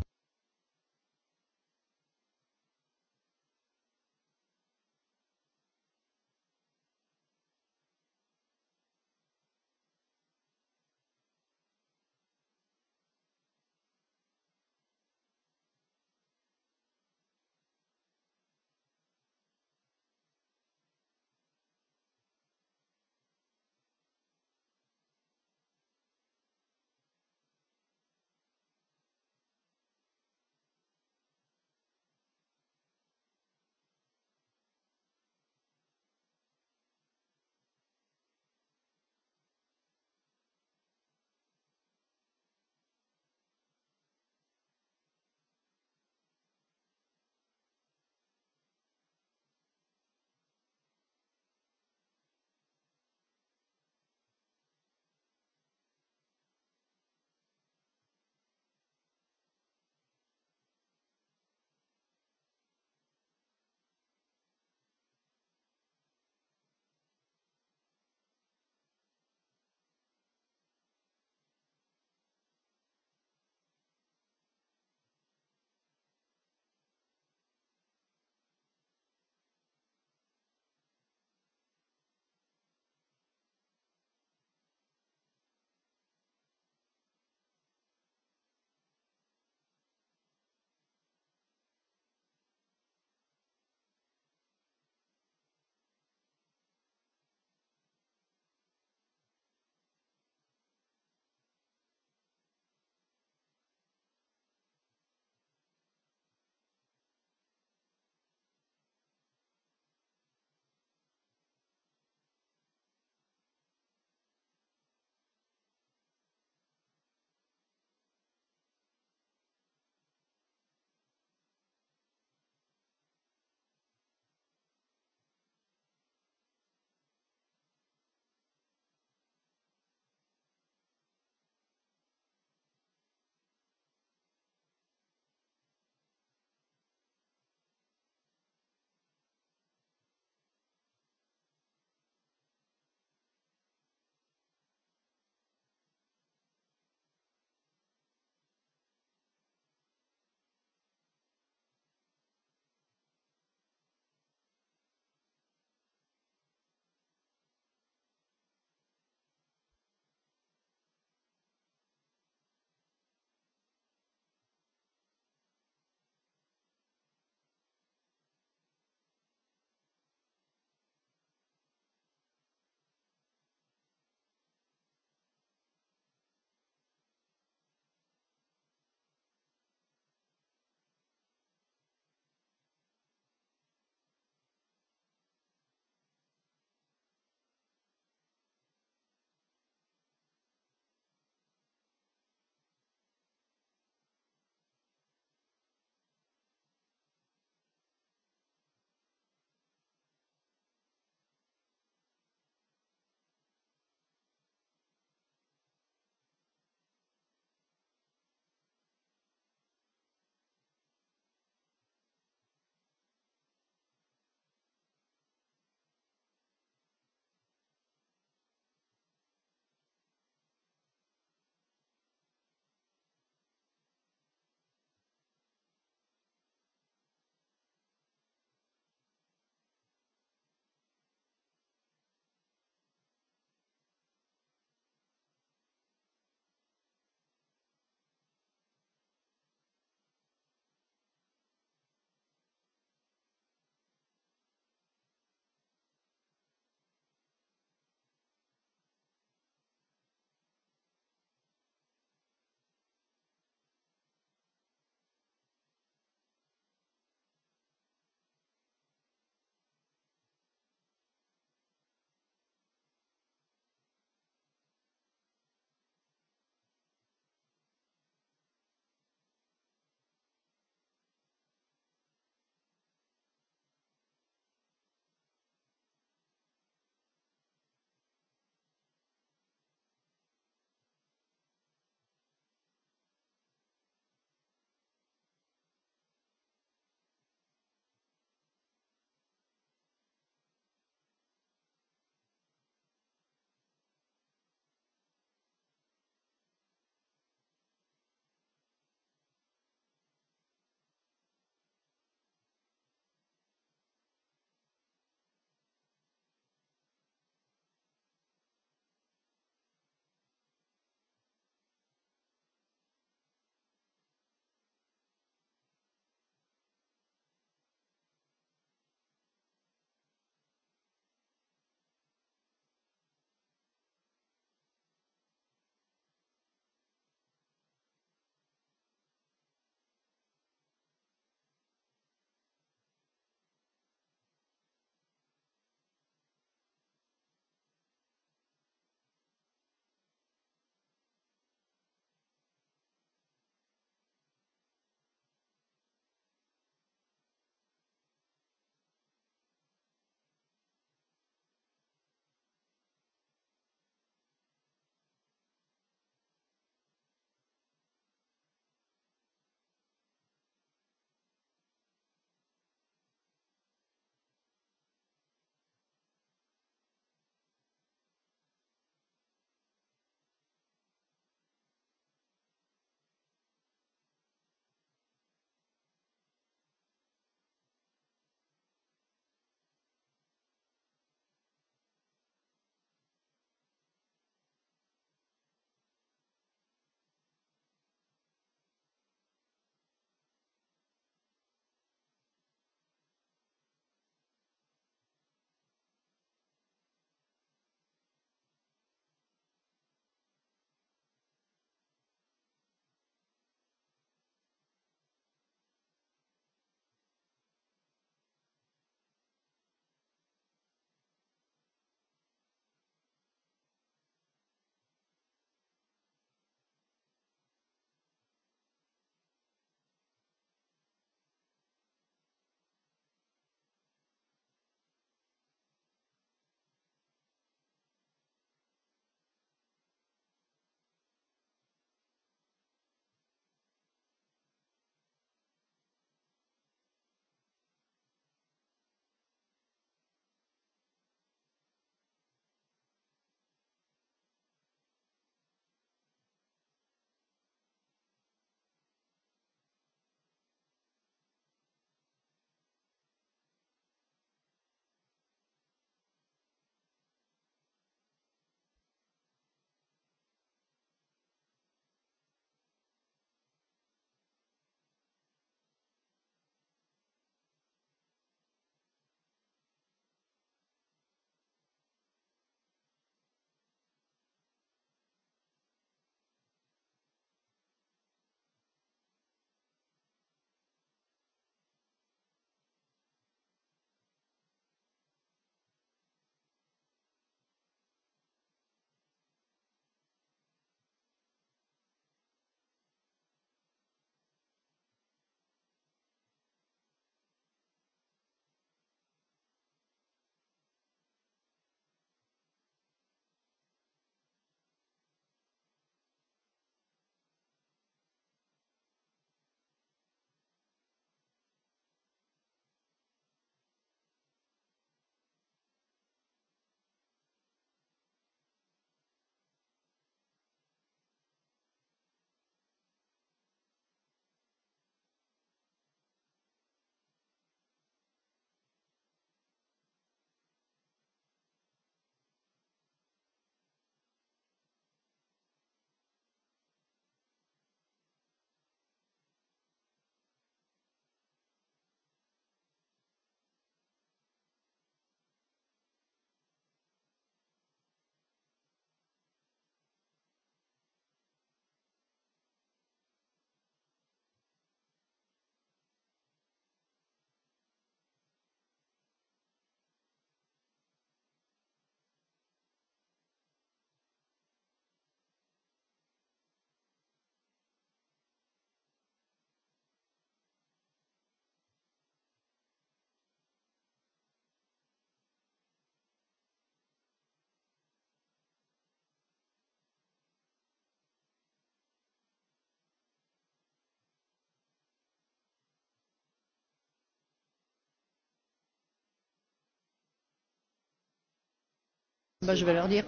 je vais leur dire.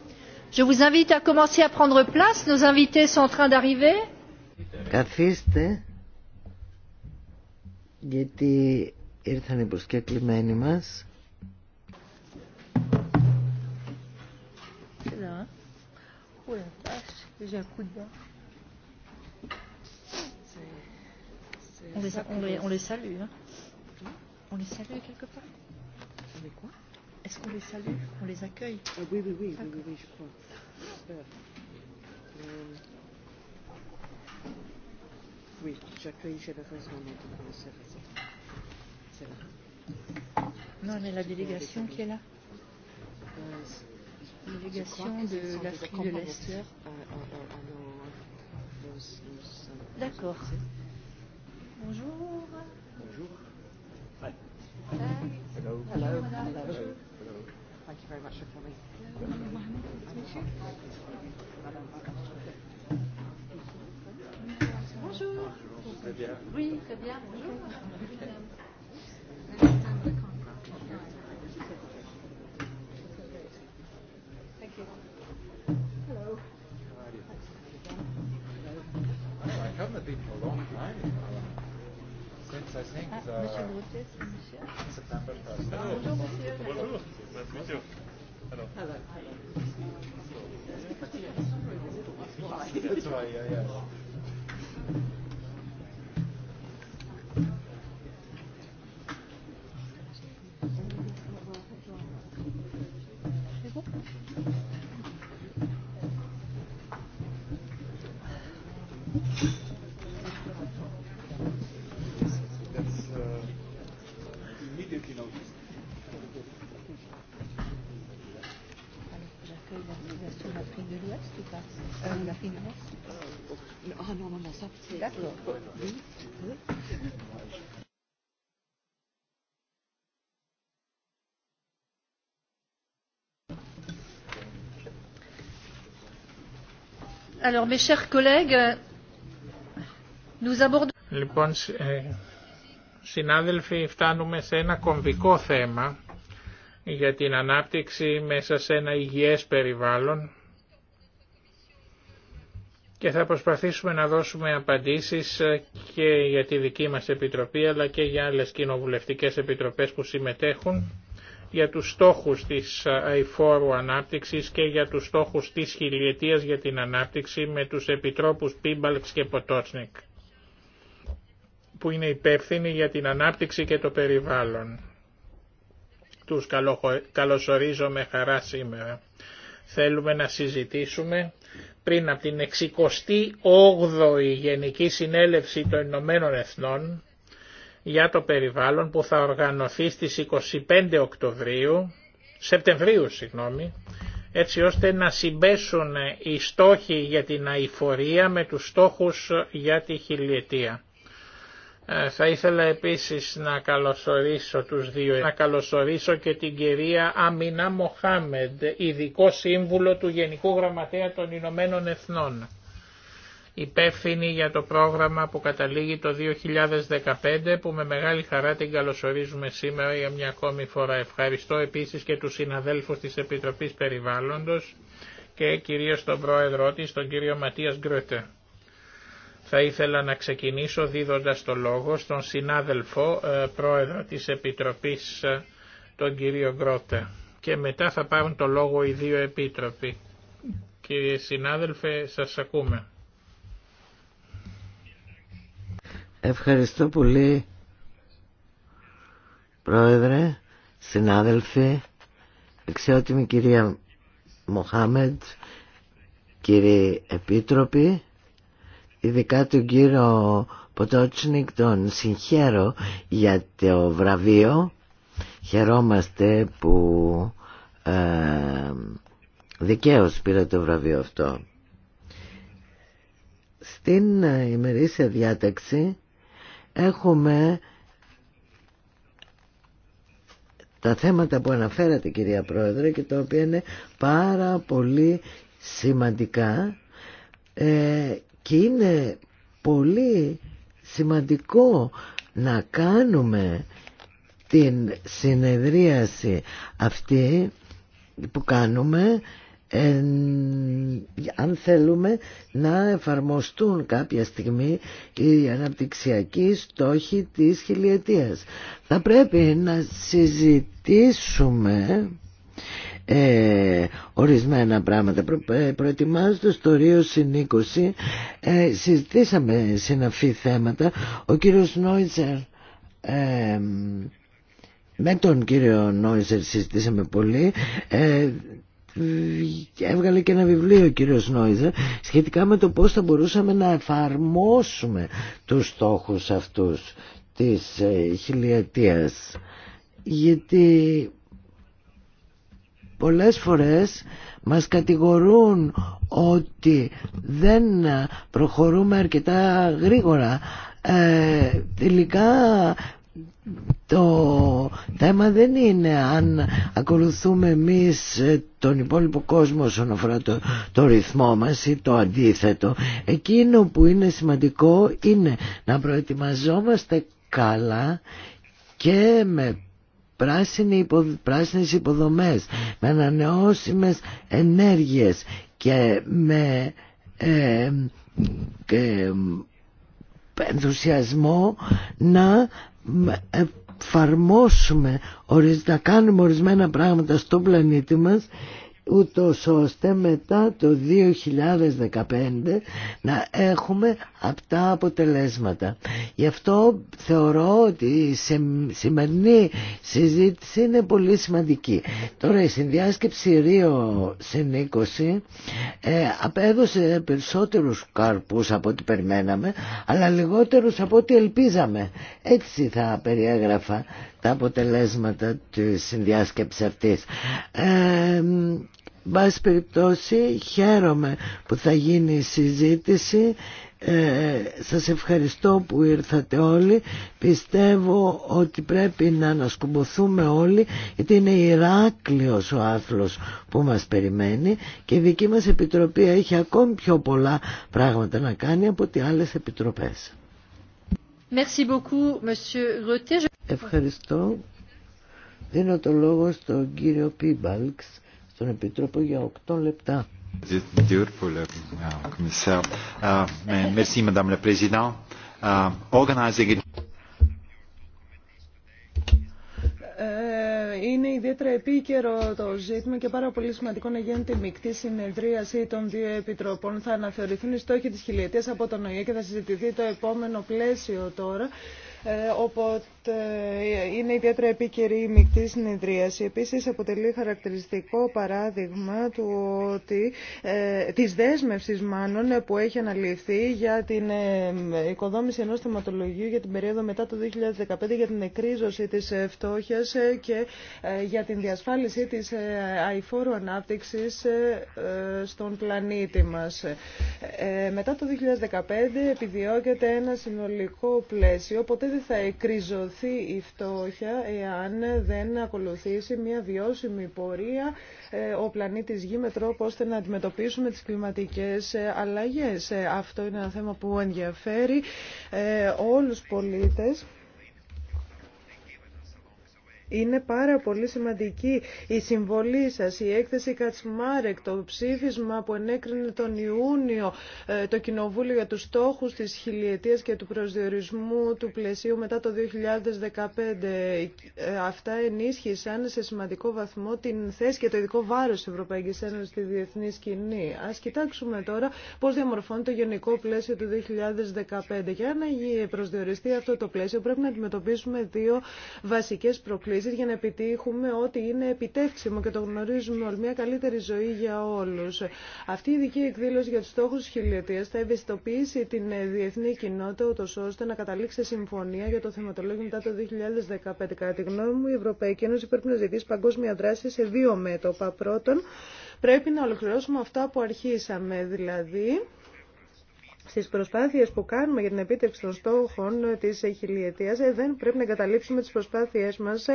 Je vous invite à commencer à prendre place. Nos invités sont en train d'arriver. Καθίστε, γιατί ήρθαν οι προσκεκλημένοι μας. On les, on les salue, hein On les salue quelque part Avec quoi Est-ce qu'on les salue On les accueille oui, oui, oui, oui, je crois. Oui, j'accueille généreusement C'est là. Non, mais la délégation qui est là La délégation de l'Afrique de l'Est. D'accord. Bonjour. Bonjour. Hello. Hello. Hello. Thank you very much for coming. Bonjour. Oui, très bien. Bonjour. Thank you. Hello. I haven't been for a long time. Prince, I Hello. Bonjour. Nice That's why, yeah, yeah. Thank you. Alors, mes chers collègues, nous abordons... Λοιπόν, ε, συνάδελφοι, φτάνουμε σε ένα κομβικό θέμα για την ανάπτυξη μέσα σε ένα υγιές περιβάλλον και θα προσπαθήσουμε να δώσουμε απαντήσεις ε, και για τη δική μας Επιτροπή αλλά και για άλλες κοινοβουλευτικές επιτροπές που συμμετέχουν για τους στόχους της αηφόρου ε, ανάπτυξης και για τους στόχους της χιλιετίας για την ανάπτυξη με τους επιτρόπους Πίμπαλξ και Ποτότσνικ που είναι υπεύθυνοι για την ανάπτυξη και το περιβάλλον. Τους καλωσορίζω με χαρά σήμερα. Θέλουμε να συζητήσουμε πριν από την 68η Γενική Συνέλευση των Ηνωμένων Εθνών για το περιβάλλον που θα οργανωθεί στις 25 Οκτωβρίου, Σεπτεμβρίου συγγνώμη, έτσι ώστε να συμπέσουν οι στόχοι για την αηφορία με τους στόχους για τη χιλιετία. Ε, θα ήθελα επίσης να καλωσορίσω τους δύο, να καλωσορίσω και την κυρία Αμινά Μοχάμεντ, ειδικό σύμβουλο του Γενικού Γραμματέα των Ηνωμένων Εθνών υπεύθυνη για το πρόγραμμα που καταλήγει το 2015 που με μεγάλη χαρά την καλωσορίζουμε σήμερα για μια ακόμη φορά. Ευχαριστώ επίσης και τους συναδέλφους της Επιτροπής Περιβάλλοντος και κυρίως τον πρόεδρό της, τον κύριο Ματίας Γκρότε. Θα ήθελα να ξεκινήσω δίδοντας το λόγο στον συνάδελφο ε, πρόεδρο της Επιτροπής, ε, τον κύριο Γκρότε. Και μετά θα πάρουν το λόγο οι δύο επίτροποι. Κύριε συνάδελφε, σας ακούμε. Ευχαριστώ πολύ, Πρόεδρε, συνάδελφοι, εξαιότιμη κυρία Μοχάμεντ, κύριοι Επίτροποι, ειδικά τον κύριο Ποτότσνικ τον συγχαίρω για το βραβείο. Χαιρόμαστε που ε, δικαίως πήρε το βραβείο αυτό. Στην ε, ημερήσια διάταξη έχουμε τα θέματα που αναφέρατε κυρία Πρόεδρε και τα οποία είναι πάρα πολύ σημαντικά ε, και είναι πολύ σημαντικό να κάνουμε την συνεδρίαση αυτή που κάνουμε αν θέλουμε να εφαρμοστούν κάποια στιγμή οι αναπτυξιακοί στόχοι της χιλιετίας. Θα πρέπει να συζητήσουμε ε, ορισμένα πράγματα. Προ, ε, προετοιμάζοντα το Ρίο Συνήκωση ε, συζητήσαμε συναφή θέματα. Ο κύριος Νόιτσερ ε, με τον κύριο Νόιζερ συζητήσαμε πολύ. Ε, έβγαλε και ένα βιβλίο ο κύριος Νόιζερ σχετικά με το πώς θα μπορούσαμε να εφαρμόσουμε τους στόχους αυτούς της ε, χιλιετίας γιατί πολλές φορές μας κατηγορούν ότι δεν προχωρούμε αρκετά γρήγορα ε, τελικά το θέμα δεν είναι αν ακολουθούμε εμείς τον υπόλοιπο κόσμο όσον αφορά το, ρυθμό μας ή το αντίθετο. Εκείνο που είναι σημαντικό είναι να προετοιμαζόμαστε καλά και με πράσινη υπο, πράσινες υποδομές, με ανανεώσιμες ενέργειες και με ε, ε ενθουσιασμό να εφαρμόσουμε, να κάνουμε ορισμένα πράγματα στον πλανήτη μας ούτω ώστε μετά το 2015 να έχουμε αυτά αποτελέσματα. Γι' αυτό θεωρώ ότι η σημερινή συζήτηση είναι πολύ σημαντική. Τώρα η συνδιάσκεψη Ρίο συνήκωση ε, απέδωσε περισσότερους καρπούς από ό,τι περιμέναμε αλλά λιγότερους από ό,τι ελπίζαμε. Έτσι θα περιέγραφα τα αποτελέσματα του συνδιάσκεψης αυτής. Ε, περιπτώσει χαίρομαι που θα γίνει η συζήτηση ε, σας ευχαριστώ που ήρθατε όλοι πιστεύω ότι πρέπει να ανασκουμποθούμε όλοι γιατί είναι Ηράκλειος ο άθλος που μας περιμένει και η δική μας επιτροπή έχει ακόμη πιο πολλά πράγματα να κάνει από τι άλλες επιτροπές Ευχαριστώ. Δίνω το λόγο στον κύριο Πίμπαλξ, στον Επιτρόπο για 8 λεπτά. είναι ιδιαίτερα επίκαιρο το ζήτημα και πάρα πολύ σημαντικό να γίνεται μεικτή συνεδρίαση των δύο επιτροπών. Θα αναθεωρηθούν οι στόχοι της χιλιετίας από τον ΟΗΕ και θα συζητηθεί το επόμενο πλαίσιο τώρα. Ε, οπότε είναι ιδιαίτερα επίκαιρη η μεικτή συνεδρίαση. Επίσης αποτελεί χαρακτηριστικό παράδειγμα του ότι, ε, της δέσμευσης μάλλον που έχει αναλυθεί για την ε, οικοδόμηση ενός θεματολογίου για την περίοδο μετά το 2015 για την εκρίζωση της ε, φτώχειας και για την διασφάλιση της αηφόρου ανάπτυξης στον πλανήτη μας. μετά το 2015 επιδιώκεται ένα συνολικό πλαίσιο, ποτέ θα εκκριζωθεί η φτώχεια εάν δεν ακολουθήσει μια βιώσιμη πορεία ε, ο πλανήτης Γη με τρόπο ώστε να αντιμετωπίσουμε τις κλιματικές ε, αλλαγές. Ε, αυτό είναι ένα θέμα που ενδιαφέρει όλους τους πολίτες. Είναι πάρα πολύ σημαντική η συμβολή σας, η έκθεση Κατσμάρεκ, το ψήφισμα που ενέκρινε τον Ιούνιο ε, το Κοινοβούλιο για τους στόχους της χιλιετίας και του προσδιορισμού του πλαισίου μετά το 2015. Ε, αυτά ενίσχυσαν σε σημαντικό βαθμό την θέση και το ειδικό βάρος της Ευρωπαϊκής Ένωσης στη διεθνή σκηνή. Ας κοιτάξουμε τώρα πώς διαμορφώνει το γενικό πλαίσιο του 2015. Για να προσδιοριστεί αυτό το πλαίσιο πρέπει να αντιμετωπίσουμε δύο βασικές προκλήσεις για να επιτύχουμε ό,τι είναι επιτεύξιμο και το γνωρίζουμε όλοι. Μια καλύτερη ζωή για όλους. Αυτή η ειδική εκδήλωση για τους στόχους χιλιετίας θα ευαισθητοποιήσει την διεθνή κοινότητα ούτω ώστε να καταλήξει σε συμφωνία για το θεματολόγιο μετά το 2015. Κατά τη γνώμη μου η Ευρωπαϊκή Ένωση πρέπει να ζητήσει παγκόσμια δράση σε δύο μέτωπα. Πρώτον, πρέπει να ολοκληρώσουμε αυτά που αρχίσαμε, δηλαδή στις προσπάθειες που κάνουμε για την επίτευξη των στόχων της χιλιετίας ε, δεν πρέπει να εγκαταλείψουμε τις προσπάθειές μας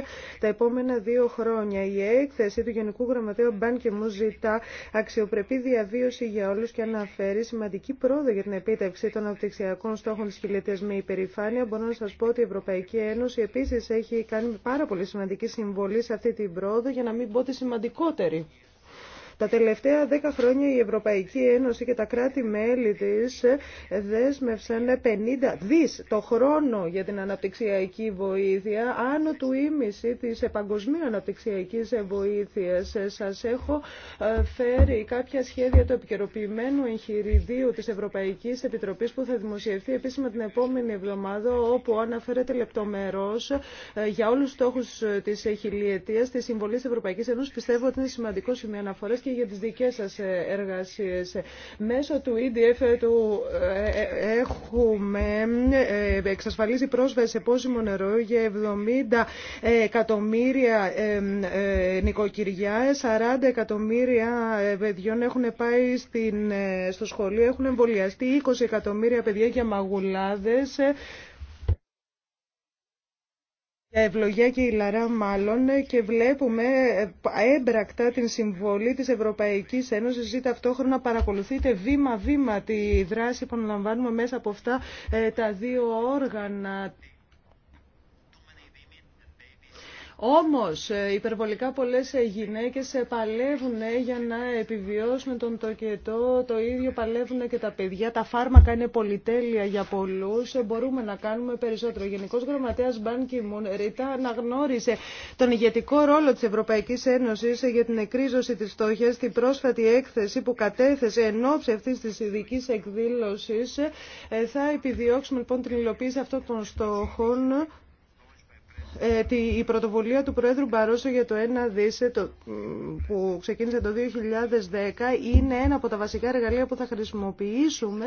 τα επόμενα δύο χρόνια. Η έκθεση του Γενικού Γραμματέου Μπάν και μου ζητά αξιοπρεπή διαβίωση για όλους και αναφέρει σημαντική πρόοδο για την επίτευξη των αναπτυξιακών στόχων της χιλιετίας με υπερηφάνεια. Μπορώ να σας πω ότι η Ευρωπαϊκή Ένωση επίσης έχει κάνει πάρα πολύ σημαντική συμβολή σε αυτή την πρόοδο για να μην πω τη σημαντικότερη. Τα τελευταία δέκα χρόνια η Ευρωπαϊκή Ένωση και τα κράτη-μέλη τη ε, δέσμευσαν 50 δις το χρόνο για την αναπτυξιακή βοήθεια, άνω του ίμιση τη παγκοσμίου αναπτυξιακής βοήθειας. Ε, σας έχω ε, φέρει κάποια σχέδια του επικαιροποιημένου εγχειριδίου τη Ευρωπαϊκή Επιτροπής που θα δημοσιευθεί επίσημα την επόμενη εβδομάδα, όπου αναφέρεται λεπτομερώς για όλου τους στόχους της χιλιετία της Συμβολή Ευρωπαϊκή Ένωση. Πιστεύω ότι είναι σημαντικό σημείο αναφορά και για τις δικές σας ε, εργασίες. Μέσω του EDF ε, ε, έχουμε εξασφαλίσει πρόσβαση σε πόσιμο νερό για 70 εκατομμύρια νοικοκυριά, 40 εκατομμύρια παιδιών έχουν πάει στο σχολείο, έχουν εμβολιαστεί, 20 εκατομμύρια παιδιά για μαγουλάδες, ευλογία και η Λαρά μάλλον και βλέπουμε ε, έμπρακτα την συμβολή της Ευρωπαϊκής Ένωσης ή ταυτόχρονα παρακολουθείτε βήμα-βήμα τη δράση που αναλαμβάνουμε μέσα από αυτά ε, τα δύο όργανα όμως ε, υπερβολικά πολλές ε, γυναίκες ε, παλεύουν για να επιβιώσουν τον τοκετό, το ίδιο παλεύουν και τα παιδιά. Τα φάρμακα είναι πολυτέλεια για πολλούς, μπορούμε να κάνουμε περισσότερο. Ο Γενικός Γραμματέας Μπαν Κιμούν ρητά αναγνώρισε τον ηγετικό ρόλο της Ευρωπαϊκής Ένωσης για την εκρίζωση της φτώχειας στην πρόσφατη έκθεση που κατέθεσε εν ώψη αυτής της ειδικής εκδήλωσης. Θα επιδιώξουμε λοιπόν την υλοποίηση αυτών των στόχων ε, η πρωτοβουλία του Πρόεδρου Μπαρόσο για το 1 δίσε που ξεκίνησε το 2010 είναι ένα από τα βασικά εργαλεία που θα χρησιμοποιήσουμε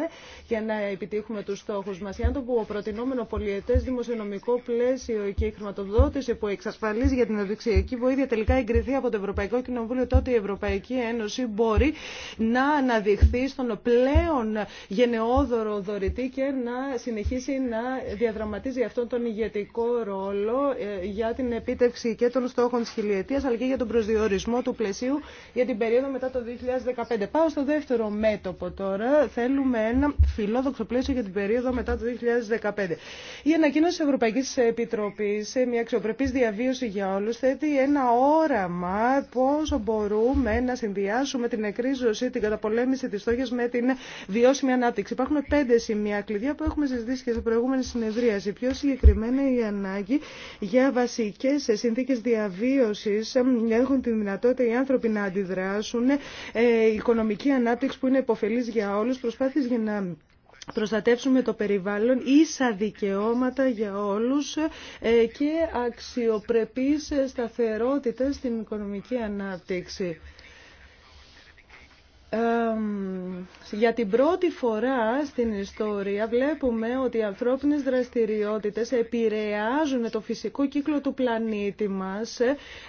για να επιτύχουμε τους στόχους μας. Για το προτινόμενο πολιετές δημοσιονομικό πλαίσιο και η χρηματοδότηση που εξασφαλίζει για την αδειξιακή βοήθεια τελικά εγκριθεί από το Ευρωπαϊκό Κοινοβούλιο, τότε η Ευρωπαϊκή Ένωση μπορεί να αναδειχθεί στον πλέον γενναιόδωρο δωρητή και να συνεχίσει να διαδραματίζει αυτόν τον ηγετικό ρόλο ε, για την επίτευξη και των στόχων τη χιλιετία, αλλά και για τον προσδιορισμό του πλαισίου για την περίοδο μετά το 2015. Πάω στο δεύτερο μέτωπο τώρα. Θέλουμε ένα φιλόδοξο πλαίσιο για την περίοδο μετά το 2015. Η ανακοίνωση της Ευρωπαϊκής Επιτροπής σε μια αξιοπρεπής διαβίωση για όλου, θέτει ένα όραμα πόσο μπορούμε να συνδυάσουμε την εκρίζωση, την καταπολέμηση τη στόχη με την βιώσιμη ανάπτυξη. Υπάρχουν πέντε σημεία κλειδιά που έχουμε συζητήσει και σε προηγούμενη συνεδρίαση. Πιο συγκεκριμένα η ανάγκη για βασικές συνθήκες διαβίωσης έχουν τη δυνατότητα οι άνθρωποι να αντιδράσουν, η ε, οικονομική ανάπτυξη που είναι υποφελής για όλους, προσπάθειες για να προστατεύσουμε το περιβάλλον, ίσα δικαιώματα για όλους ε, και αξιοπρεπής σταθερότητα στην οικονομική ανάπτυξη για την πρώτη φορά στην ιστορία βλέπουμε ότι οι ανθρώπινες δραστηριότητες επηρεάζουν το φυσικό κύκλο του πλανήτη μας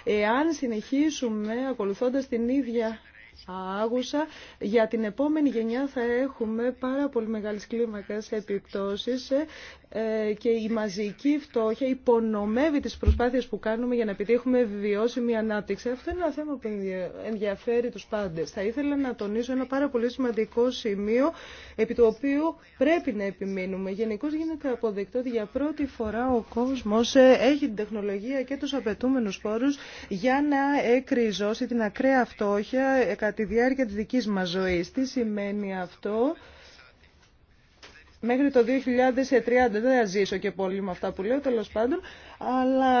εάν συνεχίσουμε ακολουθώντας την ίδια άγουσα. Για την επόμενη γενιά θα έχουμε πάρα πολύ μεγάλες κλίμακες επιπτώσεις ε, και η μαζική φτώχεια υπονομεύει τις προσπάθειες που κάνουμε για να επιτύχουμε βιώσιμη ανάπτυξη. Αυτό είναι ένα θέμα που ενδιαφέρει τους πάντες. Θα ήθελα να τονίσω ένα πάρα πολύ σημαντικό σημείο επί του οποίου πρέπει να επιμείνουμε. Γενικώ γίνεται αποδεκτό ότι για πρώτη φορά ο κόσμος ε, έχει την τεχνολογία και τους απαιτούμενους πόρους για να εκριζώσει την ακραία φτώχεια κατά τη διάρκεια της δικής μας ζωής. Τι σημαίνει αυτό. Μέχρι το 2030 δεν θα ζήσω και πολύ με αυτά που λέω, τέλος πάντων αλλά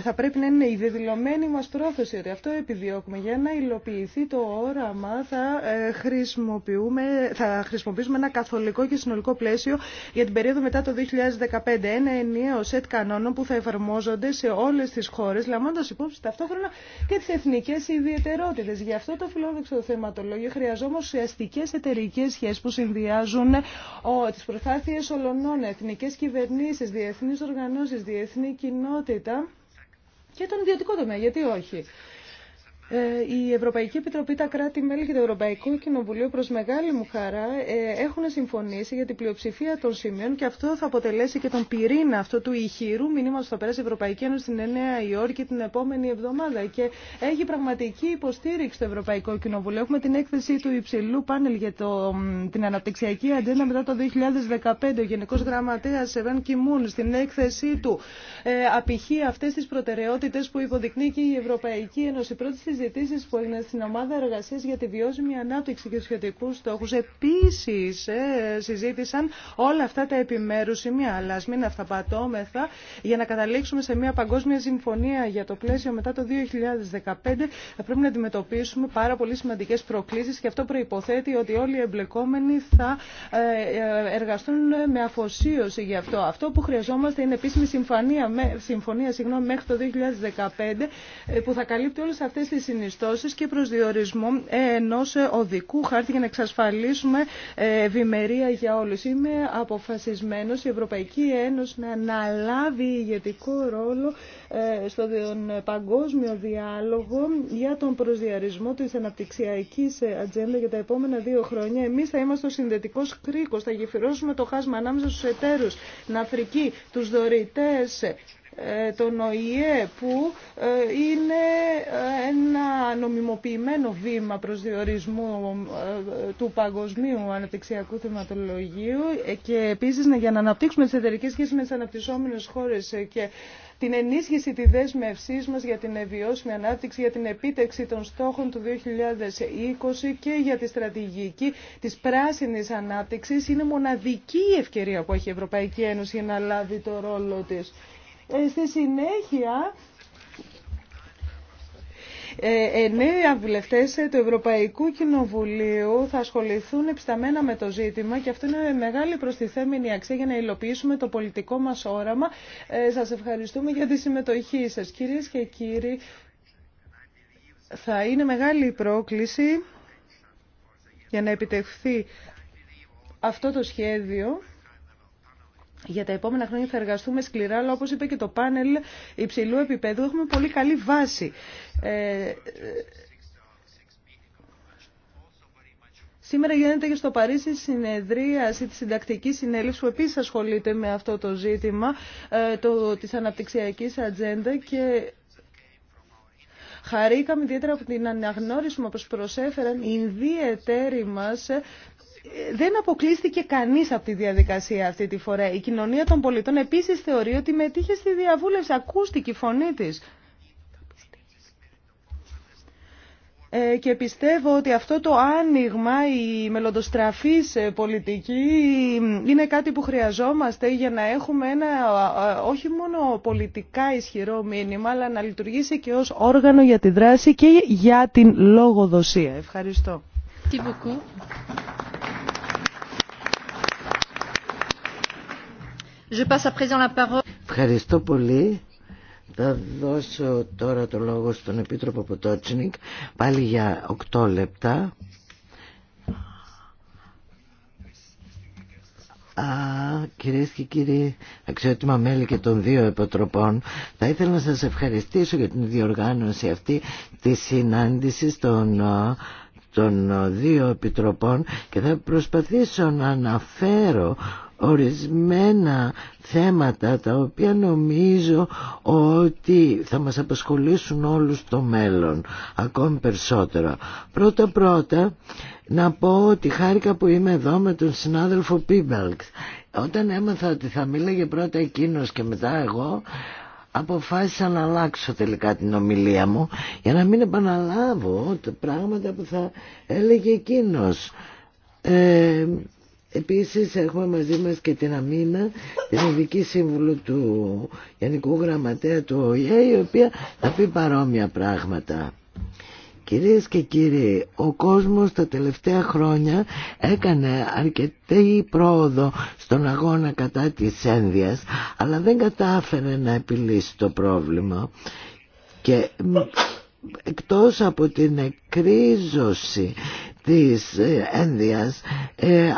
θα πρέπει να είναι η δεδηλωμένη μας πρόθεση ότι αυτό επιδιώκουμε. Για να υλοποιηθεί το όραμα θα, ε, χρησιμοποιούμε, θα χρησιμοποιήσουμε ένα καθολικό και συνολικό πλαίσιο για την περίοδο μετά το 2015. Ένα ενιαίο σετ κανόνων που θα εφαρμόζονται σε όλες τις χώρες, λαμβάνοντας υπόψη ταυτόχρονα και τις εθνικές ιδιαιτερότητες. Γι' αυτό το φιλόδοξο θεματολόγιο χρειαζόμαστε ουσιαστικέ εταιρικέ σχέσεις που συνδυάζουν τις προσπάθειες ολονών, εθνικές κυβερνήσεις, διεθνείς οργανώσεις, διεθνή κοινότητα και τον ιδιωτικό τομέα, γιατί όχι. Ε, η Ευρωπαϊκή Επιτροπή, τα κράτη-μέλη και το Ευρωπαϊκό Κοινοβουλίο προς μεγάλη μου χαρά ε, έχουν συμφωνήσει για την πλειοψηφία των σημείων και αυτό θα αποτελέσει και τον πυρήνα αυτό του ηχηρού μηνύματος που θα περάσει η Ευρωπαϊκή Ένωση στην 9 Υόρκη την επόμενη εβδομάδα και έχει πραγματική υποστήριξη στο Ευρωπαϊκό Κοινοβουλίο. Έχουμε την έκθεση του υψηλού πάνελ για το, την αναπτυξιακή ατζέντα μετά το 2015. Ο Γενικό Γραμματέα Σεβέν Κιμούν στην έκθεσή του ε, απηχεί αυτέ τι προτεραιότητε που υποδεικνύει η Ευρωπαϊκή Ένωση. Πρώτη συζητήσει που έγιναν στην ομάδα εργασία για τη βιώσιμη ανάπτυξη και σχετικούς στόχους. Επίσης ε, συζήτησαν όλα αυτά τα επιμέρου σημεία, αλλά ας μην αυταπατώμεθα για να καταλήξουμε σε μια παγκόσμια συμφωνία για το πλαίσιο μετά το 2015 θα πρέπει να αντιμετωπίσουμε πάρα πολύ σημαντικέ προκλήσει. και αυτό προποθέτει ότι όλοι οι εμπλεκόμενοι θα ε, ε, εργαστούν με αφοσίωση γι' αυτό. Αυτό που χρειαζόμαστε είναι επίσημη συμφωνία, συμφωνία συγγνώμη, μέχρι το 2015 που θα καλύπτει όλες αυτές τις και προσδιορισμό ενό οδικού χάρτη για να εξασφαλίσουμε ευημερία για όλου. Είμαι αποφασισμένος η Ευρωπαϊκή Ένωση να αναλάβει ηγετικό ρόλο ε, στον παγκόσμιο διάλογο για τον προσδιορισμό τη αναπτυξιακή ατζέντα για τα επόμενα δύο χρόνια. Εμείς θα είμαστε ο συνδετικός κρίκος, θα γεφυρώσουμε το χάσμα ανάμεσα στου εταίρου, την Αφρική, του δωρητέ τον ΟΗΕ που ε, είναι ε, ένα νομιμοποιημένο βήμα προς διορισμού ε, του παγκοσμίου αναπτυξιακού θεματολογίου και επίσης για να αναπτύξουμε τις εταιρικές σχέσεις με τις αναπτυσσόμενες χώρες και την ενίσχυση τη δέσμευσή μας για την ευβιώσιμη ανάπτυξη, για την επίτευξη των στόχων του 2020 και για τη στρατηγική της πράσινης ανάπτυξης είναι μοναδική η ευκαιρία που έχει η Ευρωπαϊκή Ένωση να λάβει το ρόλο της. Ε, στη συνέχεια ε, εννέα βουλευτέ του Ευρωπαϊκού Κοινοβουλίου θα ασχοληθούν επισταμένα με το ζήτημα και αυτό είναι μεγάλη προστιθέμενη αξία για να υλοποιήσουμε το πολιτικό μας όραμα. Ε, σας ευχαριστούμε για τη συμμετοχή σας. Κυρίες και κύριοι, θα είναι μεγάλη πρόκληση για να επιτευχθεί αυτό το σχέδιο για τα επόμενα χρόνια θα εργαστούμε σκληρά, αλλά όπως είπε και το πάνελ υψηλού επίπεδου, έχουμε πολύ καλή βάση. Ε, Σήμερα γίνεται και στο Παρίσι συνεδρίαση της συντακτική συνέλευση που επίση ασχολείται με αυτό το ζήτημα ε, το, της αναπτυξιακής ατζέντα και Χαρήκαμε ιδιαίτερα από την αναγνώριση που προσέφεραν οι δύο μας ε, δεν αποκλείστηκε κανείς από τη διαδικασία αυτή τη φορά. Η κοινωνία των πολιτών επίσης θεωρεί ότι μετήχε στη διαβούλευση, ακούστηκε η φωνή της. Ε, και πιστεύω ότι αυτό το άνοιγμα, η μελλοντοστραφής ε, πολιτική είναι κάτι που χρειαζόμαστε για να έχουμε ένα όχι μόνο πολιτικά ισχυρό μήνυμα αλλά να λειτουργήσει και ως όργανο για τη δράση και για την λόγοδοσία. Ευχαριστώ. Ευχαριστώ πολύ. Θα δώσω τώρα το λόγο στον Επίτροπο Ποτότσινικ πάλι για οκτώ λεπτά. Α, κυρίες και κύριοι αξιότιμα μέλη και των δύο επιτροπών θα ήθελα να σας ευχαριστήσω για την διοργάνωση αυτή της συνάντησης των, των δύο επιτροπών και θα προσπαθήσω να αναφέρω ορισμένα θέματα τα οποία νομίζω ότι θα μας απασχολήσουν όλους το μέλλον ακόμη περισσότερο. Πρώτα πρώτα να πω ότι χάρηκα που είμαι εδώ με τον συνάδελφο Πίμπελξ. Όταν έμαθα ότι θα μίλαγε πρώτα εκείνος και μετά εγώ αποφάσισα να αλλάξω τελικά την ομιλία μου για να μην επαναλάβω τα πράγματα που θα έλεγε εκείνος. Ε, Επίσης έχουμε μαζί μας και την Αμίνα... την ειδική σύμβουλο του Γενικού Γραμματέα του ΟΙΕ... η οποία θα πει παρόμοια πράγματα. Κυρίες και κύριοι, ο κόσμος τα τελευταία χρόνια έκανε αρκετή πρόοδο στον αγώνα κατά της ένδυας, αλλά δεν κατάφερε να επιλύσει το πρόβλημα. Και εκτός από την εκρίζωση της ε, ένδυας ε,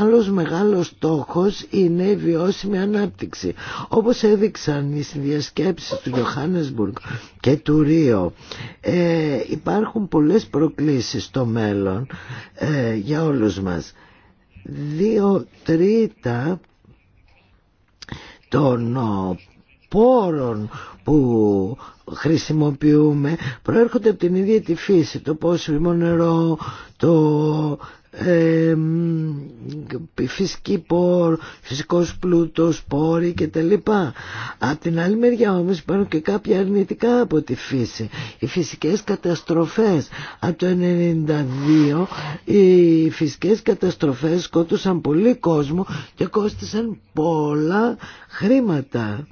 άλλος μεγάλος στόχος είναι η βιώσιμη ανάπτυξη όπως έδειξαν οι συνδιασκέψεις του Γιωχάννεσμπουργκ και του Ρίο ε, υπάρχουν πολλές προκλήσεις στο μέλλον ε, για όλους μας δύο τρίτα των πόρων που χρησιμοποιούμε προέρχονται από την ίδια τη φύση, το πόσιμο νερό, το ε, φυσική πόρ, φυσικός πλούτος, πόροι κτλ. από την άλλη μεριά όμως υπάρχουν και κάποια αρνητικά από τη φύση. Οι φυσικές καταστροφές. Από το 92, οι φυσικές καταστροφές σκότωσαν πολύ κόσμο και κόστισαν πολλά χρήματα.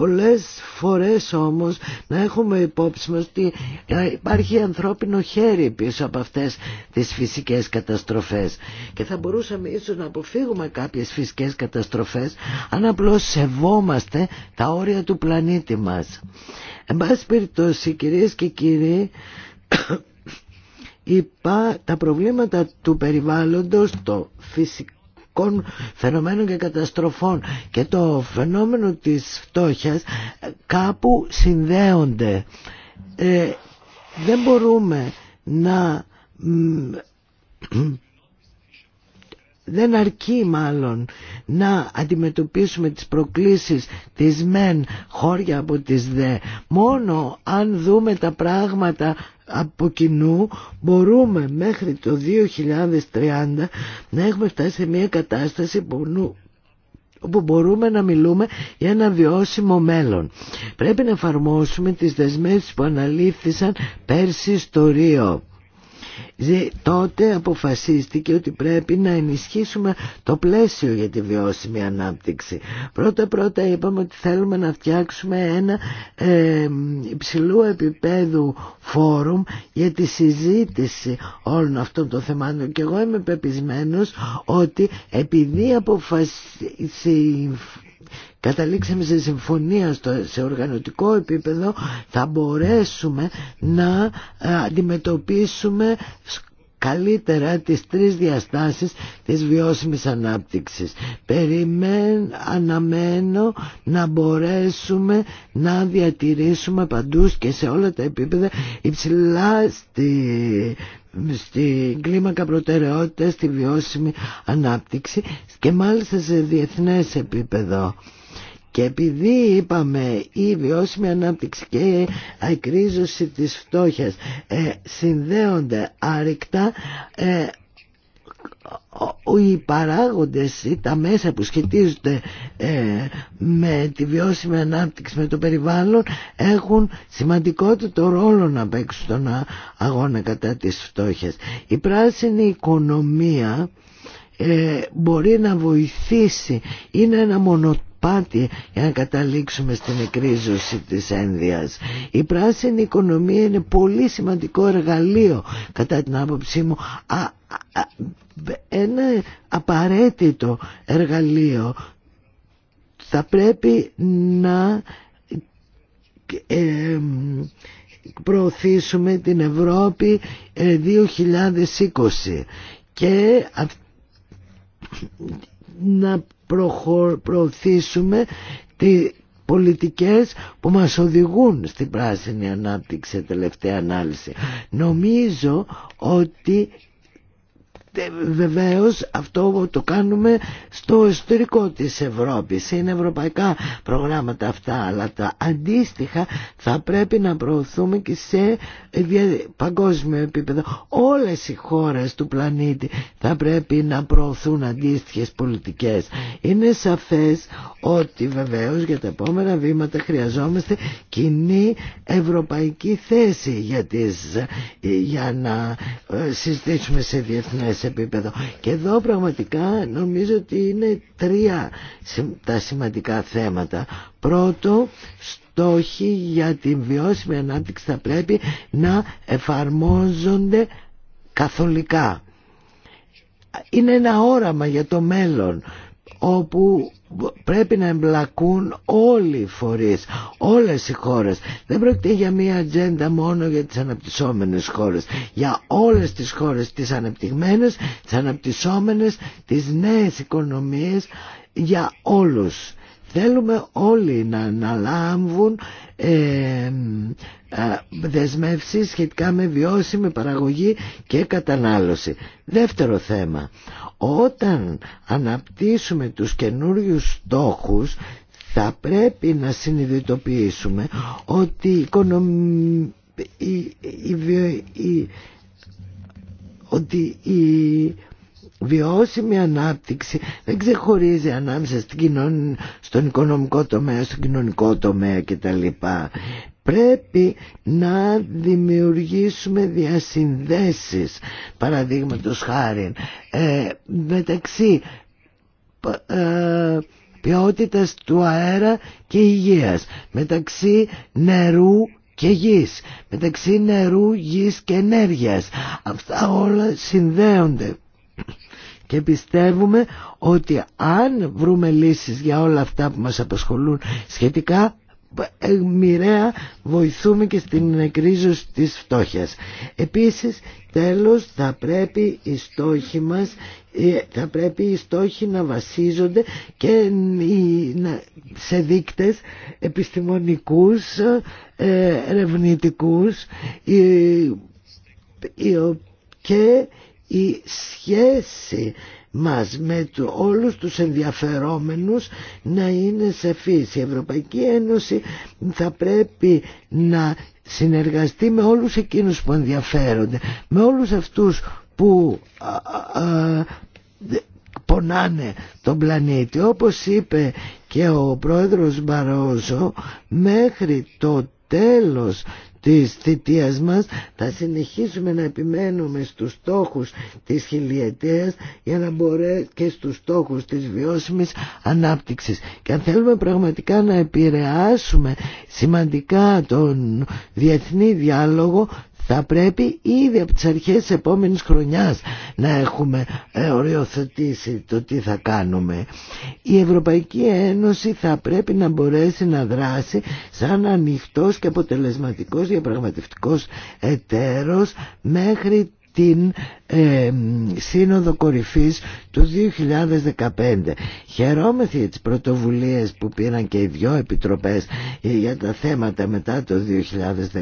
Πολλές φορές όμως να έχουμε υπόψη μας ότι ε, υπάρχει ανθρώπινο χέρι πίσω από αυτές τις φυσικές καταστροφές και θα μπορούσαμε ίσως να αποφύγουμε κάποιες φυσικές καταστροφές αν απλώς σεβόμαστε τα όρια του πλανήτη μας. Εν πάση περιπτώσει κυρίες και κύριοι τα προβλήματα του περιβάλλοντος, το φυσικό φαινομένων και καταστροφών και το φαινόμενο της φτώχειας ε, κάπου συνδέονται. Ε, δεν μπορούμε να... Δεν αρκεί μάλλον να αντιμετωπίσουμε τις προκλήσεις της μεν χώρια από τις δε. Μόνο αν δούμε τα πράγματα από κοινού μπορούμε μέχρι το 2030 να έχουμε φτάσει σε μια κατάσταση που όπου μπορούμε να μιλούμε για ένα βιώσιμο μέλλον. Πρέπει να εφαρμόσουμε τις δεσμεύσεις που αναλήφθησαν πέρσι στο Ρίο τότε αποφασίστηκε ότι πρέπει να ενισχύσουμε το πλαίσιο για τη βιώσιμη ανάπτυξη. Πρώτα-πρώτα είπαμε ότι θέλουμε να φτιάξουμε ένα ε, υψηλού επίπεδου φόρουμ για τη συζήτηση όλων αυτών των θεμάτων και εγώ είμαι πεπισμένος ότι επειδή αποφασίστηκε καταλήξαμε σε συμφωνία στο, σε οργανωτικό επίπεδο θα μπορέσουμε να ε, αντιμετωπίσουμε καλύτερα τις τρεις διαστάσεις της βιώσιμης ανάπτυξης. Περιμέν, αναμένω να μπορέσουμε να διατηρήσουμε παντού και σε όλα τα επίπεδα υψηλά στη, στην κλίμακα προτεραιότητα, στη βιώσιμη ανάπτυξη και μάλιστα σε διεθνές επίπεδο. Και επειδή είπαμε η βιώσιμη ανάπτυξη και η ακρίζωση της φτώχειας ε, συνδέονται άρρηκτα ε, οι παράγοντες ή τα μέσα που σχετίζονται ε, με τη βιώσιμη ανάπτυξη με το περιβάλλον έχουν σημαντικότερο ρόλο να παίξουν στον αγώνα κατά της φτώχειας. Η πράσινη οικονομία ε, μπορεί να βοηθήσει, είναι ένα μονοτόπιο πάτη για να καταλήξουμε στην εκρίζωση της ένδειας. Η πράσινη οικονομία είναι πολύ σημαντικό εργαλείο κατά την άποψή μου α, α, ένα απαραίτητο εργαλείο θα πρέπει να ε, προωθήσουμε την Ευρώπη 2020 ε, και να προωθήσουμε τι πολιτικές που μας οδηγούν στην πράσινη ανάπτυξη τελευταία ανάλυση. Νομίζω ότι βεβαίως αυτό το κάνουμε στο εσωτερικό της Ευρώπης είναι ευρωπαϊκά προγράμματα αυτά αλλά τα αντίστοιχα θα πρέπει να προωθούμε και σε παγκόσμιο επίπεδο όλες οι χώρες του πλανήτη θα πρέπει να προωθούν αντίστοιχες πολιτικές είναι σαφές ότι βεβαίως για τα επόμενα βήματα χρειαζόμαστε κοινή ευρωπαϊκή θέση για, τις, για να ε, συζητήσουμε σε διεθνές επίπεδο. Και εδώ πραγματικά νομίζω ότι είναι τρία τα σημαντικά θέματα. Πρώτο, στόχοι για την βιώσιμη ανάπτυξη θα πρέπει να εφαρμόζονται καθολικά. Είναι ένα όραμα για το μέλλον όπου πρέπει να εμπλακούν όλοι οι φορείς, όλες οι χώρες. Δεν πρόκειται για μία ατζέντα μόνο για τις αναπτυσσόμενες χώρες. Για όλες τις χώρες, τις αναπτυγμένες, τις αναπτυσσόμενες, τις νέες οικονομίες, για όλους. Θέλουμε όλοι να αναλάμβουν ε, δεσμεύσεις σχετικά με βιώσιμη παραγωγή και κατανάλωση. Δεύτερο θέμα, όταν αναπτύσσουμε τους καινούριου στόχους θα πρέπει να συνειδητοποιήσουμε ότι η, οικονομ... η... η... ότι η βιώσιμη ανάπτυξη δεν ξεχωρίζει ανάμεσα στην στον οικονομικό τομέα, στον κοινωνικό τομέα κτλ. Πρέπει να δημιουργήσουμε διασυνδέσεις, παραδείγματος χάρη, ε, μεταξύ ε, ποιότητας του αέρα και υγείας, μεταξύ νερού και γης, μεταξύ νερού, γης και ενέργειας. Αυτά όλα συνδέονται και πιστεύουμε ότι αν βρούμε λύσεις για όλα αυτά που μας απασχολούν σχετικά ε, μοιραία βοηθούμε και στην εκρίζωση της φτώχειας. Επίσης τέλος θα πρέπει οι στόχοι μας ε, θα πρέπει οι στόχοι να βασίζονται και σε δείκτες επιστημονικούς, ε, ερευνητικούς και η σχέση μας με το, όλους τους ενδιαφερόμενους να είναι φύση. Η Ευρωπαϊκή Ένωση θα πρέπει να συνεργαστεί με όλους εκείνους που ενδιαφέρονται, με όλους αυτούς που α, πονάνε τον πλανήτη. Όπως είπε και ο πρόεδρος Μπαρόζο, μέχρι το τέλος της θητείας μας θα συνεχίσουμε να επιμένουμε στους στόχους της χιλιετίας για να μπορέ... και στους στόχους της βιώσιμης ανάπτυξης και αν θέλουμε πραγματικά να επηρεάσουμε σημαντικά τον διεθνή διάλογο θα πρέπει ήδη από τις αρχές της επόμενης χρονιάς να έχουμε ε, οριοθετήσει το τι θα κάνουμε. Η Ευρωπαϊκή Ένωση θα πρέπει να μπορέσει να δράσει σαν ανοιχτός και αποτελεσματικός διαπραγματευτικός εταίρος μέχρι την Σύνοδο Κορυφής του 2015. για τις πρωτοβουλίες που πήραν και οι δυο επιτροπές για τα θέματα μετά το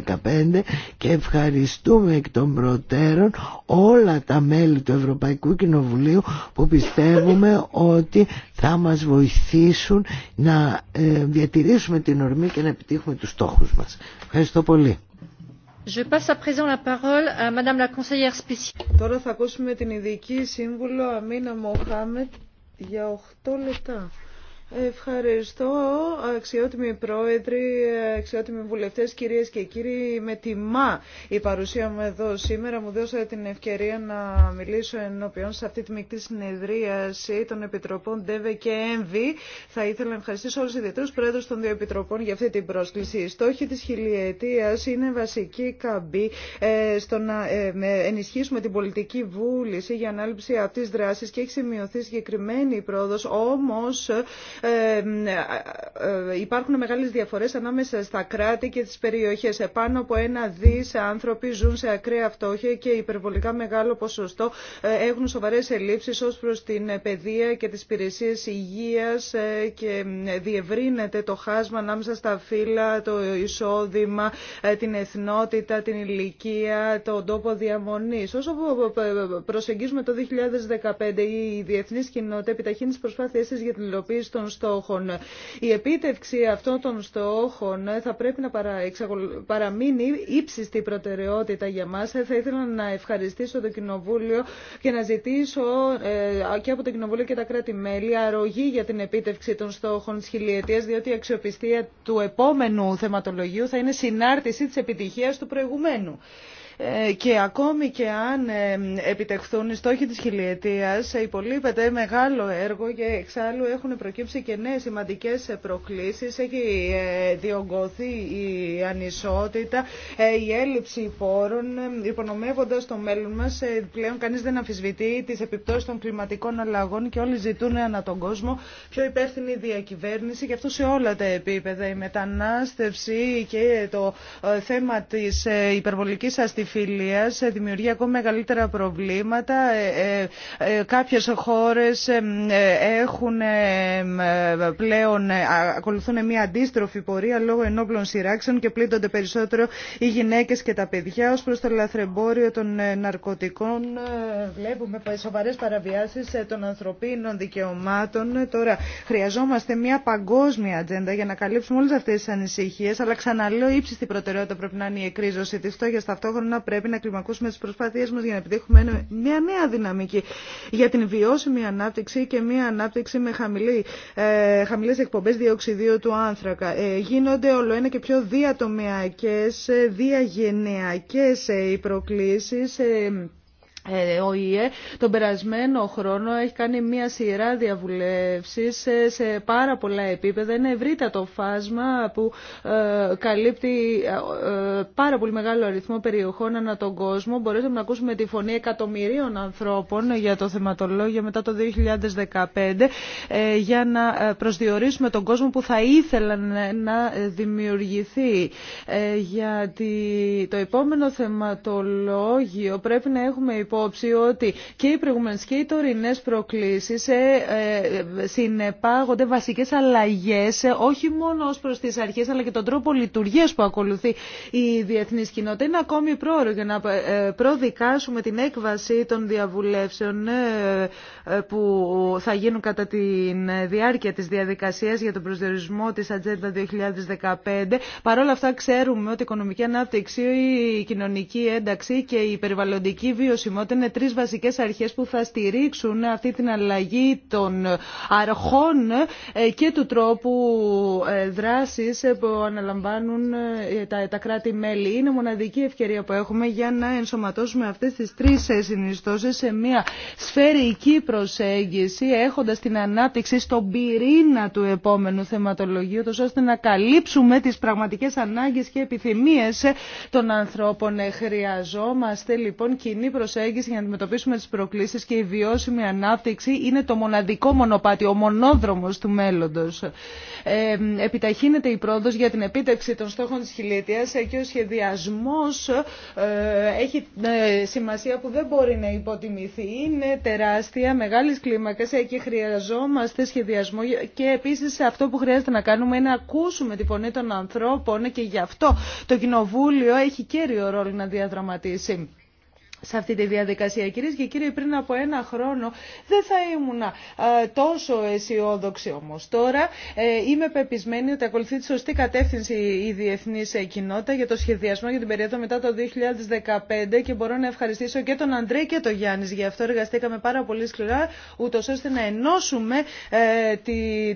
2015 και ευχαριστούμε εκ των προτέρων όλα τα μέλη του Ευρωπαϊκού Κοινοβουλίου που πιστεύουμε ότι θα μας βοηθήσουν να ε, διατηρήσουμε την ορμή και να επιτύχουμε τους στόχους μας. Ευχαριστώ πολύ. Τώρα θα ακούσουμε την ειδική σύμβουλο Αμίνα Μοχάμετ για 8 λεπτά. Ευχαριστώ, αξιότιμοι πρόεδροι, αξιότιμοι βουλευτές, κυρίες και κύριοι. Με τιμά η παρουσία μου εδώ σήμερα. Μου δώσατε την ευκαιρία να μιλήσω ενώπιον σε αυτή τη μεικτή συνεδρίαση των Επιτροπών ΔΕΒΕ και ΕΜΒΗ. Θα ήθελα να ευχαριστήσω όλους ιδιαίτερους πρόεδρους των δύο Επιτροπών για αυτή την πρόσκληση. Η στόχη της χιλιετίας είναι βασική καμπή ε, στο να ε, ενισχύσουμε την πολιτική βούληση για ανάληψη αυτής δράσης και έχει σημειωθεί συγκεκριμένη πρόοδος, όμως ε, ε, ε, υπάρχουν μεγάλες διαφορές ανάμεσα στα κράτη και τις περιοχές. Επάνω από ένα δις άνθρωποι ζουν σε ακραία φτώχεια και υπερβολικά μεγάλο ποσοστό έχουν σοβαρές ελλείψεις ως προς την παιδεία και τις υπηρεσίες υγείας και διευρύνεται το χάσμα ανάμεσα στα φύλλα, το εισόδημα, την εθνότητα, την ηλικία, τον τόπο διαμονής. Όσο προσεγγίζουμε το 2015 η διεθνής κοινότητα επιταχύνει τις προσπάθειές της για την υλοποίηση των των στόχων. Η επίτευξη αυτών των στόχων θα πρέπει να παραμείνει ύψιστη προτεραιότητα για μας. Θα ήθελα να ευχαριστήσω το Κοινοβούλιο και να ζητήσω ε, και από το Κοινοβούλιο και τα κράτη-μέλη αρρωγή για την επίτευξη των στόχων της χιλιετίας, διότι η αξιοπιστία του επόμενου θεματολογίου θα είναι συνάρτηση της επιτυχίας του προηγουμένου. Ε, και ακόμη και αν ε, επιτευχθούν οι στόχοι της χιλιετίας ε, υπολείπεται μεγάλο έργο και εξάλλου έχουν προκύψει και νέες σημαντικές προκλήσεις. Έχει διωγγωθεί η ανισότητα, η έλλειψη πόρων υπονομεύοντας το μέλλον μας. Πλέον κανείς δεν αμφισβητεί τις επιπτώσεις των κλιματικών αλλαγών και όλοι ζητούν ανά τον κόσμο πιο υπεύθυνη διακυβέρνηση και αυτό σε όλα τα επίπεδα. Η μετανάστευση και το θέμα της υπερβολικής αστυνομίας ε, δημιουργεί ακόμα μεγαλύτερα προβλήματα. Ε, ε, κάποιες χώρες έχουν πλέον, ακολουθούν μια αντίστροφη πορεία λόγω ενόπλων σειράξεων και πλήττονται περισσότερο οι γυναίκες και τα παιδιά. Ως προς το λαθρεμπόριο των ναρκωτικών βλέπουμε σοβαρές παραβιάσεις των ανθρωπίνων δικαιωμάτων. Τώρα χρειαζόμαστε μια παγκόσμια ατζέντα για να καλύψουμε όλες αυτές τις ανησυχίες, αλλά ξαναλέω ύψιστη προτεραιότητα πρέπει να είναι η εκρίζωση της φτώχειας ταυτόχρονα να πρέπει να κλιμακώσουμε τις προσπάθειε μας για να επιτύχουμε μια νέα δυναμική για την βιώσιμη ανάπτυξη και μια ανάπτυξη με χαμηλή, ε, χαμηλές εκπομπές διοξιδίου του άνθρακα. Ε, γίνονται όλο ένα και πιο διατομιακές, ε, διαγενειακές ε, οι προκλήσεις. Ε, ο ΙΕ τον περασμένο χρόνο έχει κάνει μία σειρά διαβουλεύσεις σε πάρα πολλά επίπεδα. Είναι ευρύτατο φάσμα που ε, καλύπτει ε, πάρα πολύ μεγάλο αριθμό περιοχών ανά τον κόσμο. Μπορέσαμε να ακούσουμε τη φωνή εκατομμυρίων ανθρώπων για το θεματολόγιο μετά το 2015 για να προσδιορίσουμε τον κόσμο που θα ήθελαν να δημιουργηθεί. Γιατί το επόμενο θεματολόγιο πρέπει να έχουμε υπόψη υπόψη ότι και οι προηγούμενε και οι τωρινέ προκλήσει ε, ε, συνεπάγονται βασικέ αλλαγέ, ε, όχι μόνο ω προ τι αρχέ, αλλά και τον τρόπο λειτουργία που ακολουθεί η διεθνή κοινότητα. Είναι ακόμη πρόωρο για να προδικάσουμε την έκβαση των διαβουλεύσεων ε, που θα γίνουν κατά τη διάρκεια της διαδικασίας για τον προσδιορισμό της Ατζέντα 2015. Παρ' όλα αυτά ξέρουμε ότι η οικονομική ανάπτυξη, η κοινωνική ένταξη και η περιβαλλοντική βιωσιμότητα είναι τρεις βασικές αρχές που θα στηρίξουν αυτή την αλλαγή των αρχών ε, και του τρόπου ε, δράσης που αναλαμβάνουν τα κράτη-μέλη. Είναι μοναδική ευκαιρία που έχουμε για να ενσωματώσουμε αυτές τις τρεις συνιστώσεις σε μια σφαιρική προσέγγιση έχοντας την ανάπτυξη στον πυρήνα του επόμενου θεματολογίου τόσο ώστε να καλύψουμε τις πραγματικές ανάγκες και επιθυμίες των ανθρώπων. Χρειαζόμαστε λοιπόν κοινή προσέγγιση για να αντιμετωπίσουμε τις προκλήσεις και η βιώσιμη ανάπτυξη είναι το μοναδικό μονοπάτι, ο μονόδρομος του μέλλοντος. Ε, επιταχύνεται η πρόοδος για την επίτευξη των στόχων της χιλίτιας και ο σχεδιασμός ε, έχει ε, σημασία που δεν μπορεί να υποτιμηθεί. Είναι τεράστια μεγάλης κλίμακας και χρειαζόμαστε σχεδιασμό και επίσης αυτό που χρειάζεται να κάνουμε είναι να ακούσουμε τη φωνή των ανθρώπων και γι' αυτό το Κοινοβούλιο έχει κέριο ρόλο να διαδραματίσει σε αυτή τη διαδικασία. Κυρίε και κύριοι, πριν από ένα χρόνο δεν θα ήμουν ε, τόσο αισιόδοξη όμω. Τώρα ε, είμαι πεπισμένη ότι ακολουθεί τη σωστή κατεύθυνση η διεθνή ε, κοινότητα για το σχεδιασμό για την περίοδο μετά το 2015 και μπορώ να ευχαριστήσω και τον Αντρέ και τον Γιάννη. Γι' αυτό εργαστήκαμε πάρα πολύ σκληρά, ούτω ώστε να ενώσουμε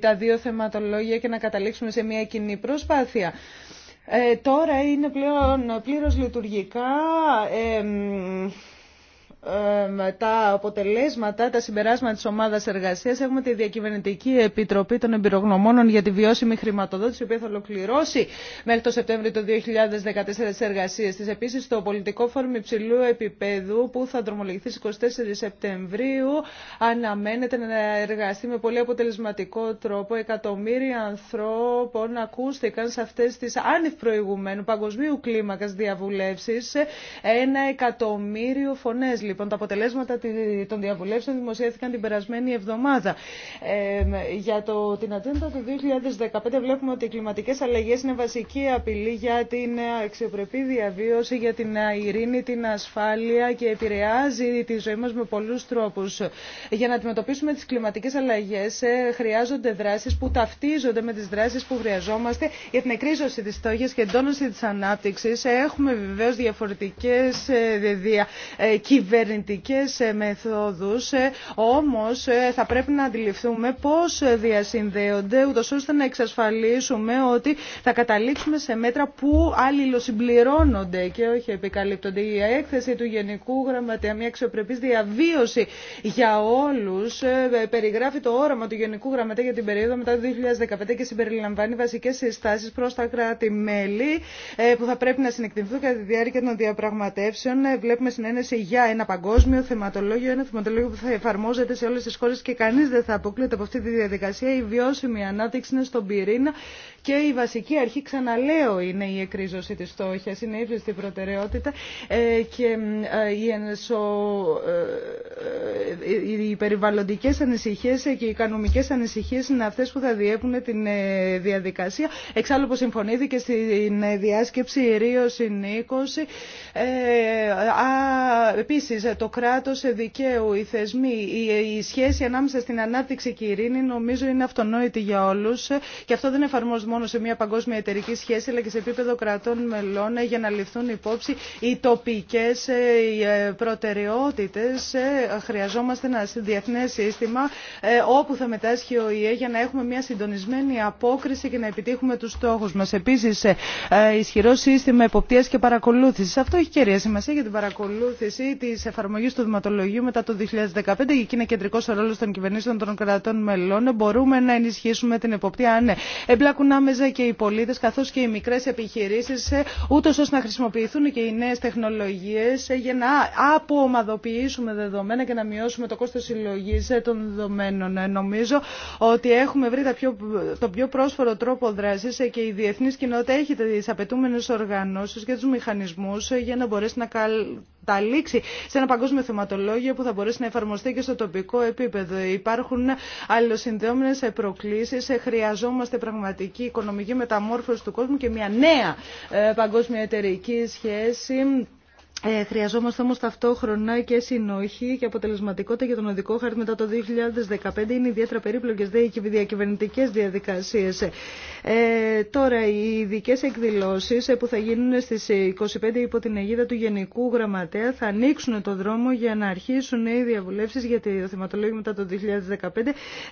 τα δύο θεματολόγια και να καταλήξουμε σε μια κοινή προσπάθεια. Ε, τώρα είναι πλέον πλήρως λειτουργικά ε, τα αποτελέσματα, τα συμπεράσματα της ομάδας εργασίας. Έχουμε τη Διακυβερνητική Επιτροπή των Εμπειρογνωμόνων για τη Βιώσιμη Χρηματοδότηση, η οποία θα ολοκληρώσει μέχρι το Σεπτέμβριο του 2014 τις εργασίες της. Επίσης, το Πολιτικό Φόρουμ Υψηλού Επιπέδου, που θα δρομολογηθεί στις 24 Σεπτεμβρίου, αναμένεται να εργαστεί με πολύ αποτελεσματικό τρόπο. Εκατομμύρια ανθρώπων ακούστηκαν σε αυτές τις άνευ προηγουμένου παγκοσμίου κλίμακας διαβουλεύσεις. Ένα εκατομμύριο φωνές, λοιπόν, λοιπόν. Τα αποτελέσματα των διαβουλεύσεων δημοσιεύθηκαν την περασμένη εβδομάδα. Ε, για το, την ατζέντα του 2015 βλέπουμε ότι οι κλιματικές αλλαγές είναι βασική απειλή για την αξιοπρεπή διαβίωση, για την ειρήνη, την ασφάλεια και επηρεάζει τη ζωή μας με πολλούς τρόπους. Για να αντιμετωπίσουμε τις κλιματικές αλλαγές ε, χρειάζονται δράσεις που ταυτίζονται με τις δράσεις που χρειαζόμαστε για την εκρίζωση της στόχης και εντόνωση της ανάπτυξης. Έχουμε βεβαίως διαφορετικές ε, ε, κυβερνήσεις κυβερνητικές ε, μεθόδους, ε, όμως ε, θα πρέπει να αντιληφθούμε πώς διασυνδέονται, ούτω ώστε να εξασφαλίσουμε ότι θα καταλήξουμε σε μέτρα που αλληλοσυμπληρώνονται και όχι επικαλύπτονται. Η έκθεση του Γενικού Γραμματέα, μια αξιοπρεπή διαβίωση για όλους, περιγράφει το όραμα του Γενικού Γραμματέα για την περίοδο μετά το 2015 και συμπεριλαμβάνει βασικές συστάσεις προς τα κράτη-μέλη που θα πρέπει να συνεκτιμηθούν κατά τη διάρκεια των διαπραγματεύσεων. Βλέπουμε συνένεση για ένα παγκόσμιο θεματολόγιο, ένα θεματολόγιο που θα εφαρμόζεται σε όλες τις χώρε, και κανείς δεν θα αποκλείεται από αυτή τη διαδικασία. Η βιώσιμη ανάπτυξη είναι στον πυρήνα και η βασική αρχή, ξαναλέω, είναι η εκρίζωση της στόχιας, είναι στην προτεραιότητα ε, και η ε, ε, οι περιβαλλοντικές ανησυχίες και οι οικονομικές ανησυχίες είναι αυτές που θα διέπουν την διαδικασία. Εξάλλου που συμφωνήθηκε στην διάσκεψη Ρίο Συνήκωση. Επίσης το κράτος δικαίου, οι θεσμοί, η σχέση ανάμεσα στην ανάπτυξη και η ειρήνη νομίζω είναι αυτονόητη για όλους και αυτό δεν εφαρμόζεται μόνο σε μια παγκόσμια εταιρική σχέση αλλά και σε επίπεδο κρατών μελών ε, για να ληφθούν υπόψη οι τοπικέ ε, ε, προτεραιότητε, Χρειαζόμαστε ένα διεθνέ σύστημα όπου θα μετάσχει ο ΙΕ για να έχουμε μια συντονισμένη απόκριση και να επιτύχουμε του στόχου μα. Επίση, ισχυρό σύστημα εποπτείας και παρακολούθηση. Αυτό έχει κέρια σημασία για την παρακολούθηση τη εφαρμογή του δηματολογίου μετά το 2015 και εκεί είναι κεντρικό ο των κυβερνήσεων των κρατών μελών. Μπορούμε να ενισχύσουμε την εποπτεία αν εμπλάκουν άμεσα και οι πολίτε καθώ και οι μικρέ επιχειρήσει, ε, ούτω ώστε να χρησιμοποιηθούν και οι νέε τεχνολογίε ε, για να αποομαδοποιήσουμε δεδομένα και να μειώσουμε το κόστο συλλογή ε, των δεδομένων. Νομίζω ότι έχουμε βρει τα πιο, το πιο πρόσφορο τρόπο δράση και η διεθνή κοινότητα έχει τι απαιτούμενε οργανώσει και του μηχανισμού για να μπορέσει να καλύψει καταλήξει σε ένα παγκόσμιο θεματολόγιο που θα μπορέσει να εφαρμοστεί και στο τοπικό επίπεδο. Υπάρχουν αλληλοσυνδεόμενε προκλήσει. χρειαζόμαστε πραγματική οικονομική μεταμόρφωση του κόσμου και μια νέα ε, παγκόσμια εταιρική σχέση ε, χρειαζόμαστε όμως ταυτόχρονα και συνοχή και αποτελεσματικότητα για τον οδικό χάρτη μετά το 2015. Είναι ιδιαίτερα περίπλοκες διακυβερνητικές διαδικασίες. Ε, τώρα, οι ειδικέ εκδηλώσεις ε, που θα γίνουν στις 25 ε, υπό την αιγίδα του Γενικού Γραμματέα θα ανοίξουν το δρόμο για να αρχίσουν οι διαβουλεύσεις για το θεματολόγιο μετά το 2015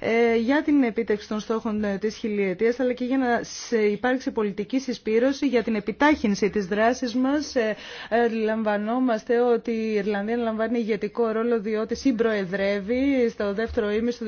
ε, για την επίτευξη των στόχων ε, της χιλιετίας αλλά και για να υπάρξει πολιτική συσπήρωση για την επιτάχυνση της δράσης μας. Ε, Αντιλαμβανόμαστε ότι η Ιρλανδία λαμβάνει ηγετικό ρόλο διότι συμπροεδρεύει στο δεύτερο ήμιση του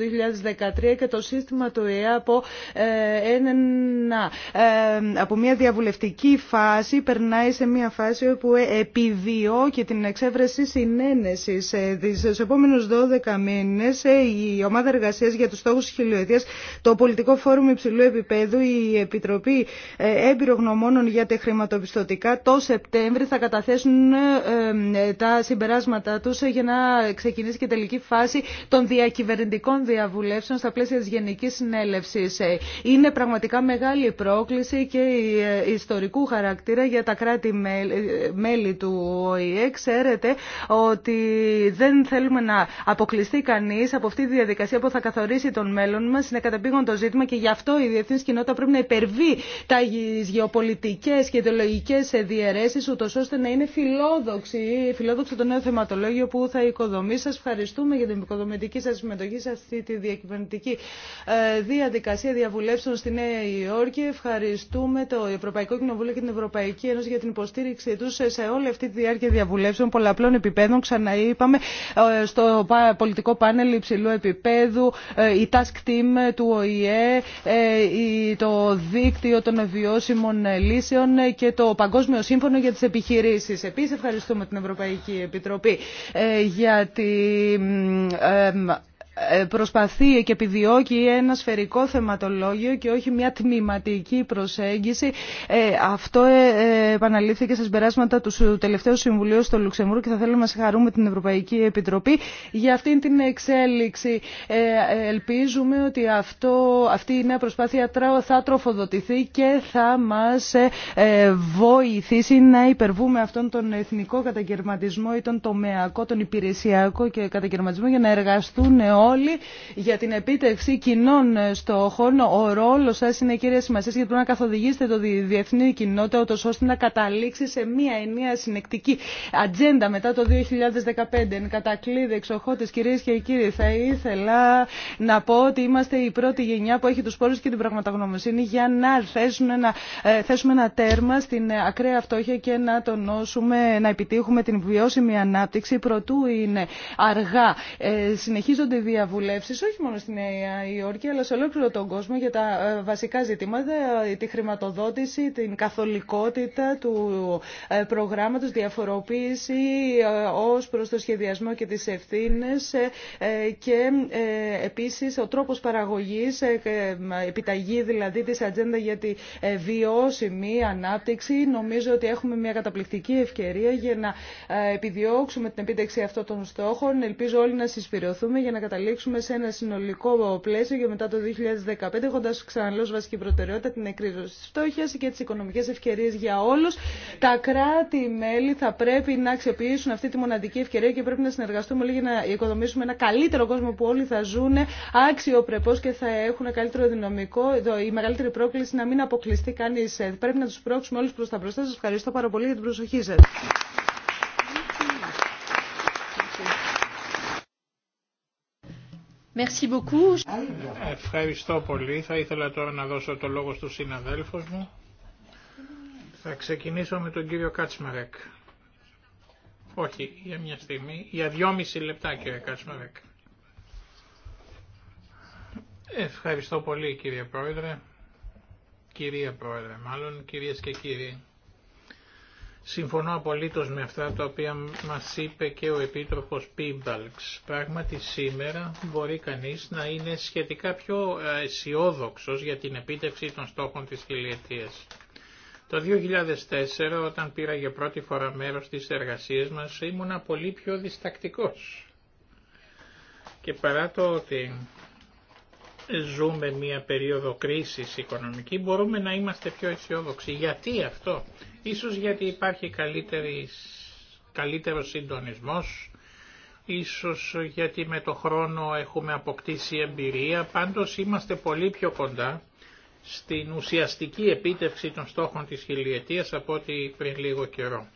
2013 και το σύστημα του ΕΕ από, ε, ε, από μια διαβουλευτική φάση περνάει σε μια φάση όπου επιδιώκει την εξέβρεση συνένεσης. Ε, Στου επόμενους 12 μήνες ε, η ομάδα εργασίας για τους στόχους χιλιοετίας, το πολιτικό φόρουμ υψηλού επίπεδου, η Επιτροπή Έμπειρο Γνωμόνων για τα χρηματοπιστωτικά το Σεπτέμβρη θα καταθέσουν τα συμπεράσματά του για να ξεκινήσει και τελική φάση των διακυβερνητικών διαβουλεύσεων στα πλαίσια τη γενική συνέλευση. Ε, είναι πραγματικά μεγάλη πρόκληση και ε, ιστορικού χαρακτήρα για τα κράτη-μέλη ε, του ΟΗΕ. Ξέρετε ότι δεν θέλουμε να αποκλειστεί κανεί από αυτή τη διαδικασία που θα καθορίσει τον μέλλον μα Είναι καταπήγον το ζήτημα και γι' αυτό η Διεθνή κοινότητα πρέπει να υπερβεί τα γεωπολιτικέ και ιδεολογικέ διαιρέσει, ούτω ώστε να είναι φιλόδοξη φιλόδοξη, φιλόδοξο το νέο θεματολόγιο που θα οικοδομεί. Σα ευχαριστούμε για την οικοδομητική σα συμμετοχή σε αυτή τη διακυβερνητική ε, διαδικασία διαβουλεύσεων στη Νέα Υόρκη. Ευχαριστούμε το Ευρωπαϊκό Κοινοβούλιο και την Ευρωπαϊκή Ένωση για την υποστήριξή του σε όλη αυτή τη διάρκεια διαβουλεύσεων πολλαπλών επιπέδων. Ξαναείπαμε ε, στο πολιτικό πάνελ υψηλού επίπεδου, ε, η Task Team του ΟΗΕ, το δίκτυο των βιώσιμων λύσεων και το Παγκόσμιο Σύμφωνο για τις επιχειρήσεις. Επίσης, ευχαριστούμε την Ευρωπαϊκή Επιτροπή ε, για την ε, προσπαθεί και επιδιώκει ένα σφαιρικό θεματολόγιο και όχι μια τμηματική προσέγγιση. Ε, αυτό ε, επαναλήφθηκε στις περάσματα του τελευταίου Συμβουλίου στο Λουξεμβούργο και θα θέλουμε να συγχαρούμε την Ευρωπαϊκή Επιτροπή για αυτή την εξέλιξη. Ελπίζουμε ότι αυτό, αυτή η νέα προσπάθεια θα τροφοδοτηθεί και θα μας βοηθήσει να υπερβούμε αυτόν τον εθνικό καταγερματισμό ή τον τομεακό, τον υπηρεσιακό και καταγερματισμό για να εργαστούν όλοι για την επίτευξη κοινών στόχων. Ο ρόλο σας είναι κύρια σημασία γιατί πρέπει να καθοδηγήσετε το διεθνή κοινότητα ώστε να καταλήξει σε μία ενιαία συνεκτική ατζέντα μετά το 2015. Εν κατακλείδη εξοχότες κυρίες και κύριοι θα ήθελα να πω ότι είμαστε η πρώτη γενιά που έχει τους πόρους και την πραγματογνωμοσύνη για να θέσουμε ένα, ε, θέσουμε ένα τέρμα στην ακραία φτώχεια και να τονώσουμε, να επιτύχουμε την βιώσιμη ανάπτυξη. Προτού είναι αργά. Ε, συνεχίζονται οι όχι μόνο στην Νέα Υόρκη αλλά σε ολόκληρο τον κόσμο για τα ε, βασικά ζητήματα, ε, τη χρηματοδότηση, την καθολικότητα του ε, προγράμματο διαφοροποίηση ω προ το σχεδιασμό και τις ευθύνε, και επίση ο τρόπος παραγωγής, επιταγή δηλαδή της ατζέντα για τη βιώσιμη ανάπτυξη. Νομίζω ότι έχουμε μια καταπληκτική ευκαιρία για να επιδιώξουμε την επίτευξη αυτών των στόχων. Ελπίζω όλοι να συσπηρωθούμε για να καταλήξουμε καταλήξουμε σε ένα συνολικό πλαίσιο για μετά το 2015, έχοντα ξαναλέω βασική προτεραιότητα την εκρίζωση τη φτώχεια και τι οικονομικέ ευκαιρίε για όλου. Τα κράτη-μέλη θα πρέπει να αξιοποιήσουν αυτή τη μοναδική ευκαιρία και πρέπει να συνεργαστούμε όλοι για να οικοδομήσουμε ένα καλύτερο κόσμο που όλοι θα ζουν αξιοπρεπώ και θα έχουν καλύτερο δυναμικό. Η μεγαλύτερη πρόκληση να μην αποκλειστεί κανεί. Πρέπει να του πρόξουμε όλου προ τα μπροστά. Σα ευχαριστώ πάρα πολύ για την προσοχή σα. Ευχαριστώ πολύ. Θα ήθελα τώρα να δώσω το λόγο στους συναδέλφους μου. Θα ξεκινήσω με τον κύριο Κάτσμαρεκ. Όχι, για μια στιγμή. Για δυόμιση λεπτά κύριε Κάτσμαρεκ. Ευχαριστώ πολύ κύριε Πρόεδρε. Κυρία Πρόεδρε μάλλον, κυρίες και κύριοι. Συμφωνώ απολύτως με αυτά τα οποία μας είπε και ο Επίτροπος Πίμπαλξ. Πράγματι σήμερα μπορεί κανείς να είναι σχετικά πιο αισιόδοξο για την επίτευξη των στόχων της χιλιετίας. Το 2004 όταν πήρα για πρώτη φορά μέρος της εργασίας μας ήμουνα πολύ πιο διστακτικός. Και παρά το ότι ζούμε μια περίοδο κρίσης οικονομική μπορούμε να είμαστε πιο αισιόδοξοι. Γιατί αυτό. Ίσως γιατί υπάρχει καλύτερης καλύτερος συντονισμός, ίσως γιατί με το χρόνο έχουμε αποκτήσει εμπειρία, πάντως είμαστε πολύ πιο κοντά στην ουσιαστική επίτευξη των στόχων της χιλιετίας από ό,τι πριν λίγο καιρό.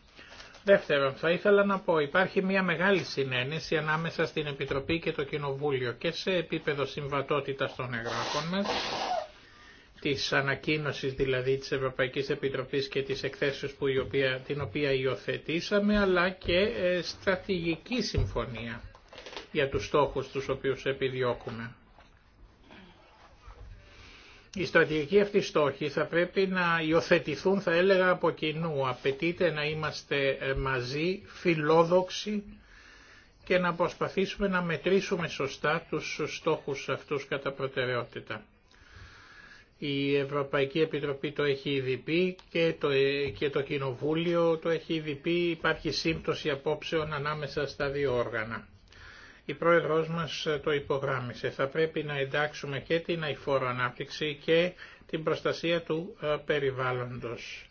Δεύτερον, θα ήθελα να πω, υπάρχει μια μεγάλη συνένεση ανάμεσα στην Επιτροπή και το Κοινοβούλιο και σε επίπεδο συμβατότητας των εγγράφων μας της ανακοίνωσης δηλαδή της Ευρωπαϊκής Επιτροπής και της εκθέσεως που οποία, την οποία υιοθετήσαμε αλλά και ε, στρατηγική συμφωνία για τους στόχους τους οποίους επιδιώκουμε. Οι στρατηγικοί αυτοί στόχοι θα πρέπει να υιοθετηθούν θα έλεγα από κοινού. Απαιτείται να είμαστε ε, μαζί, φιλόδοξοι και να προσπαθήσουμε να μετρήσουμε σωστά τους στόχους αυτούς κατά προτεραιότητα. Η Ευρωπαϊκή Επιτροπή το έχει ήδη πει και το, και το Κοινοβούλιο το έχει ήδη πει. Υπάρχει σύμπτωση απόψεων ανάμεσα στα δύο όργανα. Η πρόεδρος μας το υπογράμμισε. Θα πρέπει να εντάξουμε και την αηφόρο ανάπτυξη και την προστασία του ε, περιβάλλοντος.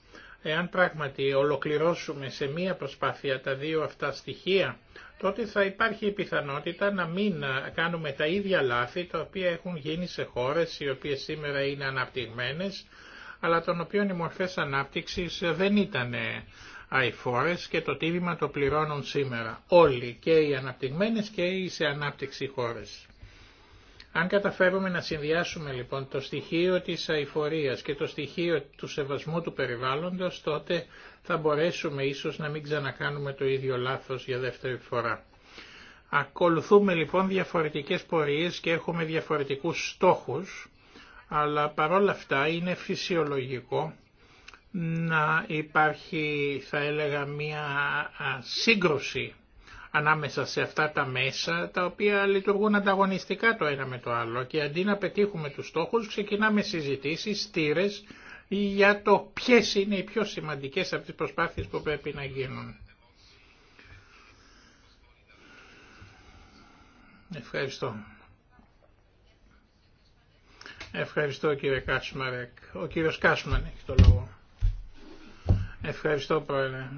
Εάν πράγματι ολοκληρώσουμε σε μία προσπάθεια τα δύο αυτά στοιχεία, τότε θα υπάρχει η πιθανότητα να μην κάνουμε τα ίδια λάθη τα οποία έχουν γίνει σε χώρες οι οποίες σήμερα είναι αναπτυγμένες, αλλά των οποίων οι μορφές ανάπτυξης δεν ήταν αηφόρες και το τίμημα το πληρώνουν σήμερα όλοι και οι αναπτυγμένες και οι σε ανάπτυξη χώρες. Αν καταφέρουμε να συνδυάσουμε λοιπόν το στοιχείο της αηφορίας και το στοιχείο του σεβασμού του περιβάλλοντος, τότε θα μπορέσουμε ίσως να μην ξανακάνουμε το ίδιο λάθος για δεύτερη φορά. Ακολουθούμε λοιπόν διαφορετικές πορείες και έχουμε διαφορετικούς στόχους, αλλά παρόλα αυτά είναι φυσιολογικό να υπάρχει θα έλεγα μία σύγκρουση ανάμεσα σε αυτά τα μέσα τα οποία λειτουργούν ανταγωνιστικά το ένα με το άλλο και αντί να πετύχουμε τους στόχους ξεκινάμε συζητήσεις, στήρες για το ποιες είναι οι πιο σημαντικές από τις προσπάθειες που πρέπει να γίνουν. Ευχαριστώ. Ευχαριστώ κύριε Κάσμαρεκ. Ο κύριος Κάσμαν έχει το λόγο. Ευχαριστώ πρόεδρε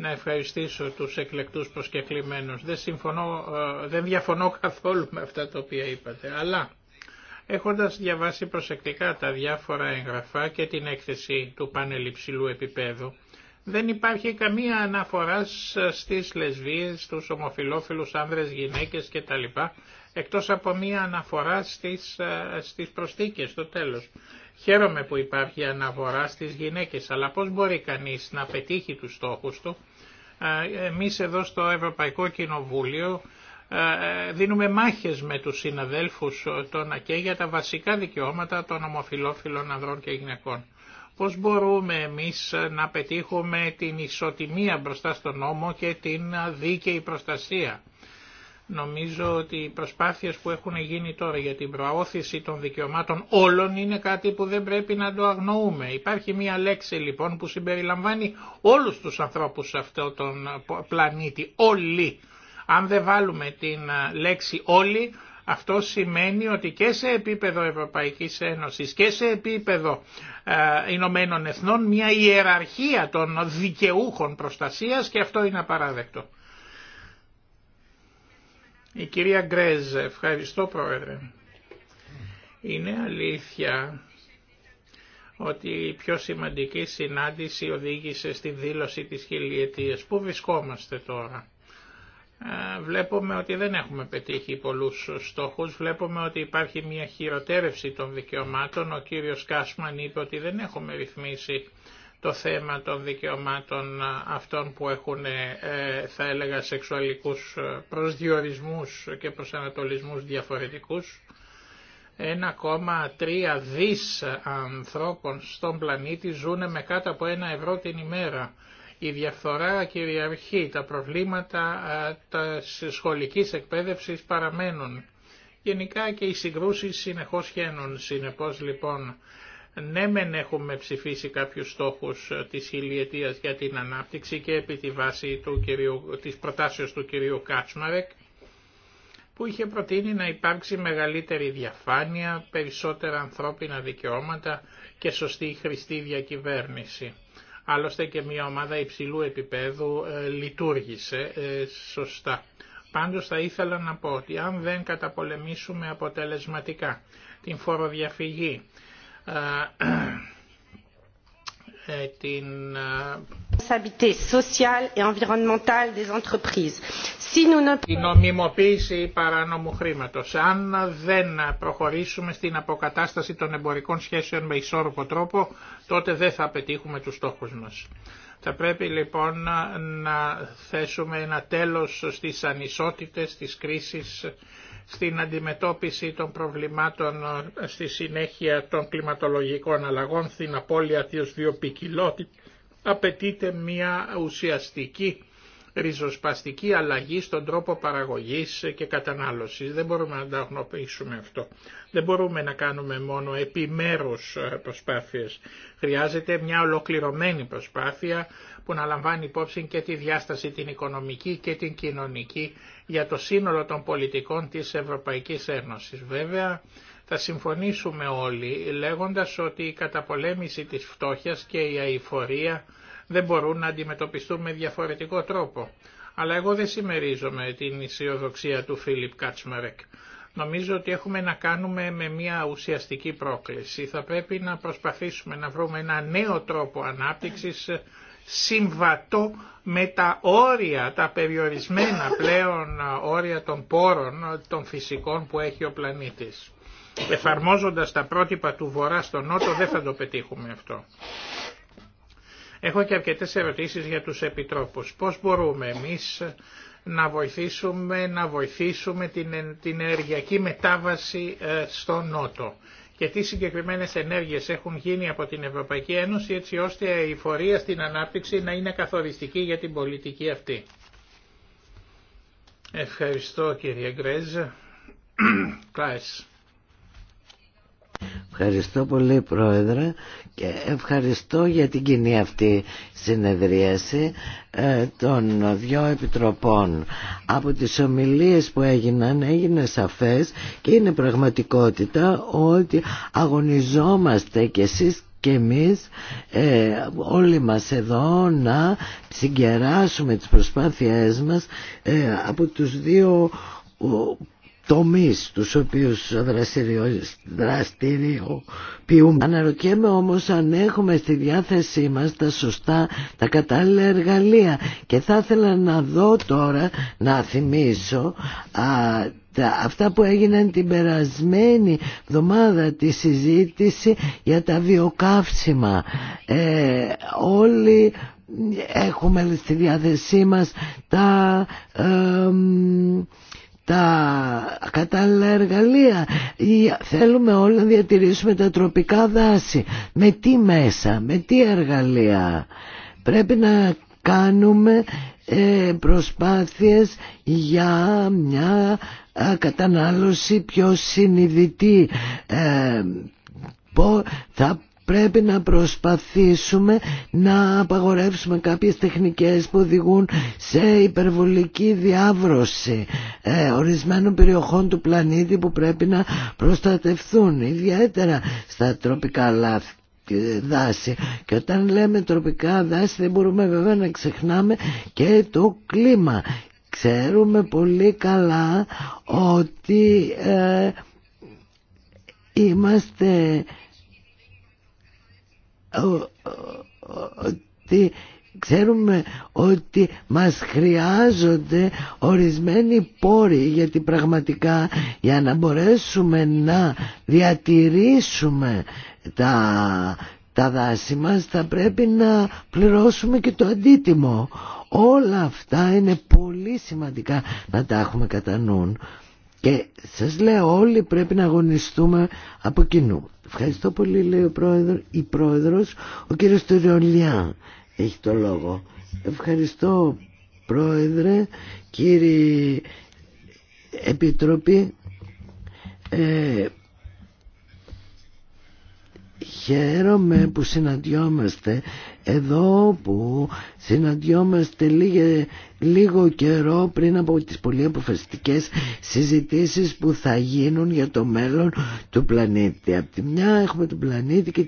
να ευχαριστήσω τους εκλεκτούς προσκεκλημένους. Δεν, συμφωνώ, ε, δεν διαφωνώ καθόλου με αυτά τα οποία είπατε, αλλά έχοντας διαβάσει προσεκτικά τα διάφορα εγγραφά και την έκθεση του πάνελ επίπεδου, δεν υπάρχει καμία αναφορά στις λεσβίες, στους ομοφιλόφιλους άνδρες, γυναίκες κτλ. Εκτός από μία αναφορά στις, ε, στις στο τέλος. Χαίρομαι που υπάρχει αναφορά στις γυναίκες, αλλά πώς μπορεί κανείς να πετύχει τους στόχους του ε, εμείς εδώ στο Ευρωπαϊκό Κοινοβούλιο ε, δίνουμε μάχες με τους συναδέλφους ε, των ΑΚΕ για τα βασικά δικαιώματα των ομοφιλόφιλων ανδρών και γυναικών. Πώς μπορούμε εμείς να πετύχουμε την ισοτιμία μπροστά στον νόμο και την δίκαιη προστασία. Νομίζω ότι οι προσπάθειες που έχουν γίνει τώρα για την προώθηση των δικαιωμάτων όλων είναι κάτι που δεν πρέπει να το αγνοούμε. Υπάρχει μία λέξη λοιπόν που συμπεριλαμβάνει όλους τους ανθρώπους σε αυτό τον πλανήτη. Όλοι. Αν δεν βάλουμε την ε, λέξη όλοι, αυτό σημαίνει ότι και σε επίπεδο Ευρωπαϊκής Ένωσης και σε επίπεδο ε, Ηνωμένων Εθνών μια ιεραρχία των δικαιούχων προστασίας και αυτό είναι απαράδεκτο. Η κυρία Γκρέζ, ευχαριστώ πρόεδρε. Είναι αλήθεια ότι η πιο σημαντική συνάντηση οδήγησε στη δήλωση της χιλιετίας. Πού βρισκόμαστε τώρα. Ε, βλέπουμε ότι δεν έχουμε πετύχει πολλούς στόχους, βλέπουμε ότι υπάρχει μια χειροτέρευση των δικαιωμάτων. Ο κύριος Κάσμαν είπε ότι δεν έχουμε ρυθμίσει το θέμα των δικαιωμάτων αυτών που έχουν, ε, θα έλεγα, σεξουαλικούς ε, προσδιορισμούς και προσανατολισμούς διαφορετικούς. 1,3 δις ανθρώπων στον πλανήτη ζούνε με κάτω από ένα ευρώ την ημέρα. Η διαφθορά κυριαρχεί, τα προβλήματα ε, τα σχολικής εκπαίδευσης παραμένουν. Γενικά και οι συγκρούσεις συνεχώς χαίνουν. Συνεπώς λοιπόν ναι μεν έχουμε ψηφίσει κάποιους στόχους ε, της χιλιετίας για την ανάπτυξη και επί τη βάση του κυρίου, της προτάσεως του κυρίου Κάτσμαρεκ που είχε προτείνει να υπάρξει μεγαλύτερη διαφάνεια, περισσότερα ανθρώπινα δικαιώματα και σωστή χρηστή διακυβέρνηση. Άλλωστε και μια ομάδα υψηλού επίπεδου ε, λειτουργήσε ε, σωστά. Πάντως θα ήθελα να πω ότι αν δεν καταπολεμήσουμε αποτελεσματικά την φοροδιαφυγή, την νομιμοποίηση παράνομου χρήματος. Αν δεν προχωρήσουμε στην αποκατάσταση των εμπορικών σχέσεων με ισόρροπο τρόπο, τότε δεν θα πετύχουμε τους στόχους μας. Θα πρέπει λοιπόν να θέσουμε ένα τέλος στις ανισότητες, στις κρίσεις στην αντιμετώπιση των προβλημάτων ε, στη συνέχεια των κλιματολογικών αλλαγών, στην απώλεια της βιοπικιλότητας, απαιτείται μια ουσιαστική ριζοσπαστική αλλαγή στον τρόπο παραγωγής και κατανάλωσης. Δεν μπορούμε να τα αυτό. Δεν μπορούμε να κάνουμε μόνο επιμέρους ε, προσπάθειες. Χρειάζεται μια ολοκληρωμένη προσπάθεια που να λαμβάνει υπόψη και τη διάσταση την οικονομική και την κοινωνική για το σύνολο των πολιτικών της Ευρωπαϊκής Ένωσης. Βέβαια, θα συμφωνήσουμε όλοι λέγοντας ότι η καταπολέμηση της φτώχειας και η αηφορία δεν μπορούν να αντιμετωπιστούν με διαφορετικό τρόπο. Αλλά εγώ δεν συμμερίζομαι την ισιοδοξία του Φίλιπ Κάτσμαρεκ. Νομίζω ότι έχουμε να κάνουμε με μια ουσιαστική πρόκληση. Θα πρέπει να προσπαθήσουμε να βρούμε ένα νέο τρόπο ανάπτυξης συμβατό με τα όρια, τα περιορισμένα πλέον όρια των πόρων, των φυσικών που έχει ο πλανήτης. Εφαρμόζοντας τα πρότυπα του Βορρά στον Νότο δεν θα το πετύχουμε αυτό. Έχω και αρκετές ερωτήσεις για τους επιτρόπους. Πώς μπορούμε εμείς να βοηθήσουμε, να βοηθήσουμε την, την ενεργειακή μετάβαση ε, στο Νότο και τι συγκεκριμένες ενέργειες έχουν γίνει από την Ευρωπαϊκή Ένωση έτσι ώστε η φορεία στην ανάπτυξη να είναι καθοριστική για την πολιτική αυτή. Ευχαριστώ κύριε Γκρέζ. Κλάις. Ευχαριστώ πολύ Πρόεδρε και ευχαριστώ για την κοινή αυτή συνεδρίαση ε, των δυο επιτροπών. Από τις ομιλίες που έγιναν έγινε σαφές και είναι πραγματικότητα ότι αγωνιζόμαστε κι εσείς και εμείς ε, όλοι μας εδώ να συγκεράσουμε τις προσπάθειές μας ε, από τους δύο τομείς τους οποίους δραστηριοποιούμε. Αναρωτιέμαι όμως αν έχουμε στη διάθεσή μας τα σωστά, τα κατάλληλα εργαλεία και θα ήθελα να δω τώρα, να θυμίσω α, αυτά που έγιναν την περασμένη εβδομάδα τη συζήτηση για τα βιοκαύσιμα. Ε, όλοι έχουμε στη διάθεσή μας τα τα κατάλληλα εργαλεία θέλουμε όλοι να διατηρήσουμε τα τροπικά δάση με τι μέσα, με τι εργαλεία πρέπει να κάνουμε ε, προσπάθειες για μια ε, κατανάλωση πιο συνειδητή ε, θα πρέπει να προσπαθήσουμε να απαγορεύσουμε κάποιες τεχνικές που οδηγούν σε υπερβολική διάβρωση ε, ορισμένων περιοχών του πλανήτη που πρέπει να προστατευθούν ιδιαίτερα στα τροπικά λάθη ε, δάση και όταν λέμε τροπικά δάση δεν μπορούμε βέβαια να ξεχνάμε και το κλίμα ξέρουμε πολύ καλά ότι ε, είμαστε ότι ξέρουμε ότι μας χρειάζονται ορισμένοι πόροι γιατί πραγματικά για να μπορέσουμε να διατηρήσουμε τα, τα δάση μας θα πρέπει να πληρώσουμε και το αντίτιμο. Όλα αυτά είναι πολύ σημαντικά να τα έχουμε κατά νου. Και σας λέω όλοι πρέπει να αγωνιστούμε από κοινού. Ευχαριστώ πολύ λέει ο πρόεδρο, η πρόεδρος, ο κύριος Τουριολιά έχει το λόγο. Ευχαριστώ πρόεδρε, κύριε Επιτροπή. Ε, χαίρομαι που συναντιόμαστε εδώ που συναντιόμαστε λίγε, λίγο καιρό πριν από τις πολύ αποφασιστικές συζητήσεις που θα γίνουν για το μέλλον του πλανήτη. Από τη μια έχουμε τον πλανήτη και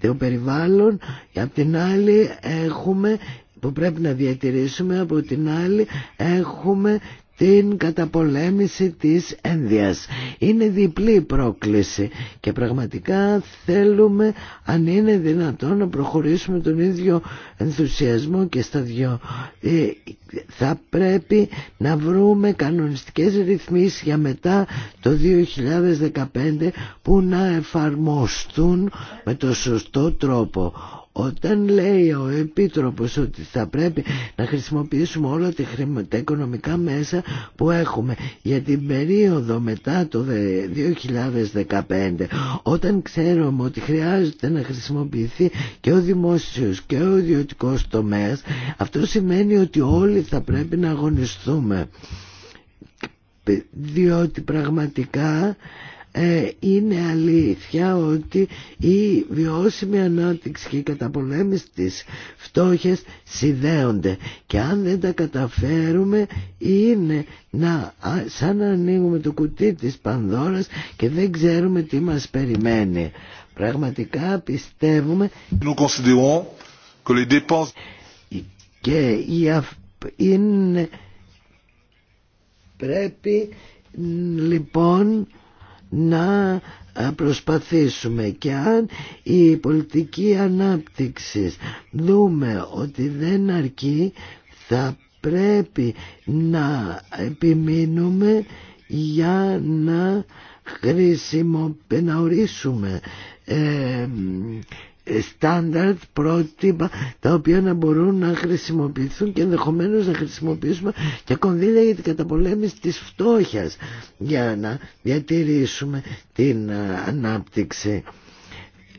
το περιβάλλον, και από την άλλη έχουμε που πρέπει να διατηρήσουμε, από την άλλη έχουμε την καταπολέμηση της ένδυας. Είναι διπλή πρόκληση και πραγματικά θέλουμε αν είναι δυνατόν να προχωρήσουμε τον ίδιο ενθουσιασμό και στα δυο. Ε, θα πρέπει να βρούμε κανονιστικές ρυθμίσεις για μετά το 2015 που να εφαρμοστούν με το σωστό τρόπο. Όταν λέει ο Επίτροπος ότι θα πρέπει να χρησιμοποιήσουμε όλα τα, χρημα, οικονομικά μέσα που έχουμε για την περίοδο μετά το 2015 όταν ξέρουμε ότι χρειάζεται να χρησιμοποιηθεί και ο δημόσιος και ο ιδιωτικό τομέας αυτό σημαίνει ότι όλοι θα πρέπει να αγωνιστούμε διότι πραγματικά ε, είναι αλήθεια ότι η βιώσιμη ανάπτυξη και η καταπολέμηση της φτώχειας συνδέονται και αν δεν τα καταφέρουμε είναι να, σαν να ανοίγουμε το κουτί της Πανδώρας και δεν ξέρουμε τι μας περιμένει. Πραγματικά πιστεύουμε και είναι πρέπει λοιπόν να ε, προσπαθήσουμε και αν η πολιτική ανάπτυξη δούμε ότι δεν αρκεί θα πρέπει να επιμείνουμε για να χρησιμοποιήσουμε ορίσουμε ε, στάνταρτ πρότυπα τα οποία να μπορούν να χρησιμοποιηθούν και ενδεχομένω να χρησιμοποιήσουμε και κονδύλια για την καταπολέμηση της φτώχειας για να διατηρήσουμε την ανάπτυξη.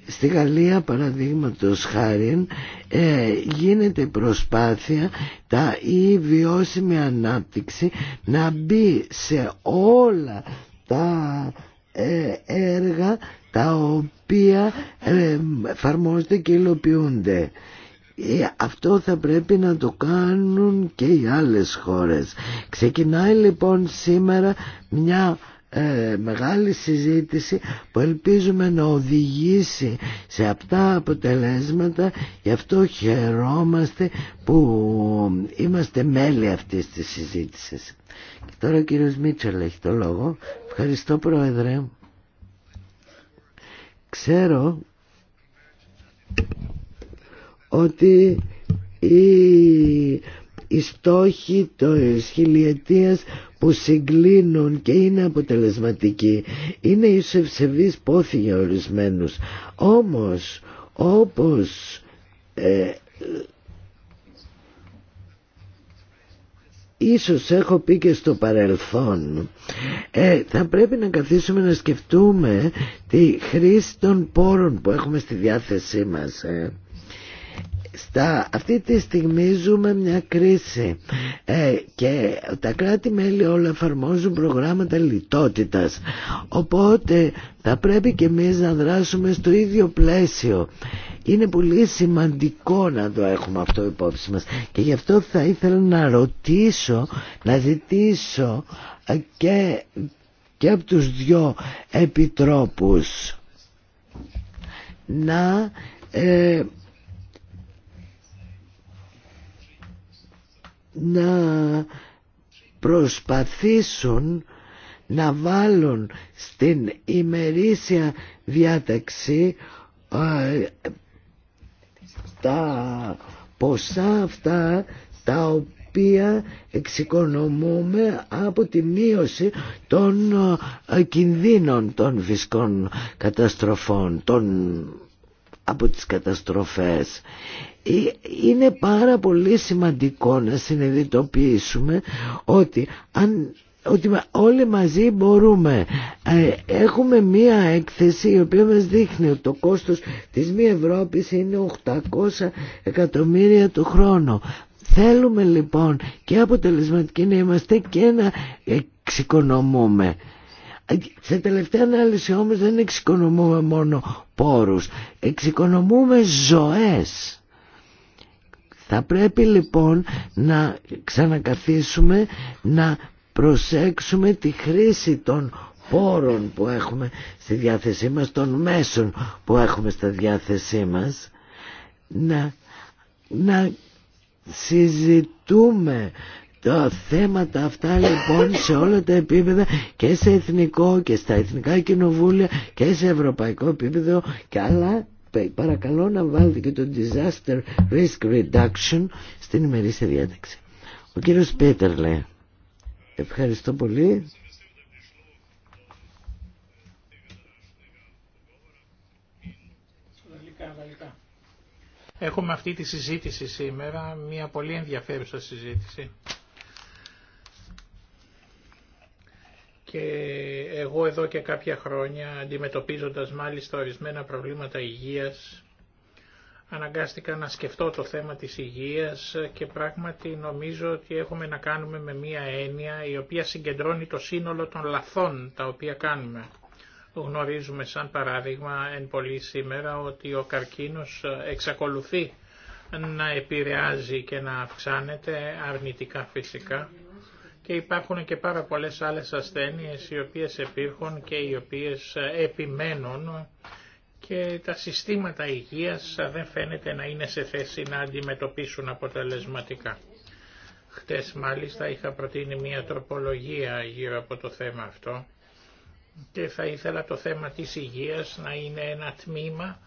Στη Γαλλία παραδείγματος χάριν ε, γίνεται προσπάθεια τα η βιώσιμη ανάπτυξη να μπει σε όλα τα ε, έργα τα οποία οποία ε, εφαρμόζονται και υλοποιούνται. Ε, αυτό θα πρέπει να το κάνουν και οι άλλες χώρες. Ξεκινάει λοιπόν σήμερα μια ε, μεγάλη συζήτηση που ελπίζουμε να οδηγήσει σε αυτά αποτελέσματα γι' αυτό χαιρόμαστε που είμαστε μέλη αυτής της συζήτησης και τώρα ο κύριος Μίτσελ έχει το λόγο ευχαριστώ πρόεδρε Ξέρω ότι η οι στόχοι της χιλιετίας που συγκλίνουν και είναι αποτελεσματικοί είναι ίσως ευσεβείς πόθη για ορισμένους όμως όπως ε, ίσως έχω πει και στο παρελθόν ε, θα πρέπει να καθίσουμε να σκεφτούμε τη χρήση των πόρων που έχουμε στη διάθεσή μας ε. Στα, αυτή τη στιγμή ζούμε μια κρίση ε, και τα κράτη-μέλη όλα εφαρμόζουν προγράμματα λιτότητας. Οπότε θα πρέπει και εμείς να δράσουμε στο ίδιο πλαίσιο. Είναι πολύ σημαντικό να το έχουμε αυτό υπόψη μας. Και γι' αυτό θα ήθελα να ρωτήσω, να ζητήσω ε, και, και από τους δυο επιτρόπους να... Ε, να προσπαθήσουν να βάλουν στην ημερήσια διάταξη α ε, τα ποσά αυτά τα οποία εξοικονομούμε από τη μείωση των ε, κινδύνων των φυσικών καταστροφών, των, από τις καταστροφές είναι πάρα πολύ σημαντικό να συνειδητοποιήσουμε ότι αν ότι όλοι μαζί μπορούμε. Ε, έχουμε μία έκθεση η οποία μας δείχνει ότι το κόστος της μη Ευρώπης είναι 800 εκατομμύρια το χρόνο. Θέλουμε λοιπόν και αποτελεσματικοί να είμαστε και να εξοικονομούμε. Σε τελευταία ανάλυση όμως δεν εξοικονομούμε μόνο πόρους, εξοικονομούμε ζωές. Θα πρέπει λοιπόν να ξανακαθίσουμε, να προσέξουμε τη χρήση των πόρων που έχουμε στη διάθεσή μας, των μέσων που έχουμε στα διάθεσή μας, να, να συζητούμε τα θέματα αυτά λοιπόν σε όλα τα επίπεδα και σε εθνικό και στα εθνικά κοινοβούλια και σε ευρωπαϊκό επίπεδο και άλλα παρακαλώ να βάλετε και το Disaster Risk Reduction στην ημερήσια διάταξη. Ο κύριος λέει. Ευχαριστώ πολύ. Έχουμε αυτή τη συζήτηση σήμερα, μια πολύ ενδιαφέρουσα συζήτηση. Και εγώ εδώ και κάποια χρόνια, αντιμετωπίζοντας μάλιστα ορισμένα προβλήματα υγείας, αναγκάστηκα να σκεφτώ το θέμα της υγείας και πράγματι νομίζω ότι έχουμε να κάνουμε με μία έννοια η οποία συγκεντρώνει το σύνολο των λαθών τα οποία κάνουμε. Γνωρίζουμε σαν παράδειγμα εν πολύ σήμερα ότι ο καρκίνος εξακολουθεί να επηρεάζει και να αυξάνεται αρνητικά φυσικά και υπάρχουν και πάρα πολλές άλλες ασθένειες οι οποίες επίρχουν και οι οποίες ε, επιμένουν και τα συστήματα υγείας ε, δεν φαίνεται να είναι σε θέση να αντιμετωπίσουν αποτελεσματικά. Χτες μάλιστα είχα προτείνει μια τροπολογία γύρω από το θέμα αυτό και θα ήθελα το θέμα της υγείας να είναι ένα τμήμα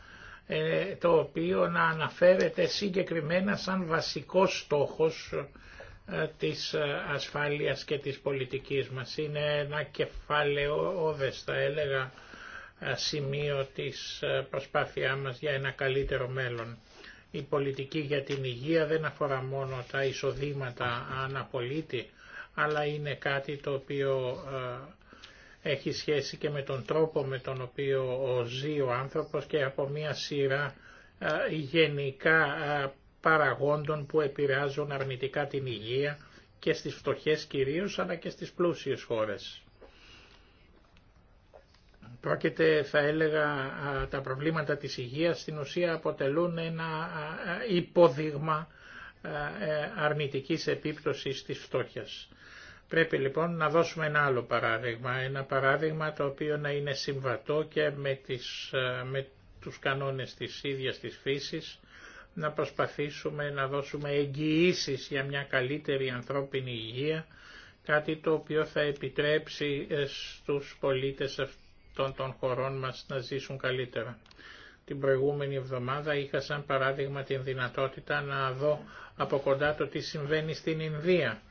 ε, το οποίο να αναφέρεται συγκεκριμένα σαν βασικός στόχος της ασφάλειας και της πολιτικής μας. Είναι ένα κεφάλαιο όδες θα έλεγα σημείο της προσπάθειά μας για ένα καλύτερο μέλλον. Η πολιτική για την υγεία δεν αφορά μόνο τα εισοδήματα αναπολίτη, αλλά είναι κάτι το οποίο ε, έχει σχέση και με τον τρόπο με τον οποίο ζει ο άνθρωπος και από μια σειρά ε, γενικά ε, παραγόντων που επηρεάζουν αρνητικά την υγεία και στις φτωχές κυρίως αλλά και στις πλούσιες χώρες. Πρόκειται, θα έλεγα, τα προβλήματα της υγείας στην ουσία αποτελούν ένα υπόδειγμα ε, αρνητικής επίπτωσης της φτώχειας. Πρέπει λοιπόν να δώσουμε ένα άλλο παράδειγμα, ένα παράδειγμα το οποίο να είναι συμβατό και με, τις, με τους κανόνες της ίδιας της φύσης, να προσπαθήσουμε να δώσουμε εγγυήσει για μια καλύτερη ανθρώπινη υγεία, κάτι το οποίο θα επιτρέψει ε, στους πολίτες αυτών των χωρών μας να ζήσουν καλύτερα. Την προηγούμενη εβδομάδα είχα σαν παράδειγμα την δυνατότητα να δω από κοντά το τι συμβαίνει στην Ινδία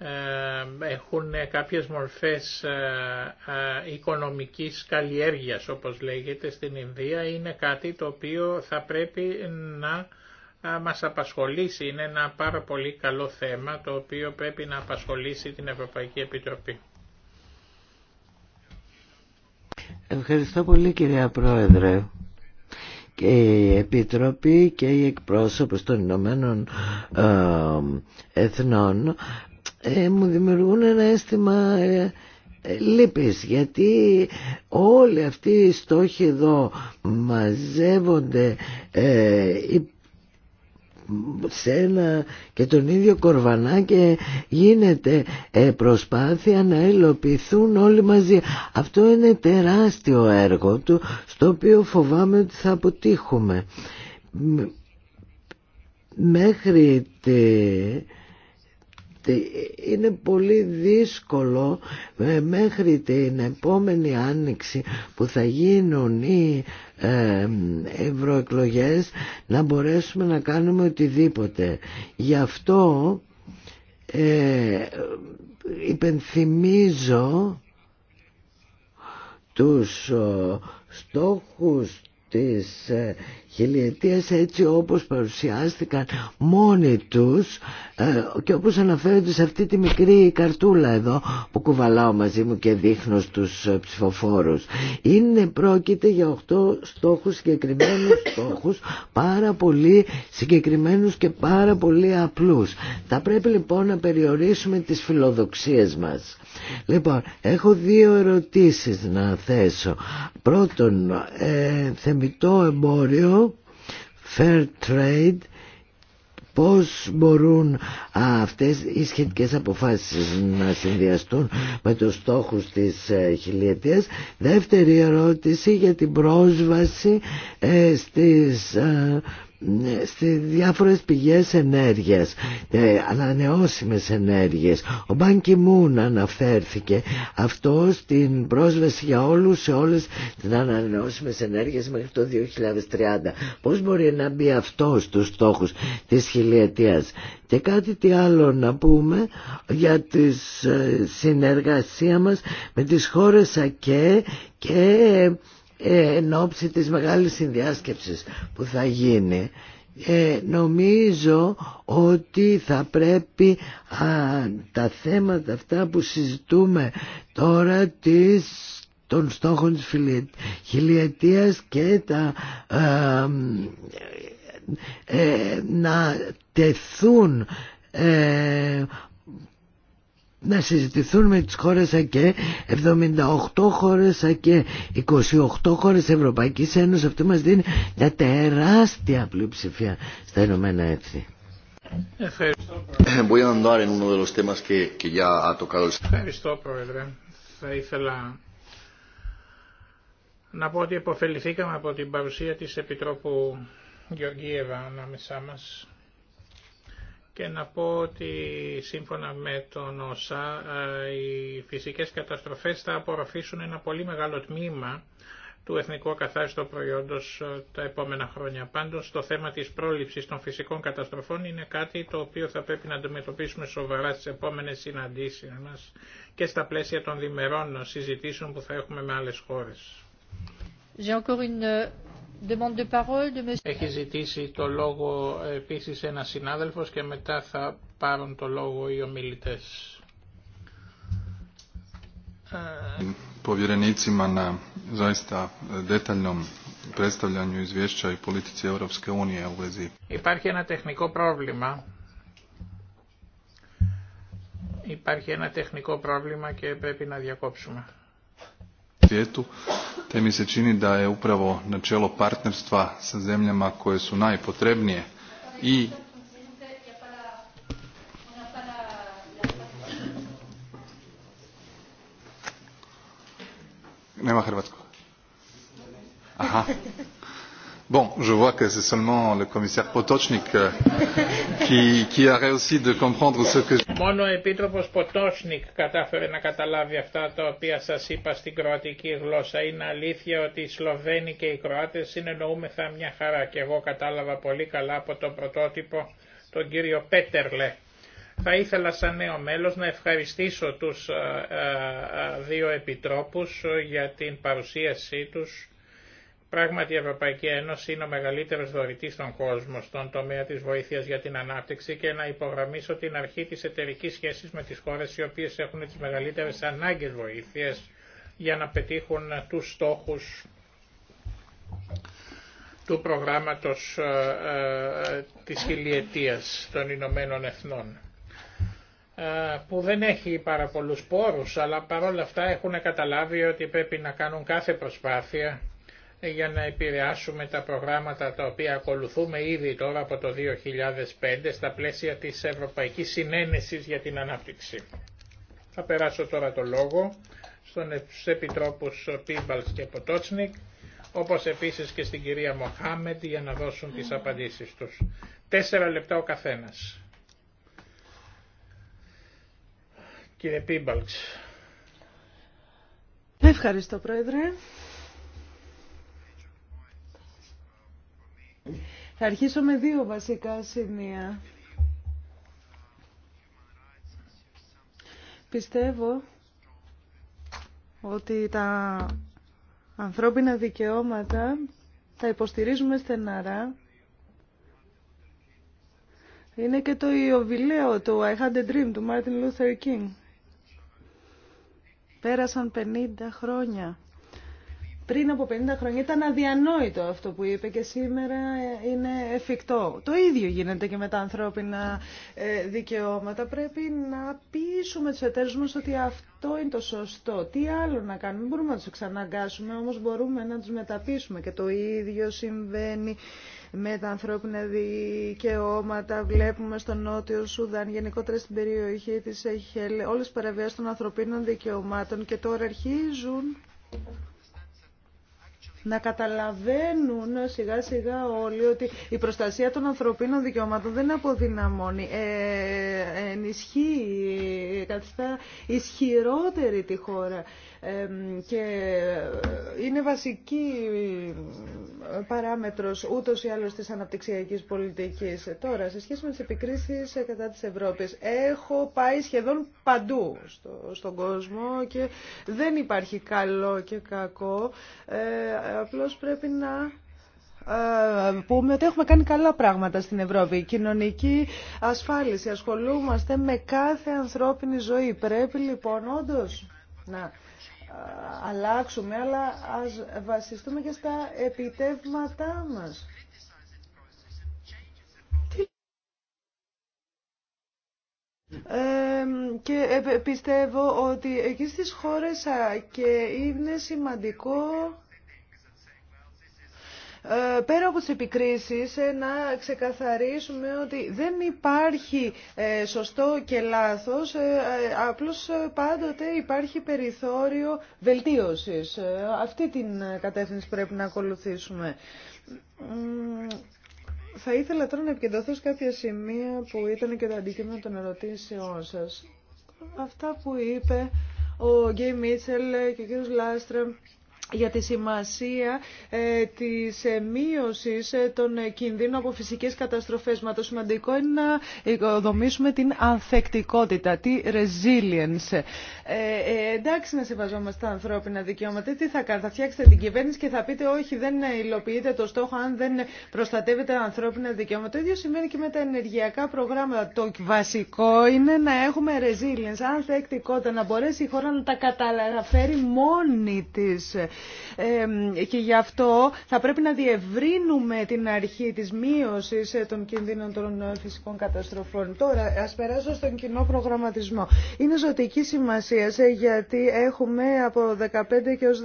ε, έχουν κάποιες μορφές ε, ε, οικονομικής καλλιέργειας όπως λέγεται στην Ινδία είναι κάτι το οποίο θα πρέπει να μας απασχολήσει. Είναι ένα πάρα πολύ καλό θέμα το οποίο πρέπει να απασχολήσει την Ευρωπαϊκή Επιτροπή. Ευχαριστώ πολύ κυρία Πρόεδρε και η Επιτροπή και οι εκπρόσωποι των Ηνωμένων Εθνών ε, μου δημιουργούν ένα αίσθημα ε, ε, λύπης γιατί όλοι αυτοί οι στόχοι εδώ μαζεύονται ε, σε ένα και τον ίδιο κορβανά και γίνεται προσπάθεια να υλοποιηθούν όλοι μαζί. Αυτό είναι τεράστιο έργο του στο οποίο φοβάμαι ότι θα αποτύχουμε. Μέχρι τη είναι πολύ δύσκολο ε, μέχρι την επόμενη άνοιξη που θα γίνουν οι ε, ευρωεκλογές να μπορέσουμε να κάνουμε οτιδήποτε. Γι' αυτό ε, υπενθυμίζω τους στόχους της ε, χιλιετίας έτσι όπως παρουσιάστηκαν μόνοι τους ε, και όπως αναφέρονται σε αυτή τη μικρή καρτούλα εδώ που κουβαλάω μαζί μου και δείχνω στους ε, ψηφοφόρους είναι πρόκειται για 8 στόχους συγκεκριμένους στόχους πάρα πολύ συγκεκριμένους και πάρα πολύ απλούς θα πρέπει λοιπόν να περιορίσουμε τις φιλοδοξίες μας Λοιπόν, έχω δύο ερωτήσεις να θέσω. Πρώτον, ε, θεμητό εμπόριο, fair trade, πώς μπορούν αυτές οι σχετικές αποφάσεις να συνδυαστούν με τους στόχους της ε, χιλιετίας. Δεύτερη ερώτηση για την πρόσβαση ε, στις ε, στι ναι, διάφορες πηγές ενέργειας ε, ανανεώσιμες ενέργειες ο Μπάνκι Μούν αναφέρθηκε αυτό στην πρόσβαση για όλους σε όλες τις ανανεώσιμες ενέργειες μέχρι το 2030 πως μπορεί να μπει αυτό στους στόχους της χιλιετίας και κάτι τι άλλο να πούμε για τη ε, συνεργασία μας με τις χώρες ΑΚΕ και εν ώψη της μεγάλης συνδιάσκεψης που θα γίνει ε, νομίζω ότι θα πρέπει τα θέματα αυτά που συζητούμε τώρα της, των στόχων της χιλιετίας και τα ε, ε, να τεθούν να συζητηθούν με τις χώρες ΑΚΕ 78 χώρες ΑΚΕ 28 χώρες Ευρωπαϊκής Ένωσης αυτό μας δίνει μια τεράστια πλειοψηφία στα Ηνωμένα Έθνη Ευχαριστώ Πρόεδρε. Ε, Ευχαριστώ, Πρόεδρε. Θα ήθελα να πω ότι υποφεληθήκαμε από την παρουσία της Επιτρόπου Γεωργίευα ανάμεσά μας και να πω ότι σύμφωνα με τον ΩΣΑ ε, οι φυσικές καταστροφές θα απορροφήσουν ένα πολύ μεγάλο τμήμα του εθνικού ακαθάριστο προϊόντος ε, τα επόμενα χρόνια. Πάντως το θέμα της πρόληψης των φυσικών καταστροφών είναι κάτι το οποίο θα πρέπει να αντιμετωπίσουμε σοβαρά στις επόμενες συναντήσεις μας και στα πλαίσια των διμερών συζητήσεων που θα έχουμε με άλλες χώρες. Έχει ζητήσει το λόγο ε, επίσης ένα συνάδελφος και μετά θα πάρουν το λόγο οι ομιλητές. Ε, povjerenicima na zaista detaljnom predstavljanju izvješća i politici Europske unije u vezi. Υπάρχει ένα τεχνικό πρόβλημα. Υπάρχει ένα τεχνικό πρόβλημα και πρέπει να διακόψουμε. Svijetu te mi se čini da je upravo načelo partnerstva sa zemljama koje su najpotrebnije i nema hrvatskog aha je vois que seulement Μόνο ο Επίτροπος Ποτότσνικ κατάφερε να καταλάβει αυτά τα οποία σας είπα στην κροατική γλώσσα. Είναι αλήθεια ότι οι Σλοβαίνοι και οι Κροάτες συνεννοούμεθα μια χαρά και εγώ κατάλαβα πολύ καλά από τον πρωτότυπο τον κύριο Πέτερλε. Θα ήθελα σαν νέο μέλος να ευχαριστήσω τους ε, ε, ε, δύο επιτρόπους για την παρουσίασή τους Πράγματι η Ευρωπαϊκή Ένωση είναι ο μεγαλύτερος δωρητή στον κόσμο στον τομέα της βοήθειας για την ανάπτυξη και να υπογραμμίσω την αρχή της εταιρική σχέσης με τις χώρες οι οποίες έχουν τις μεγαλύτερε ανάγκες βοήθειας για να πετύχουν τους στόχους του προγράμματος ε, ε, της χιλιετίας των Ηνωμένων Εθνών ε, που δεν έχει πάρα πολλούς πόρους αλλά παρόλα αυτά έχουν καταλάβει ότι πρέπει να κάνουν κάθε προσπάθεια για να επηρεάσουμε τα προγράμματα τα οποία ακολουθούμε ήδη τώρα από το 2005 στα πλαίσια της Ευρωπαϊκής Συνένεσης για την Ανάπτυξη. Θα περάσω τώρα το λόγο στους επιτρόπους Πίμπαλς και Ποτότσνικ, όπως επίσης και στην κυρία Μοχάμετ για να δώσουν τις απαντήσεις τους. Τέσσερα λεπτά ο καθένας. Κύριε Ευχαριστώ Πρόεδρε. Θα αρχίσω με δύο βασικά σημεία. Πιστεύω ότι τα ανθρώπινα δικαιώματα τα υποστηρίζουμε στεναρά. Είναι και το Ιωβιλέο του I had a dream του Μάρτιν Luther King. Πέρασαν 50 χρόνια. Πριν από 50 χρόνια ήταν αδιανόητο αυτό που είπε και σήμερα είναι εφικτό. Το ίδιο γίνεται και με τα ανθρώπινα ε, δικαιώματα. Πρέπει να πείσουμε τους εταίρους μας ότι αυτό είναι το σωστό. Τι άλλο να κάνουμε, μπορούμε να τους εξαναγκάσουμε, όμως μπορούμε να τους μεταπίσουμε. Και το ίδιο συμβαίνει με τα ανθρώπινα δικαιώματα. Βλέπουμε στο Νότιο Σουδάν, γενικότερα στην περιοχή της Εχέλ, όλες τις παραβιάσεις των ανθρωπίνων δικαιωμάτων και τώρα αρχίζουν να καταλαβαίνουν σιγά σιγά όλοι ότι η προστασία των ανθρωπίνων δικαιωμάτων δεν αποδυναμώνει, ε, ενισχύει, καθιστά ισχυρότερη τη χώρα και ε, είναι βασική παράμετρος ούτως ή άλλως της αναπτυξιακής πολιτικής. Τώρα, σε σχέση με τις επικρίσεις ε, κατά της Ευρώπης, έχω πάει σχεδόν παντού στο, στον κόσμο και δεν υπάρχει καλό και κακό. Ε, απλώς πρέπει να ε, πούμε ότι έχουμε κάνει καλά πράγματα στην Ευρώπη. Κοινωνική ασφάλιση. Ασχολούμαστε με κάθε ανθρώπινη ζωή. Πρέπει λοιπόν όντω να αλλάξουμε, αλλά ας βασιστούμε και στα επιτεύγματά μας. και ε, πιστεύω ότι εκεί στις χώρες και είναι σημαντικό ε, πέρα από τις επικρίσεις ε, να ξεκαθαρίσουμε ότι δεν υπάρχει ε, σωστό και λάθος, απλώς πάντοτε υπάρχει περιθώριο βελτίωσης. Αυτή την κατεύθυνση πρέπει να ακολουθήσουμε. Θα ήθελα τώρα να επικεντρωθώ σε κάποια σημεία που ήταν και το αντικείμενο των ερωτήσεών σας. Αυτά που είπε ο Γκέι Μίτσελ και ο κ. Λάστρεμ για τη σημασία ε, της ε, μείωσης ε, των κινδύνων από φυσικές καταστροφές. Μα το σημαντικό είναι να οικοδομήσουμε την ανθεκτικότητα, τη resilience. εντάξει να συμβαζόμαστε τα ανθρώπινα δικαιώματα. Τι θα κάνετε, θα φτιάξετε την κυβέρνηση και θα πείτε όχι δεν υλοποιείτε το στόχο αν δεν προστατεύετε τα ανθρώπινα δικαιώματα. Το ίδιο σημαίνει και με τα ενεργειακά προγράμματα. Το βασικό είναι να έχουμε resilience, ανθεκτικότητα, να μπορέσει η χώρα να τα καταφέρει μόνη της και γι' αυτό θα πρέπει να διευρύνουμε την αρχή της μείωσης ε, των κινδύνων των ε, φυσικών καταστροφών. Τώρα, ας περάσω στον κοινό προγραμματισμό. Είναι ζωτική σημασία ε, γιατί έχουμε από 15 και έως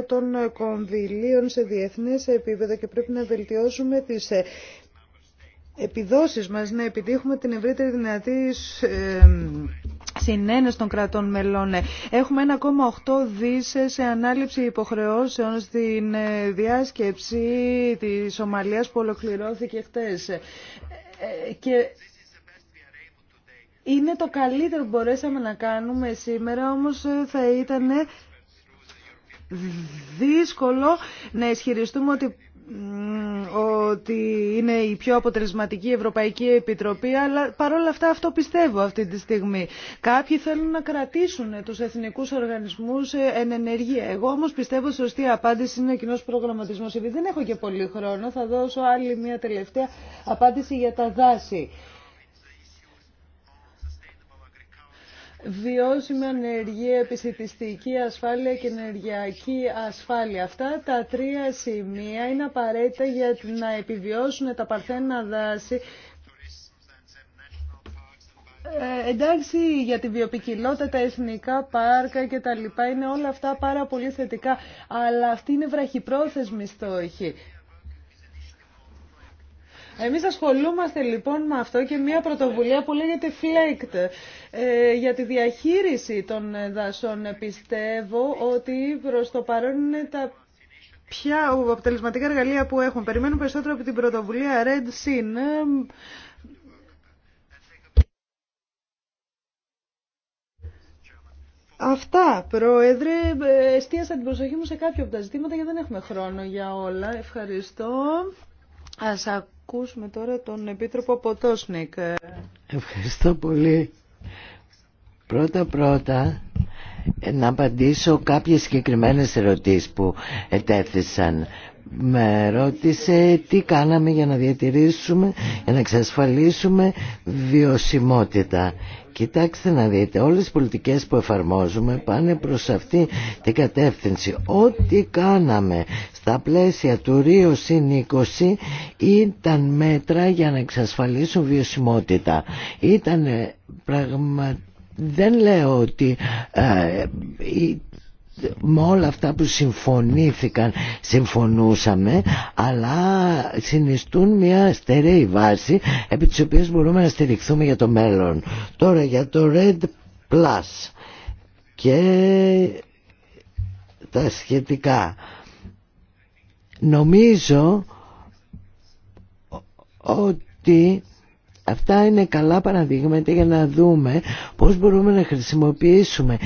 18% των κονδυλίων σε διεθνές επίπεδο και πρέπει να βελτιώσουμε τις επιδόσεις μας, να επιτύχουμε την ευρύτερη δυνατή συνένες των κρατών μελών. Ε, έχουμε 1,8 δις σε ανάληψη υποχρεώσεων στην ε, διάσκεψη της Σομαλίας που ολοκληρώθηκε χτες. Ε, και είναι το καλύτερο που μπορέσαμε να κάνουμε σήμερα, όμως θα ήταν δύσκολο να ισχυριστούμε ότι ότι είναι η πιο αποτελεσματική Ευρωπαϊκή Επιτροπή, αλλά παρόλα αυτά αυτό πιστεύω αυτή τη στιγμή. Κάποιοι θέλουν να κρατήσουν τους εθνικούς οργανισμούς ε, εν ενεργεία. Εγώ όμως πιστεύω ότι σωστή απάντηση είναι ο κοινό προγραμματισμός. Επειδή δεν έχω και πολύ χρόνο, θα δώσω άλλη μια τελευταία απάντηση για τα δάση. βιώσιμη ανεργία, επιστημιστική ασφάλεια και ενεργειακή ασφάλεια. Αυτά τα τρία σημεία είναι απαραίτητα για να επιβιώσουν τα παρθένα δάση ε, εντάξει, για τη βιοπικιλότητα, τα εθνικά πάρκα και τα λοιπά είναι όλα αυτά πάρα πολύ θετικά, αλλά αυτή είναι βραχυπρόθεσμη στόχη. Εμείς ασχολούμαστε λοιπόν με αυτό και μια πρωτοβουλία που λέγεται FLECT ε, για τη διαχείριση των δασών. Πιστεύω ότι προς το παρόν είναι τα πιο αποτελεσματικά εργαλεία που έχουν. Περιμένουν περισσότερο από την πρωτοβουλία Red Sin. Αυτά, Πρόεδρε. Εστίασα την προσοχή μου σε κάποια από τα ζητήματα γιατί δεν έχουμε χρόνο για όλα. Ευχαριστώ. Ας ακούσουμε τώρα τον Επίτροπο Ποτόσνικ. Ευχαριστώ πολύ. Πρώτα-πρώτα ε, να απαντήσω κάποιες συγκεκριμένες ερωτήσεις που ετέθησαν με ρώτησε τι κάναμε για να διατηρήσουμε, για να εξασφαλίσουμε βιωσιμότητα. Κοιτάξτε να δείτε, όλες οι πολιτικές που εφαρμόζουμε πάνε προς αυτή την κατεύθυνση. Ό,τι κάναμε στα πλαίσια του Ρίο συν 20 ήταν μέτρα για να εξασφαλίσουν βιωσιμότητα. Ήταν πραγματικά δεν λέω ότι ε, με όλα αυτά που συμφωνήθηκαν συμφωνούσαμε αλλά συνιστούν μια στερεή βάση επί της οποίας μπορούμε να στηριχθούμε για το μέλλον τώρα για το Red Plus και τα σχετικά νομίζω ότι Αυτά είναι καλά παραδείγματα για να δούμε πώς μπορούμε να χρησιμοποιήσουμε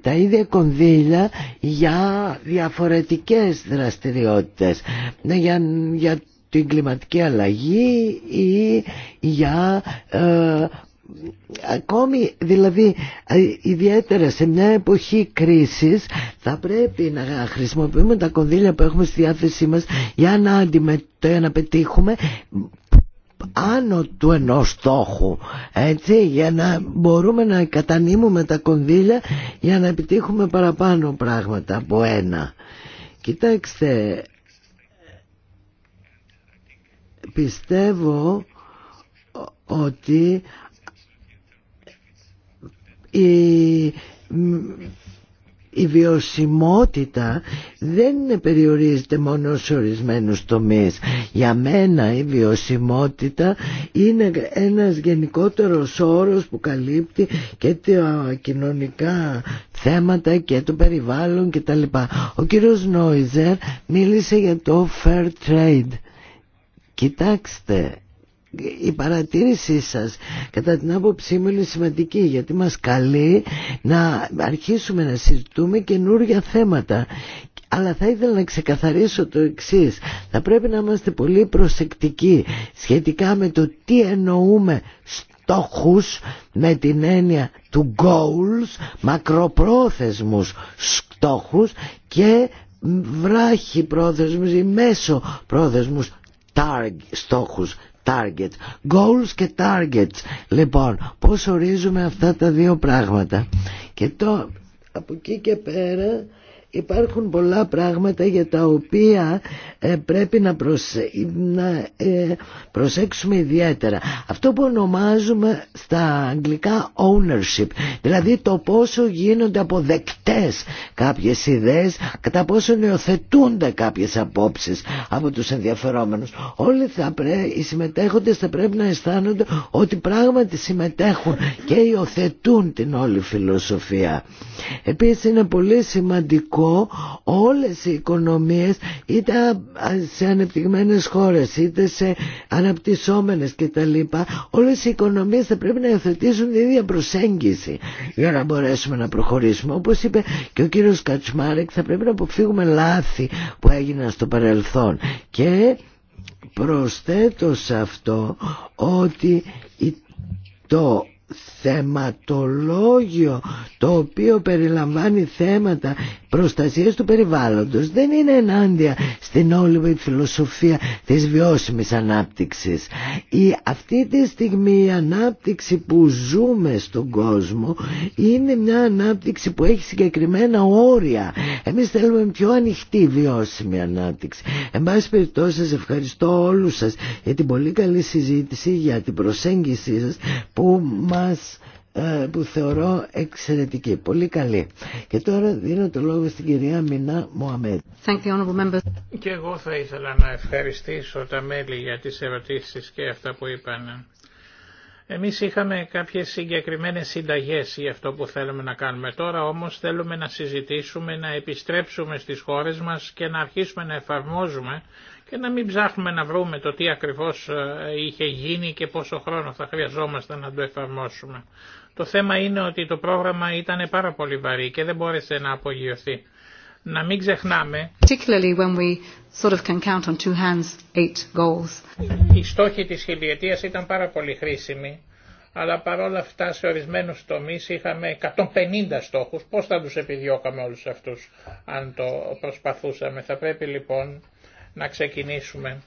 τα ίδια κονδύλια για διαφορετικές δραστηριότητες, ναι, για, για την κλιματική αλλαγή ή για ε, ακόμη δηλαδή ε, ιδιαίτερα σε μια εποχή κρίσης θα πρέπει να χρησιμοποιούμε τα κονδύλια που έχουμε στη διάθεσή μας για να, αντιμετω, να πετύχουμε άνω του ενός στόχου έτσι για να μπορούμε να κατανείμουμε τα κονδύλια για να επιτύχουμε παραπάνω πράγματα από ένα κοιτάξτε πιστεύω ότι η η βιωσιμότητα δεν περιορίζεται μόνο σε ορισμένους τομείς. Για μένα η βιωσιμότητα είναι ένας γενικότερος όρος που καλύπτει και τα κοινωνικά θέματα και το περιβάλλον κτλ. Ο κύριος Νόιζερ μίλησε για το fair trade. Κοιτάξτε, η παρατήρησή σας κατά την άποψή μου είναι σημαντική γιατί μας καλεί να αρχίσουμε να συζητούμε καινούργια θέματα αλλά θα ήθελα να ξεκαθαρίσω το εξής θα πρέπει να είμαστε πολύ προσεκτικοί σχετικά με το τι εννοούμε στόχους με την έννοια του goals μακροπρόθεσμους στόχους και βράχοι πρόθεσμους ή μέσο πρόθεσμους στόχους Targets, Goals και targets. Λοιπόν, πώς ορίζουμε αυτά τα δύο πράγματα. Και το από εκεί και πέρα Υπάρχουν πολλά πράγματα για τα οποία ε, πρέπει να, να ε, προσέξουμε ιδιαίτερα. Αυτό που ονομάζουμε στα αγγλικά ownership, δηλαδή το πόσο γίνονται αποδεκτές κάποιες ιδέες, κατά πόσο νεοθετούνται κάποιες απόψεις από τους ενδιαφερόμενους. Όλοι θα οι συμμετέχοντες θα πρέπει να αισθάνονται ότι πράγματι συμμετέχουν και υιοθετούν την όλη φιλοσοφία. Επίσης είναι πολύ σημαντικό Όλε όλες οι οικονομίες είτε σε ανεπτυγμένες χώρες είτε σε αναπτυσσόμενες κτλ. Όλες οι οικονομίες θα πρέπει να υιοθετήσουν την ίδια προσέγγιση για να μπορέσουμε να προχωρήσουμε. Όπως είπε και ο κύριος Κατσμάρεκ θα πρέπει να αποφύγουμε λάθη που έγιναν στο παρελθόν και προσθέτω σε αυτό ότι το θεματολόγιο το οποίο περιλαμβάνει θέματα προστασίας του περιβάλλοντος δεν είναι ενάντια στην όλη φιλοσοφία της βιώσιμης ανάπτυξης η, αυτή τη στιγμή η ανάπτυξη που ζούμε στον κόσμο είναι μια ανάπτυξη που έχει συγκεκριμένα όρια εμείς θέλουμε πιο ανοιχτή βιώσιμη ανάπτυξη εν πάση περιπτώσει σας ευχαριστώ όλους σας για την πολύ καλή συζήτηση για την προσέγγιση σας που ε, που θεωρώ εξαιρετική, πολύ καλή. Και τώρα δίνω το λόγο στην κυρία Μινά Μωαμέδη. Και εγώ θα ήθελα να ευχαριστήσω τα μέλη για τις ερωτήσεις και αυτά που είπαν. Εμείς είχαμε κάποιες συγκεκριμένες συνταγές για αυτό που θέλουμε να κάνουμε τώρα, όμως θέλουμε να συζητήσουμε, να επιστρέψουμε στις χώρες μας και να αρχίσουμε να εφαρμόζουμε και να μην ψάχνουμε να βρούμε το τι ακριβώς ε, είχε γίνει και πόσο χρόνο θα χρειαζόμασταν να το εφαρμόσουμε. Το θέμα είναι ότι το πρόγραμμα ήταν πάρα πολύ βαρύ και δεν μπόρεσε να απογειωθεί. Να μην ξεχνάμε οι στόχοι της χιλιετίας ήταν πάρα πολύ χρήσιμοι αλλά παρόλα αυτά σε ορισμένους τομείς είχαμε 150 στόχους. Πώς θα τους επιδιώκαμε όλους αυτούς αν το προσπαθούσαμε. Θα πρέπει λοιπόν να ξεκινήσουμε.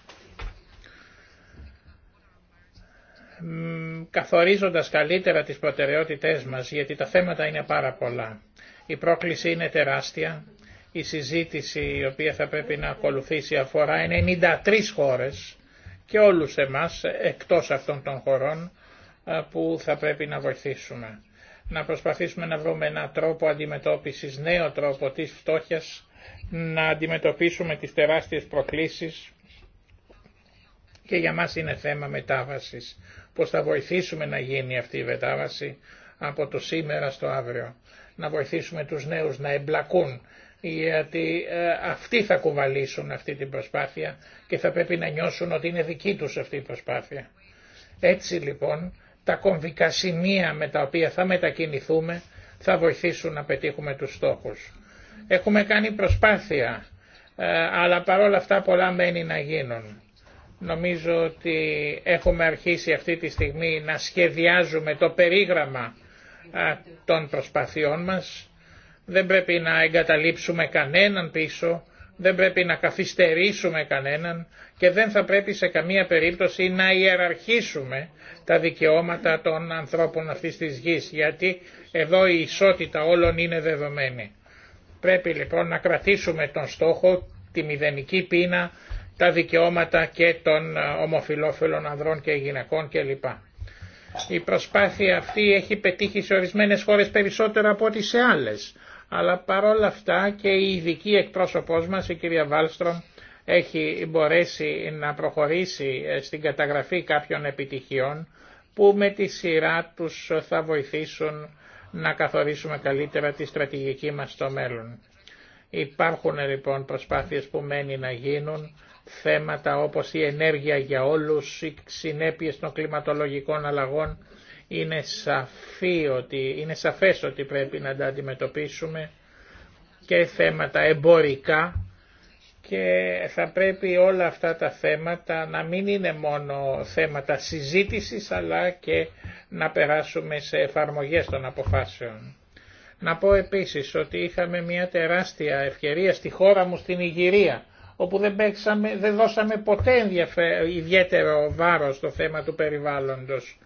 Καθορίζοντας καλύτερα τις προτεραιότητές μας, γιατί τα θέματα είναι πάρα πολλά. Η πρόκληση είναι τεράστια. Η συζήτηση η οποία θα πρέπει να ακολουθήσει αφορά 93 χώρες και όλους εμάς εκτός αυτών των χωρών που θα πρέπει να βοηθήσουμε. Να προσπαθήσουμε να βρούμε έναν τρόπο αντιμετώπισης, νέο τρόπο της φτώχειας να αντιμετωπίσουμε τις τεράστιες προκλήσεις και για μας είναι θέμα μετάβασης. Πώς θα βοηθήσουμε να γίνει αυτή η μετάβαση από το σήμερα στο αύριο. Να βοηθήσουμε τους νέους να εμπλακούν γιατί ε, αυτοί θα κουβαλήσουν αυτή την προσπάθεια και θα πρέπει να νιώσουν ότι είναι δική τους αυτή η προσπάθεια. Έτσι λοιπόν τα κομβικά σημεία με τα οποία θα μετακινηθούμε θα βοηθήσουν να πετύχουμε τους στόχους. Έχουμε κάνει προσπάθεια, ε, αλλά παρόλα αυτά πολλά μένει να γίνουν. Νομίζω ότι έχουμε αρχίσει αυτή τη στιγμή να σχεδιάζουμε το περίγραμμα ε, των προσπαθειών μας. Δεν πρέπει να εγκαταλείψουμε κανέναν πίσω, δεν πρέπει να καθυστερήσουμε κανέναν και δεν θα πρέπει σε καμία περίπτωση να ιεραρχήσουμε τα δικαιώματα των ανθρώπων αυτής της γης, γιατί εδώ η ισότητα όλων είναι δεδομένη. Πρέπει λοιπόν να κρατήσουμε τον στόχο, τη μηδενική πείνα, τα δικαιώματα και των ε, ομοφιλόφιλων ανδρών και γυναικών κλπ. Η προσπάθεια αυτή έχει πετύχει σε ορισμένες χώρες περισσότερο από ό,τι σε άλλες. Αλλά παρόλα αυτά και η ειδική εκπρόσωπός μας, η κυρία Βάλστρομ, έχει μπορέσει να προχωρήσει ε, στην καταγραφή κάποιων επιτυχιών που με τη σειρά τους θα βοηθήσουν να καθορίσουμε καλύτερα τη στρατηγική μας στο μέλλον. Υπάρχουν λοιπόν προσπάθειες που μένει να γίνουν, θέματα όπως η ενέργεια για όλους, οι συνέπειες των κλιματολογικών αλλαγών, είναι, σαφή ότι, είναι σαφές ότι πρέπει να τα αντιμετωπίσουμε και θέματα εμπορικά και θα πρέπει όλα αυτά τα θέματα να μην είναι μόνο θέματα συζήτησης αλλά και να περάσουμε σε εφαρμογές των αποφάσεων. Να πω επίσης ότι είχαμε μια τεράστια ευκαιρία στη χώρα μου στην Ιγυρία όπου δεν, παίξαμε, δεν δώσαμε ποτέ ιδιαίτερο βάρος στο θέμα του περιβάλλοντος.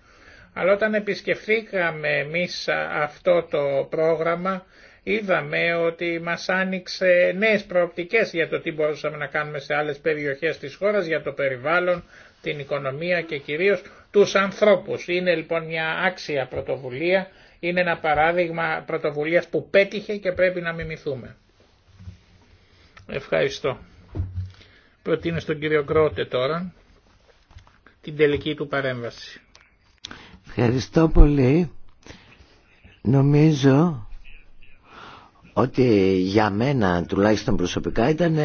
Αλλά όταν επισκεφθήκαμε εμείς αυτό το πρόγραμμα είδαμε ότι μας άνοιξε νέες προοπτικές για το τι μπορούσαμε να κάνουμε σε άλλες περιοχές της χώρας, για το περιβάλλον, την οικονομία και κυρίως τους ανθρώπους. Είναι λοιπόν μια άξια πρωτοβουλία, είναι ένα παράδειγμα πρωτοβουλίας που πέτυχε και πρέπει να μιμηθούμε. Ευχαριστώ. Προτείνω στον κύριο Γκρότε τώρα την τελική του παρέμβαση. Ευχαριστώ πολύ. Νομίζω ότι για μένα τουλάχιστον προσωπικά ήταν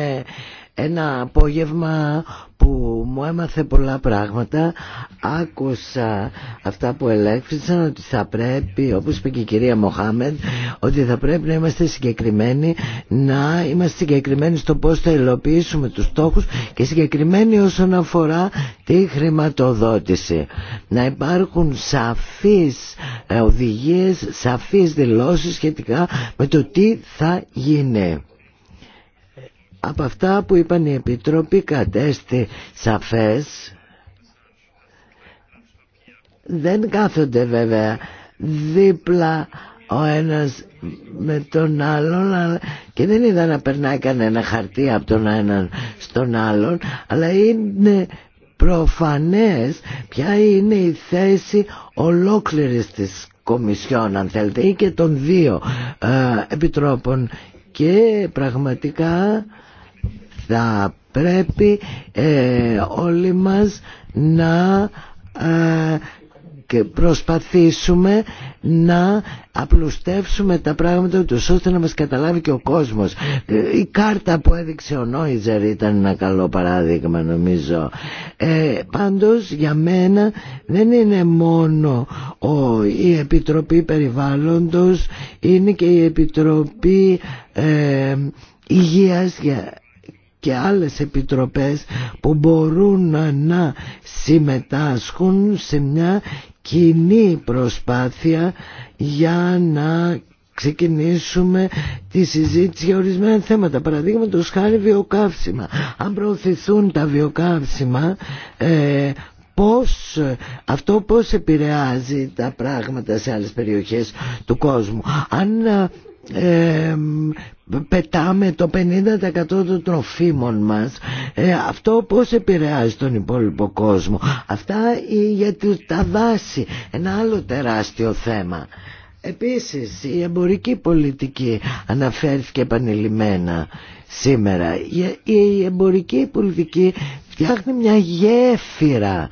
ένα απόγευμα που μου έμαθε πολλά πράγματα άκουσα αυτά που ελέγχθησαν ότι θα πρέπει όπως είπε και η κυρία Μοχάμεν, ότι θα πρέπει να είμαστε συγκεκριμένοι να είμαστε συγκεκριμένοι στο πώς θα υλοποιήσουμε τους στόχους και συγκεκριμένοι όσον αφορά τη χρηματοδότηση να υπάρχουν σαφείς ε, οδηγίες σαφείς δηλώσεις σχετικά με το τι θα γίνει από αυτά που είπαν οι Επιτρόποι κατέστη σαφές δεν κάθονται βέβαια δίπλα ο ένας με τον άλλον και δεν είδα να περνάει κανένα χαρτί από τον έναν στον άλλον αλλά είναι προφανές ποια είναι η θέση ολόκληρης της Κομισιόν αν θέλετε ή και των δύο ε, επιτρόπων και πραγματικά θα πρέπει ε, όλοι μας να ε, προσπαθήσουμε να απλουστεύσουμε τα πράγματα του ώστε να μας καταλάβει και ο κόσμος ε, η κάρτα που έδειξε ο Νόιζερ ήταν ένα καλό παράδειγμα νομίζω ε, πάντως για μένα δεν είναι μόνο ο, η Επιτροπή Περιβάλλοντος είναι και η Επιτροπή ε, Υγείας για και άλλες επιτροπές που μπορούν να συμμετάσχουν σε μια κοινή προσπάθεια για να ξεκινήσουμε τη συζήτηση για ορισμένα θέματα. Παραδείγματο χάρη βιοκαύσιμα. Αν προωθηθούν τα βιοκαύσιμα, ε, πώς, αυτό πώς επηρεάζει τα πράγματα σε άλλες περιοχές του κόσμου. Αν ε, πετάμε το 50% των τροφίμων μας ε, αυτό πώς επηρεάζει τον υπόλοιπο κόσμο αυτά για τα δάση ένα άλλο τεράστιο θέμα Επίσης η εμπορική πολιτική αναφέρθηκε επανειλημμένα σήμερα η εμπορική πολιτική φτιάχνει μια γέφυρα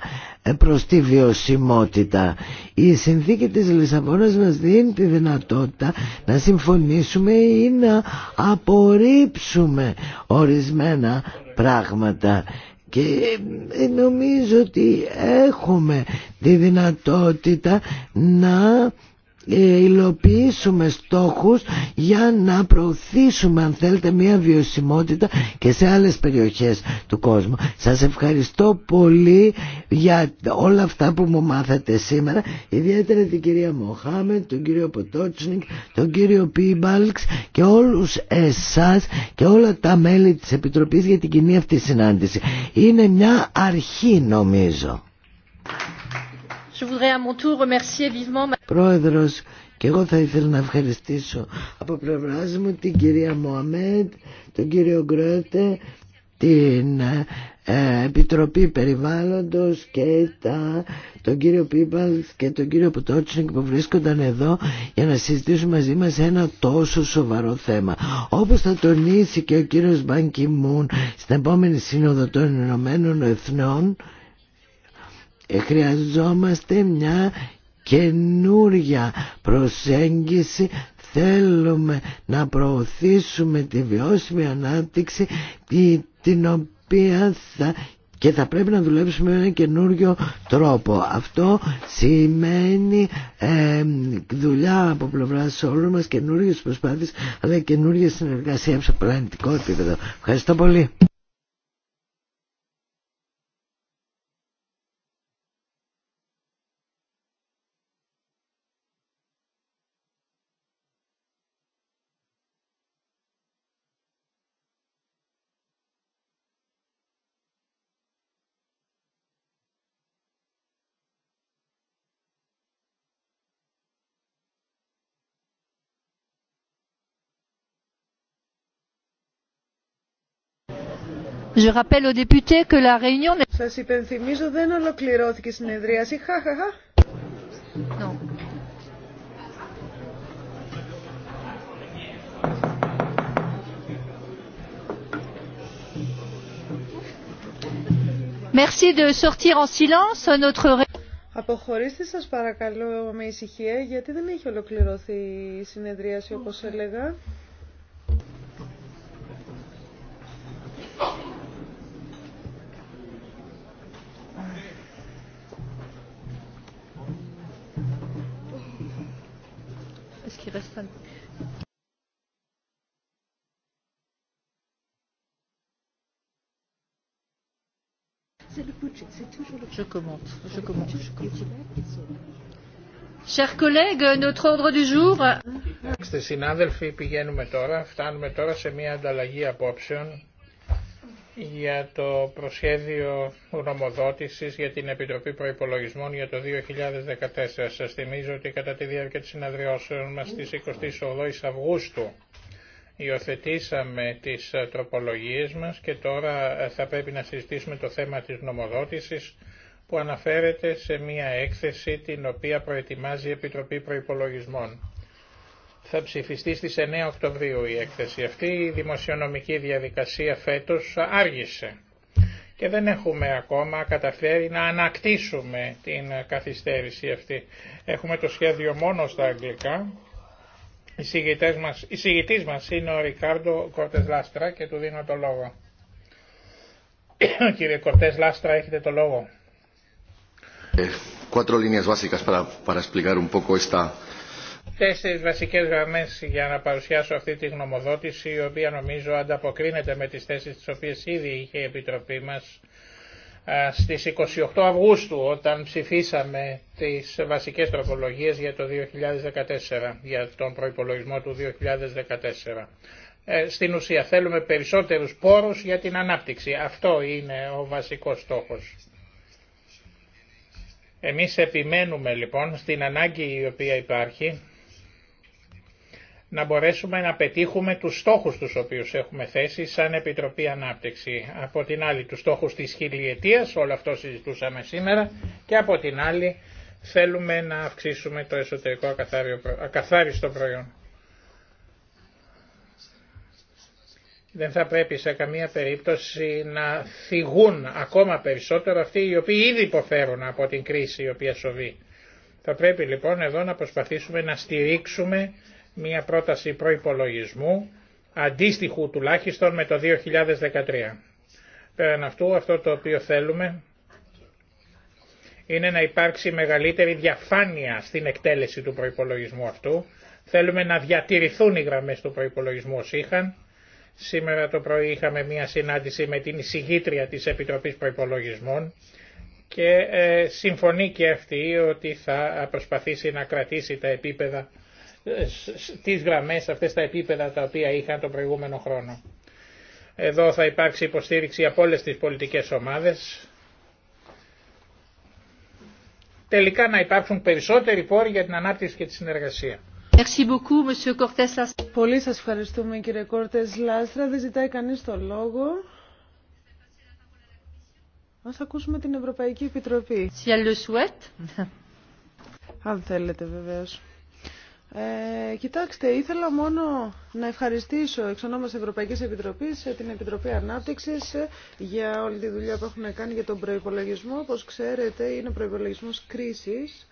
προς τη βιωσιμότητα. Η συνθήκη της Λισαβόνας μας δίνει τη δυνατότητα να συμφωνήσουμε ή να απορρίψουμε ορισμένα πράγματα και ε, νομίζω ότι έχουμε τη δυνατότητα να ε, υλοποιήσουμε στόχους για να προωθήσουμε αν θέλετε μια βιωσιμότητα και σε άλλες περιοχές του κόσμου. Σας ευχαριστώ πολύ για όλα αυτά που μου μάθατε σήμερα, ιδιαίτερα την κυρία Μοχάμεν, τον κύριο Ποτότσνικ, τον κύριο Πίμπαλξ και όλους εσάς και όλα τα μέλη της Επιτροπής για την κοινή αυτή συνάντηση. Είναι μια αρχή νομίζω. Πρόεδρος, και εγώ θα ήθελα να ευχαριστήσω από πλευρά μου την κυρία Μωαμέτ, τον κύριο Γκρότε, την ε, Επιτροπή Περιβάλλοντος και τα, τον κύριο Πίπαλ και τον κύριο Πουτότσινγκ που βρίσκονταν εδώ για να συζητήσουμε μαζί μας ένα τόσο σοβαρό θέμα. Όπως θα τονίσει και ο κύριος Μπάνκι Μουν στην επόμενη σύνοδο των Ηνωμένων Εθνών, χρειαζόμαστε μια καινούρια προσέγγιση θέλουμε να προωθήσουμε τη βιώσιμη ανάπτυξη την οποία θα και θα πρέπει να δουλέψουμε με ένα καινούριο τρόπο. Αυτό σημαίνει δουλειά από πλευρά όλων μας, καινούριες προσπάθειες αλλά καινούργια συνεργασία σε πλανητικό επίπεδο. Ευχαριστώ πολύ. Je Σας υπενθυμίζω δεν ολοκληρώθηκε η συνεδρίαση. Αποχωρήστε σας παρακαλώ με ησυχία γιατί δεν έχει ολοκληρωθεί η συνεδρίαση όπως έλεγα. qui reste Je commente, je commente, je commente. Chers collègues, notre ordre du jour για το προσχέδιο νομοδότησης για την Επιτροπή Προϋπολογισμών για το 2014. Σας θυμίζω ότι κατά τη διάρκεια της συναδριώσεων μας στις 28 Αυγούστου υιοθετήσαμε τις τροπολογίες μας και τώρα θα πρέπει να συζητήσουμε το θέμα της νομοδότησης που αναφέρεται σε μια έκθεση την οποία προετοιμάζει η Επιτροπή Προϋπολογισμών. Θα ψηφιστεί στις 9 Οκτωβρίου η έκθεση αυτή. Η δημοσιονομική διαδικασία φέτος άργησε και δεν έχουμε ακόμα καταφέρει να ανακτήσουμε την καθυστέρηση αυτή. Έχουμε το σχέδιο μόνο στα αγγλικά. Η συγητής μας είναι ο Ρικάρντο Κορτές Λάστρα και του δίνω το λόγο. Κύριε Κορτές Λάστρα, έχετε το λόγο. Ε, τέσσερις βασικές γραμμές για να παρουσιάσω αυτή τη γνωμοδότηση η οποία νομίζω ανταποκρίνεται με τις θέσεις τις οποίες ήδη είχε η Επιτροπή μας στις 28 Αυγούστου όταν ψηφίσαμε τις βασικές τροπολογίες για το 2014, για τον προϋπολογισμό του 2014. Ε, στην ουσία θέλουμε περισσότερους πόρους για την ανάπτυξη. Αυτό είναι ο βασικός στόχος. Εμείς επιμένουμε λοιπόν στην ανάγκη η οποία υπάρχει να μπορέσουμε να πετύχουμε τους στόχους τους οποίους έχουμε θέσει σαν Επιτροπή Ανάπτυξη. Από την άλλη τους στόχους της χιλιετίας, όλο αυτό συζητούσαμε σήμερα, και από την άλλη θέλουμε να αυξήσουμε το εσωτερικό ακαθάριστο προϊόν. Δεν θα πρέπει σε καμία περίπτωση να θυγούν ακόμα περισσότερο αυτοί οι οποίοι ήδη υποφέρουν από την κρίση η οποία σοβεί. Θα πρέπει λοιπόν εδώ να προσπαθήσουμε να στηρίξουμε μία πρόταση προϋπολογισμού αντίστοιχου τουλάχιστον με το 2013. Πέραν αυτού αυτό το οποίο θέλουμε είναι να υπάρξει μεγαλύτερη διαφάνεια στην εκτέλεση του προϋπολογισμού αυτού. Θέλουμε να διατηρηθούν οι γραμμές του προϋπολογισμού όσοι είχαν. Σήμερα το πρωί είχαμε μία συνάντηση με την εισηγήτρια της Επιτροπής Προϋπολογισμών και ε, συμφωνεί και αυτή ότι θα προσπαθήσει να κρατήσει τα επίπεδα τις γραμμές αυτές τα επίπεδα τα οποία είχαν τον προηγούμενο χρόνο. Εδώ θα υπάρξει υποστήριξη από όλες τις πολιτικές ομάδες. Τελικά να υπάρξουν περισσότεροι πόροι για την ανάπτυξη και τη συνεργασία. Πολύ σας ευχαριστούμε κύριε Κόρτες Λάστρα. Δεν ζητάει κανείς το λόγο. Ας ακούσουμε την Ευρωπαϊκή Επιτροπή. Si elle le souhaite. Αν θέλετε βεβαίως. Ε, κοιτάξτε, ήθελα μόνο να ευχαριστήσω εξ ονόμας Ευρωπαϊκής Επιτροπής ε, την Επιτροπή Ανάπτυξης ε, για όλη τη δουλειά που έχουν κάνει για τον προϋπολογισμό. Όπως ξέρετε, είναι προϋπολογισμός κρίσης.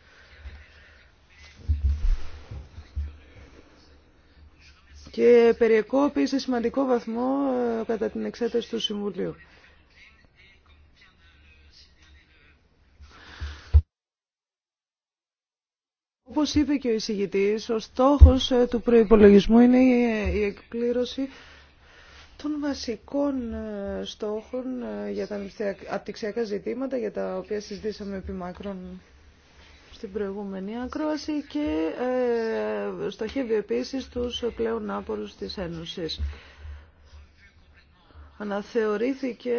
Και περιεκόπησε σε σημαντικό βαθμό κατά την εξέταση του Συμβουλίου. Όπως είπε και ο εισηγητής, ο στόχος ε, του προϋπολογισμού είναι η εκπλήρωση των βασικών ε, στόχων ε, για τα απτυξιακά ζητήματα για τα οποία συζητήσαμε επί μακρόν στην προηγούμενη ακρόαση και ε, στοχεύει επίσης τους πλέον άπορους της Ένωσης. Αναθεωρήθηκε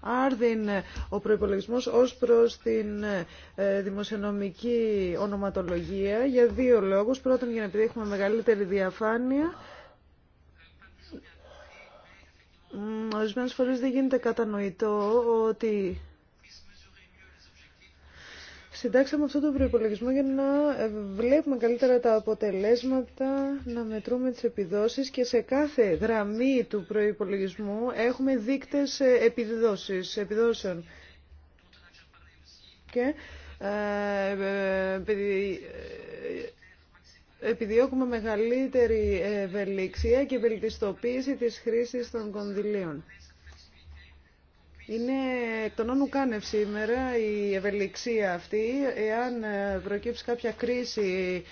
άρδιν ε, ο προϋπολογισμός ως προς την ε, δημοσιονομική ονοματολογία για δύο λόγους. Πρώτον, για να επιδείχουμε μεγαλύτερη διαφάνεια. Ορισμένες φορές δεν γίνεται κατανοητό ότι Συντάξαμε αυτό το προπολογισμό για να ε, βλέπουμε καλύτερα τα αποτελέσματα, να μετρούμε τις επιδόσεις και σε κάθε γραμμή του προϋπολογισμού έχουμε δείκτες ε, επιδόσεις, επιδόσεων. Και ε, επιδιώκουμε μεγαλύτερη ευελιξία και βελτιστοποίηση της χρήσης των κονδυλίων. Είναι τον όνου κάνευ σήμερα η ευελιξία αυτή. Εάν ε, προκύψει κάποια κρίση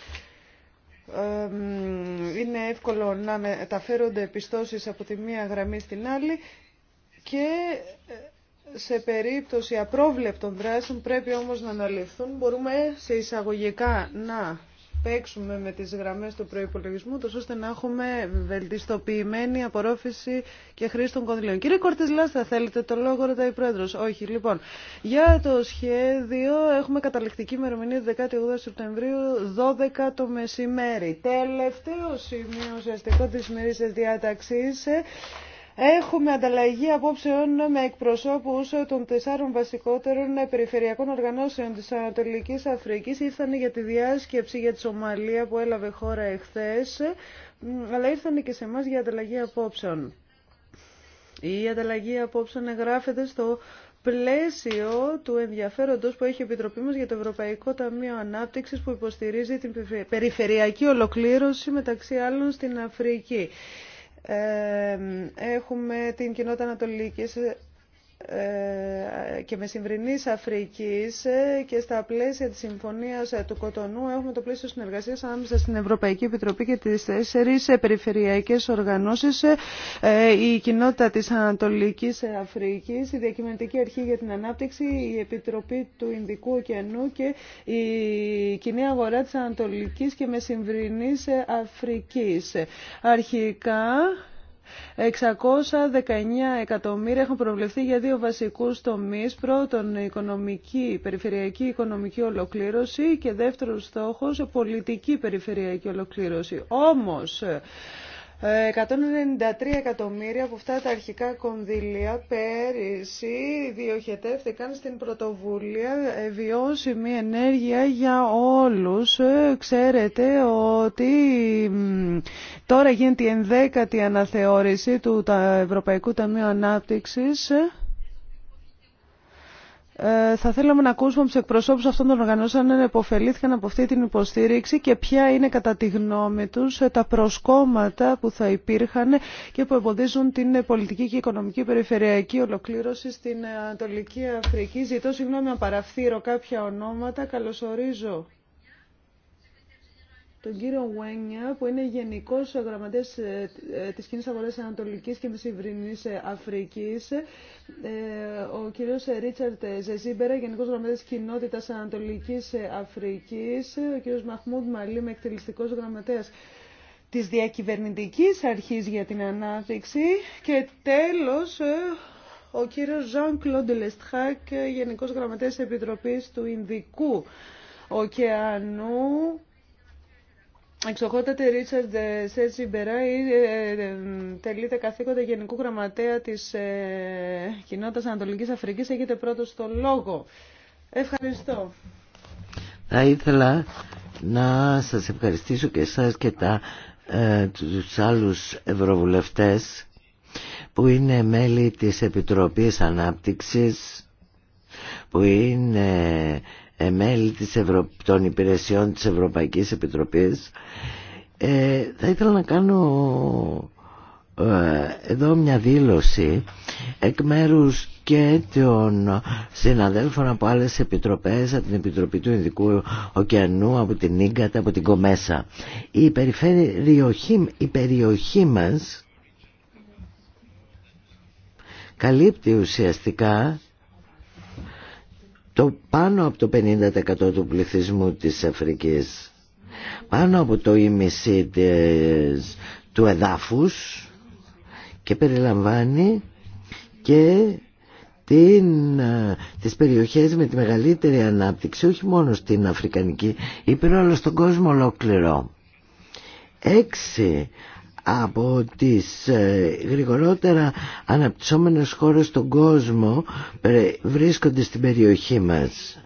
είναι εύκολο να μεταφέρονται επιστώσεις από τη μία γραμμή στην άλλη και ε, σε περίπτωση απρόβλεπτων δράσεων πρέπει όμως να αναλυφθούν. Μπορούμε σε εισαγωγικά να παίξουμε με τις γραμμές του προϋπολογισμού, τόσο ώστε να έχουμε βελτιστοποιημένη απορρόφηση και χρήση των κονδυλίων. Κύριε Κορτιζλάς, θα θέλετε το λόγο, ρωτάει η Πρόεδρος. Όχι, λοιπόν. Για το σχέδιο έχουμε καταληκτική ημερομηνία 18 Σεπτεμβρίου, 12 το μεσημέρι. Τελευταίο σημείο ουσιαστικό της ημερήσιας διάταξης ε, Έχουμε ανταλλαγή απόψεων με εκπροσώπους των τεσσάρων βασικότερων περιφερειακών οργανώσεων της Ανατολικής Αφρικής. Ήρθαν για τη διάσκεψη για τη Σομαλία που έλαβε χώρα εχθές, αλλά ήρθαν και σε εμά για ανταλλαγή απόψεων. Η ανταλλαγή απόψεων εγγράφεται στο πλαίσιο του ενδιαφέροντος που έχει η Επιτροπή μας για το Ευρωπαϊκό Ταμείο Ανάπτυξης που υποστηρίζει την περιφερειακή ολοκλήρωση μεταξύ άλλων στην Αφρική. Ε, έχουμε την κοινότητα Ανατολικής ε, και μεσημβρινής Αφρικής ε, και στα πλαίσια της Συμφωνίας ε, του Κοτονού έχουμε το πλαίσιο συνεργασίας ανάμεσα στην Ευρωπαϊκή Επιτροπή και τις τέσσερις περιφερειακές οργανώσεις η κοινότητα της Ανατολικής Αφρικής, η Διακυβερνητική Αρχή για την Ανάπτυξη, η Επιτροπή του Ινδικού Ωκεανού και η κοινή αγορά της Ανατολικής και Μεσημβρινής Αφρικής. Αρχικά 619 εκατομμύρια έχουν προβλεφθεί για δύο βασικούς τομείς. Πρώτον, οικονομική, περιφερειακή οικονομική ολοκλήρωση και δεύτερος στόχος, πολιτική περιφερειακή ολοκλήρωση. Όμως, 193 εκατομμύρια από αυτά τα αρχικά κονδύλια πέρυσι διοχετεύτηκαν στην πρωτοβουλία ε, βιώσιμη ενέργεια για όλους. Ε, ξέρετε ότι τώρα γίνεται η ενδέκατη αναθεώρηση του Ευρωπαϊκού Ταμείου Ανάπτυξης ε, θα θέλαμε να ακούσουμε από του εκπροσώπου αυτών των οργανώσεων αν επωφελήθηκαν από αυτή την υποστήριξη και ποια είναι κατά τη γνώμη του τα προσκόμματα που θα υπήρχαν και που εμποδίζουν την πολιτική και οικονομική περιφερειακή ολοκλήρωση στην Ανατολική Αφρική. Ζητώ συγγνώμη να παραφθείρω κάποια ονόματα. Καλωσορίζω τον κύριο Γουένια, που είναι Γενικό Γραμματέα ε, ε, τη Κοινή Αγορά Ανατολική και Μεσηβρινή ε, Αφρική, ο κύριο Ρίτσαρτ Ζεζίμπερα, Γενικό Γραμματέα Κοινότητα Ανατολική Αφρική, ο κύριο Μαχμούντ Μαλίμ, εκτελεστικό γραμματέα της Διακυβερνητική Αρχής για την Ανάπτυξη και τέλος ο κύριος Ζαν Κλοντ Λεστχάκ, Γενικός Γραμματέας Επιτροπής του Ινδικού Ωκεανού Εξοχότατε Ρίτσαρντ ε, Σέτσι Μπεράι, ε, ε, τελείται καθήκοντα Γενικού Γραμματέα της Κοινότητας Ανατολικής Αφρικής. Έχετε πρώτος το λόγο. Ευχαριστώ. Θα ήθελα να σας ευχαριστήσω και εσάς και τα, ε, τους άλλους ευρωβουλευτές που είναι μέλη της Επιτροπής Ανάπτυξης, που είναι μέλη της των υπηρεσιών της Ευρωπαϊκής Επιτροπής ε, θα ήθελα να κάνω ε, εδώ μια δήλωση εκ μέρους και των συναδέλφων από άλλες επιτροπές από την Επιτροπή του Ειδικού Οκεανού, από την Ίγκατα, από την Κομέσα η περιοχή, η περιοχή μας καλύπτει ουσιαστικά το πάνω από το 50% του πληθυσμού της Αφρικής πάνω από το ίμιση του εδάφους και περιλαμβάνει και την, τις περιοχές με τη μεγαλύτερη ανάπτυξη όχι μόνο στην Αφρικανική Ήπειρο αλλά στον κόσμο ολόκληρο. Έξι από τις ε, γρηγορότερα αναπτυσσόμενες χώρες στον κόσμο βρίσκονται στην περιοχή μας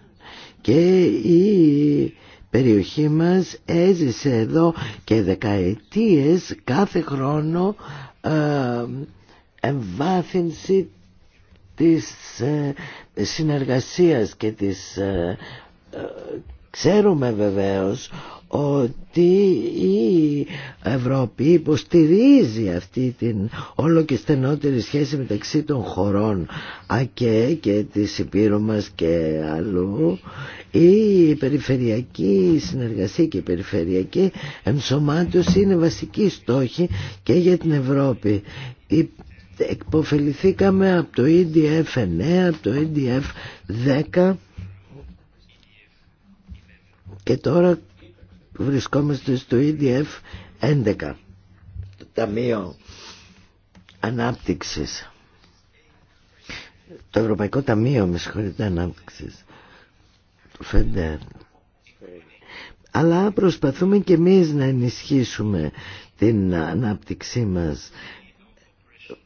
και η περιοχή μας έζησε εδώ και δεκαετίες κάθε χρόνο ε, εμβάθυνση της ε, συνεργασίας και της ξέρουμε βεβαίως ότι η Ευρώπη υποστηρίζει αυτή την όλο και στενότερη σχέση μεταξύ των χωρών ΑΚΕ και της Υπήρου μας και αλλού η περιφερειακή συνεργασία και η περιφερειακή ενσωμάτωση είναι βασική στόχη και για την Ευρώπη εκποφεληθήκαμε από το EDF 9, από το EDF 10 και τώρα βρισκόμαστε στο EDF 11 το Ταμείο Ανάπτυξης το Ευρωπαϊκό Ταμείο με συγχωρείτε Ανάπτυξης το ΦΕΝΤΕΡ αλλά προσπαθούμε και εμείς να ενισχύσουμε την ανάπτυξή μας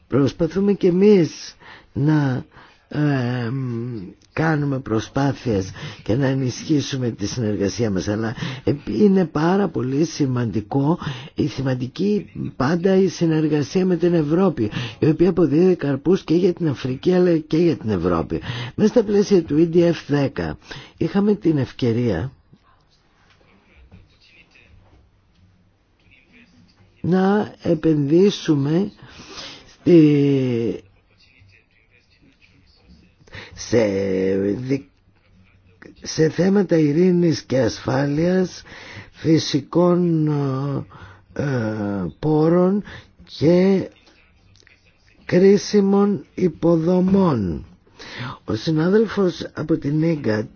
προσπαθούμε και εμείς να κάνουμε προσπάθειες και να ενισχύσουμε τη συνεργασία μας αλλά είναι πάρα πολύ σημαντικό η σημαντική πάντα η συνεργασία με την Ευρώπη η οποία αποδίδει καρπούς και για την Αφρική αλλά και για την Ευρώπη μέσα στα πλαίσια του EDF 10 είχαμε την ευκαιρία να επενδύσουμε στη σε, θέματα ειρήνης και ασφάλειας φυσικών ε, ε, πόρων και κρίσιμων υποδομών. Ο συνάδελφος από την ΕΓΚΑΤ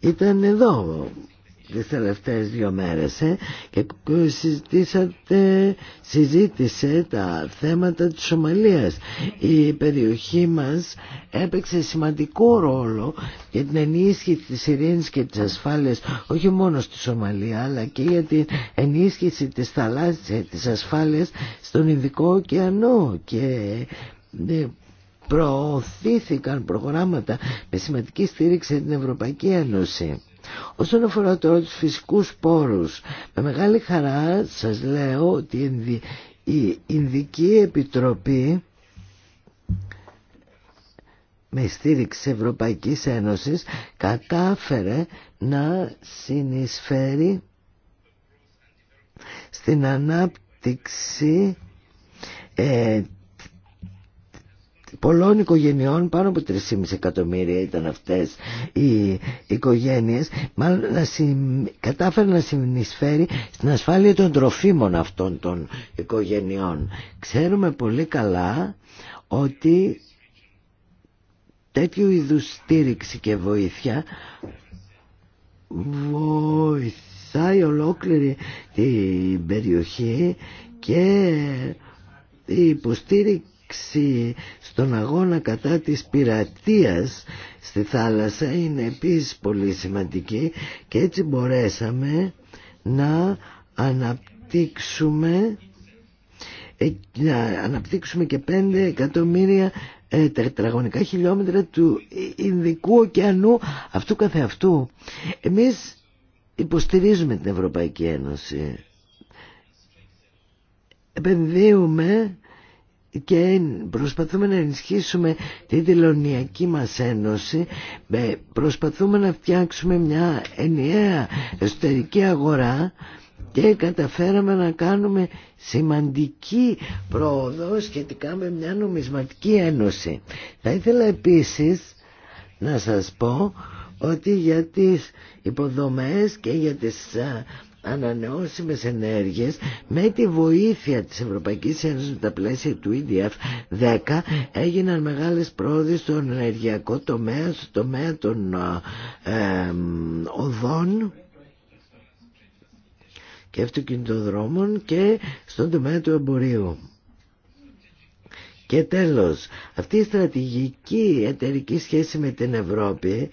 ήταν εδώ τις τελευταίες δύο μέρες ε, και συζήτησε τα θέματα της Σομαλίας. Η περιοχή μας έπαιξε σημαντικό ρόλο για την ενίσχυση της ειρήνης και της ασφάλειας όχι μόνο στη Σομαλία αλλά και για την ενίσχυση της και ε, της ασφάλειας στον Ινδικό ωκεανό και ε, προωθήθηκαν προγράμματα με σημαντική στήριξη την Ευρωπαϊκή Ένωση. Όσον αφορά τώρα τους φυσικούς πόρους, με μεγάλη χαρά σας λέω ότι η Ινδική Επιτροπή με στήριξη Ευρωπαϊκής Ένωσης κατάφερε να συνεισφέρει στην ανάπτυξη ε, πολλών οικογενειών, πάνω από 3,5 εκατομμύρια ήταν αυτές οι οικογένειες, μάλλον να κατάφερε να συνεισφέρει στην ασφάλεια των τροφίμων αυτών των οικογενειών. Ξέρουμε πολύ καλά ότι τέτοιου είδους στήριξη και βοήθεια βοηθάει ολόκληρη την περιοχή και η υποστήριξη τον αγώνα κατά της πειρατείας στη θάλασσα είναι επίσης πολύ σημαντική και έτσι μπορέσαμε να αναπτύξουμε ε, να αναπτύξουμε και 5 εκατομμύρια ε, τετραγωνικά χιλιόμετρα του Ινδικού ωκεανού αυτού καθεαυτού. Εμείς υποστηρίζουμε την Ευρωπαϊκή Ένωση. Επενδύουμε και προσπαθούμε να ενισχύσουμε την δηλωνιακή μας ένωση προσπαθούμε να φτιάξουμε μια ενιαία εσωτερική αγορά και καταφέραμε να κάνουμε σημαντική πρόοδο σχετικά με μια νομισματική ένωση θα ήθελα επίσης να σας πω ότι για τις υποδομές και για τις ανανεώσιμες ενέργειες με τη βοήθεια της Ευρωπαϊκής Ένωσης με τα πλαίσια του EDF 10 έγιναν μεγάλες πρόοδοι στον ενεργειακό τομέα, στο τομέα των οδών και αυτοκινητοδρόμων και στον τομέα του εμπορίου. Και τέλος, αυτή η στρατηγική εταιρική σχέση με την Ευρώπη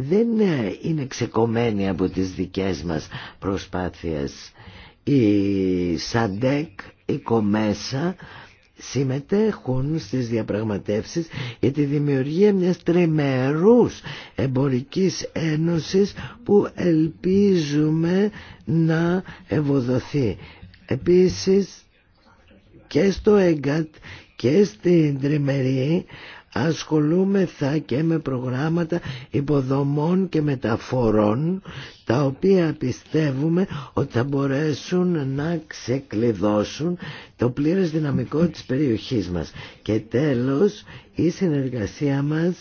δεν ε, είναι ξεκομμένη από τις δικές μας προσπάθειες. Η ΣΑΝΤΕΚ, η ΚΟΜΕΣΑ συμμετέχουν στις διαπραγματεύσεις για τη δημιουργία μιας τριμερούς εμπορικής ένωσης που ελπίζουμε να ευοδοθεί. Επίσης και στο ΕΓΚΑΤ και στην τριμερή ασχολούμεθα και με προγράμματα υποδομών και μεταφορών τα οποία πιστεύουμε ότι θα μπορέσουν να ξεκλειδώσουν το πλήρες δυναμικό της περιοχής μας. Και τέλος η συνεργασία μας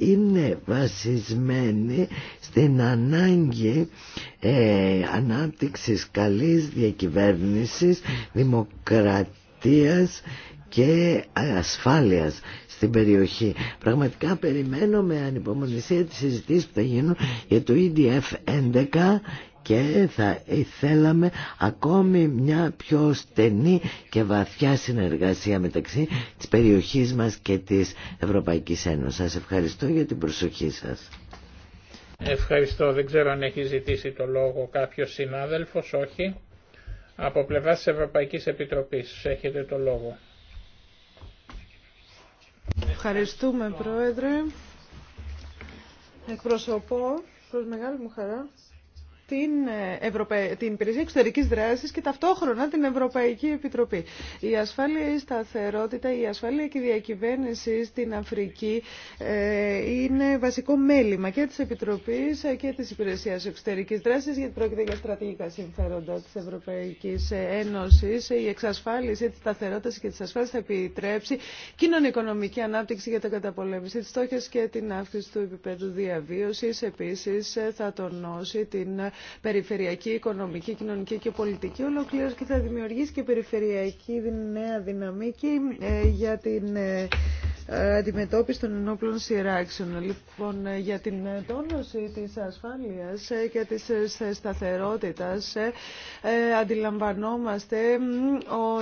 είναι βασισμένη στην ανάγκη ε, ανάπτυξης καλής διακυβέρνησης, δημοκρατίας και ασφάλειας στην περιοχή. Πραγματικά περιμένω με ανυπομονησία τις συζητήσεις που θα γίνουν για το EDF 11 και θα θέλαμε ακόμη μια πιο στενή και βαθιά συνεργασία μεταξύ της περιοχής μας και της Ευρωπαϊκής Ένωσης. Σας ευχαριστώ για την προσοχή σας. Ευχαριστώ. Δεν ξέρω αν έχει ζητήσει το λόγο κάποιος συνάδελφος. Όχι. Από πλευράς της Ευρωπαϊκής Επιτροπής έχετε το λόγο. Ευχαριστούμε, Πρόεδρε. Εκπροσωπώ, προς μεγάλη μου χαρά, την, την Υπηρεσία Εξωτερικής Δράσης και ταυτόχρονα την Ευρωπαϊκή Επιτροπή. Η ασφάλεια, η σταθερότητα, η ασφάλεια και η διακυβέρνηση στην Αφρική ε, είναι βασικό μέλημα και της Επιτροπής και της Υπηρεσίας Εξωτερικής Δράσης γιατί πρόκειται για στρατηγικά συμφέροντα της Ευρωπαϊκής Ένωσης. Η εξασφάλιση της σταθερότητα και της ασφάλειας θα επιτρέψει κοινωνικονομική ανάπτυξη για την καταπολέμηση της στόχης και την αύξηση του επίπεδου διαβίωσης. Επίσης θα τονώσει την περιφερειακή, οικονομική, κοινωνική και πολιτική ολοκλήρωση και θα δημιουργήσει και περιφερειακή νέα δυναμική ε, για την ε, αντιμετώπιση των ενόπλων σειράξεων. Λοιπόν, ε, για την ε, τόνωση της ασφάλειας ε, και της σταθερότητας αντιλαμβανόμαστε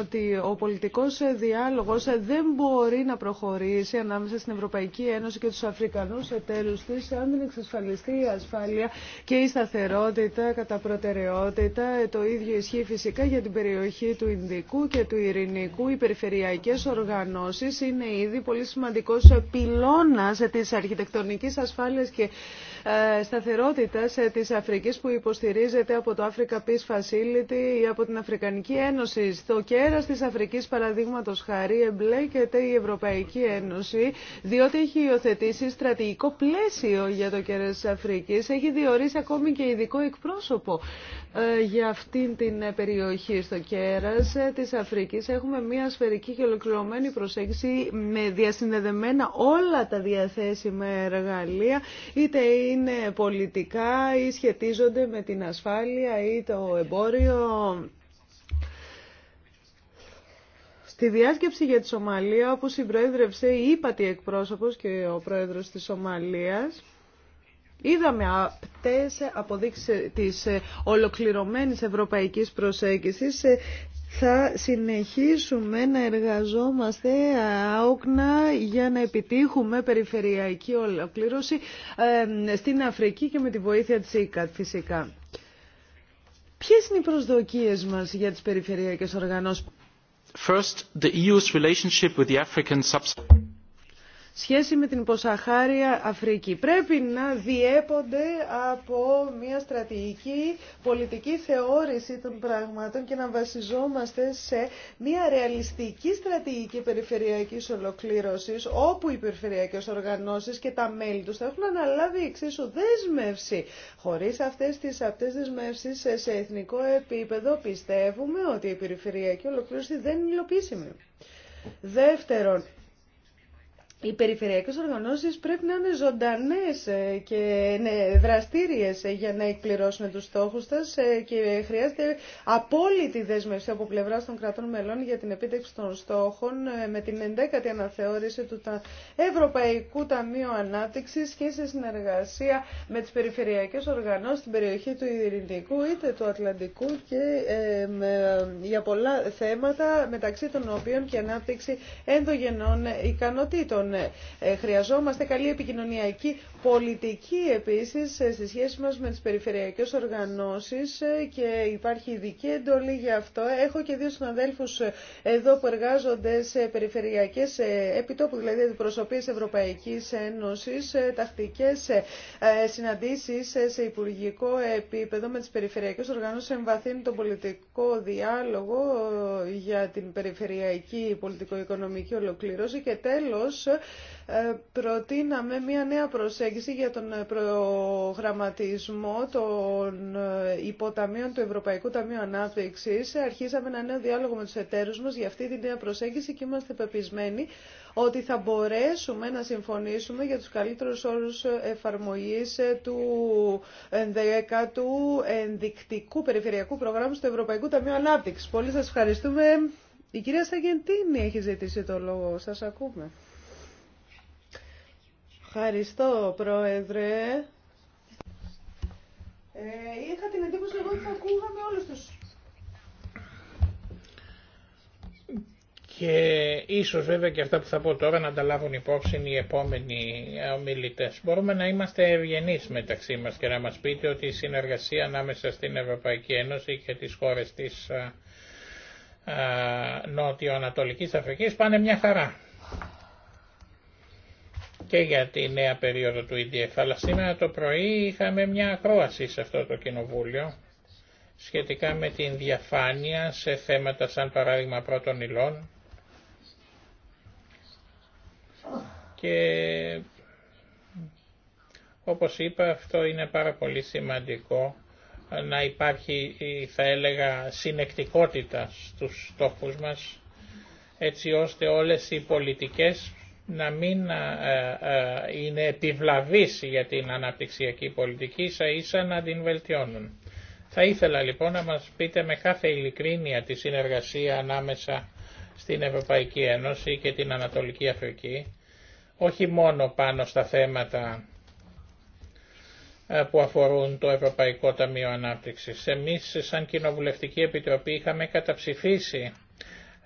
ότι ο πολιτικός διάλογος δεν μπορεί να προχωρήσει ανάμεσα στην Ευρωπαϊκή Ένωση και τους Αφρικανούς εταίρους της αν δεν εξασφαλιστεί η ασφάλεια και η σταθερότητα κατά προτεραιότητα. Το ίδιο ισχύει φυσικά για την περιοχή του Ινδικού και του Ειρηνικού. Οι περιφερειακές οργανώσεις είναι ήδη πολύ σημαντικός πυλώνας της αρχιτεκτονικής ασφάλειας και ε, σταθερότητας ε, της Αφρικής που υποστηρίζεται από το Africa Peace Facility ή από την Αφρικανική Ένωση. Στο κέρας της Αφρικής, παραδείγματος χάρη, εμπλέκεται η Ευρωπαϊκή Ένωση, διότι έχει υιοθετήσει στρατηγικό πλαίσιο για το κέρας της Αφρικής. Έχει διορίσει ακόμη και ειδικό εκπρόσωπο ε, για αυτήν την περιοχή στο κέρας ε, της Αφρικής. Έχουμε μια σφαιρική και ολοκληρωμένη προσέγγιση με διασυνδεδεμένα όλα τα διαθέσιμα εργαλεία, είτε είναι πολιτικά ή σχετίζονται με την ασφάλεια ή το εμπόριο. Στη διάσκεψη για τη Σομαλία, όπου συμπροέδρευσε η ύπατη εκπρόσωπος και ο πρόεδρος της Σομαλίας, Είδαμε αυτές αποδείξεις της ολοκληρωμένης ευρωπαϊκής προσέγγισης θα συνεχίσουμε να εργαζόμαστε άοκνα για να επιτύχουμε περιφερειακή ολοκλήρωση στην Αφρική και με τη βοήθεια της ΙΚΑΤ φυσικά. Ποιες είναι οι προσδοκίες μας για τις περιφερειακές οργανώσεις. First, the EU's relationship with the African σχέση με την υποσαχάρια Αφρική. Πρέπει να διέπονται από μια στρατηγική πολιτική θεώρηση των πραγμάτων και να βασιζόμαστε σε μια ρεαλιστική στρατηγική περιφερειακής ολοκλήρωσης όπου οι περιφερειακές οργανώσεις και τα μέλη τους θα έχουν αναλάβει εξίσου δέσμευση. Χωρίς αυτές τις απτές δεσμεύσεις σε εθνικό επίπεδο πιστεύουμε ότι η περιφερειακή ολοκλήρωση δεν είναι υλοποιήσιμη. Δεύτερον, οι περιφερειακές οργανώσεις πρέπει να είναι ζωντανές ε, και ναι, δραστήριες ε, για να εκπληρώσουν τους στόχους σα. Ε, και χρειάζεται απόλυτη δέσμευση από πλευρά των κρατών μελών για την επίτευξη των στόχων με την 11η αναθεώρηση του Ευρωπαϊκού Ταμείου Ανάπτυξης και σε συνεργασία με τις περιφερειακές οργανώσεις στην περιοχή του Ειρηνικού είτε του Ατλαντικού και για πολλά θέματα μεταξύ των οποίων και ανάπτυξη ενδογενών ικανοτήτων. Ε, χρειαζόμαστε καλή επικοινωνιακή πολιτική επίσης στη σχέση μας με τις περιφερειακές οργανώσεις ε, και υπάρχει ειδική εντολή για αυτό. Έχω και δύο συναδέλφους ε, εδώ που εργάζονται σε περιφερειακές ε, επιτόπου, δηλαδή αντιπροσωπείες Ευρωπαϊκής Ένωσης, τακτικές συναντήσεις σε υπουργικό επίπεδο με τις περιφερειακές οργανώσεις εμβαθύνει τον πολιτικό διάλογο για την περιφερειακή πολιτικο-οικονομική ολοκλήρωση και τέλος προτείναμε μια νέα προσέγγιση για τον ε, προγραμματισμό των ε, υποταμείων του Ευρωπαϊκού Ταμείου Ανάπτυξη. Αρχίσαμε ένα νέο διάλογο με του εταίρου μα για αυτή τη νέα προσέγγιση και είμαστε πεπισμένοι ότι θα μπορέσουμε να συμφωνήσουμε για τους καλύτερους όρους ε, εφαρμογής του 10 ου ενδεικτικού περιφερειακού προγράμματος του Ευρωπαϊκού Ταμείου Ανάπτυξης. Πολύ σας ευχαριστούμε. Η κυρία Σαγεντίνη έχει ζητήσει το λόγο. Σας ακούμε. Ευχαριστώ, Πρόεδρε. Ε, είχα την εντύπωση εγώ ότι θα ακούγαμε όλους τους. Και ίσως βέβαια και αυτά που θα πω τώρα να τα λάβουν υπόψη οι επόμενοι ε, ομιλητές. Μπορούμε να είμαστε ευγενείς μεταξύ μας και να μας πείτε ότι η συνεργασία ανάμεσα στην Ευρωπαϊκή Ένωση και τις χώρες της ε, ε, νότιο-ανατολικής Αφρικής πάνε μια χαρά και για τη νέα περίοδο του EDF. Αλλά σήμερα το πρωί είχαμε μια ακρόαση σε αυτό το κοινοβούλιο σχετικά με την διαφάνεια σε θέματα σαν παράδειγμα πρώτων υλών και όπως είπα αυτό είναι πάρα πολύ σημαντικό να υπάρχει θα έλεγα συνεκτικότητα στους στόχους μας έτσι ώστε όλες οι πολιτικές να μην ε, ε, είναι επιβλαβής για την αναπτυξιακή πολιτική, ίσα ίσα να την βελτιώνουν. Θα ήθελα λοιπόν να μας πείτε με κάθε ειλικρίνεια τη συνεργασία ανάμεσα στην Ευρωπαϊκή Ένωση και την Ανατολική Αφρική, όχι μόνο πάνω στα θέματα ε, που αφορούν το Ευρωπαϊκό Ταμείο Ανάπτυξης. Εμείς σαν Κοινοβουλευτική Επιτροπή είχαμε καταψηφίσει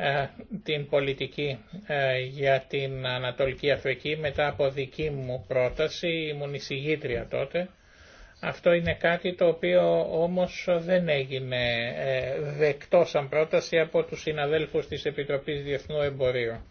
ε, την πολιτική ε, για την Ανατολική Αφρική μετά από δική μου πρόταση, ήμουν εισηγήτρια τότε. Αυτό είναι κάτι το οποίο όμως δεν έγινε ε, δεκτό σαν πρόταση από τους συναδέλφους της Επιτροπής Διεθνού Εμπορίου.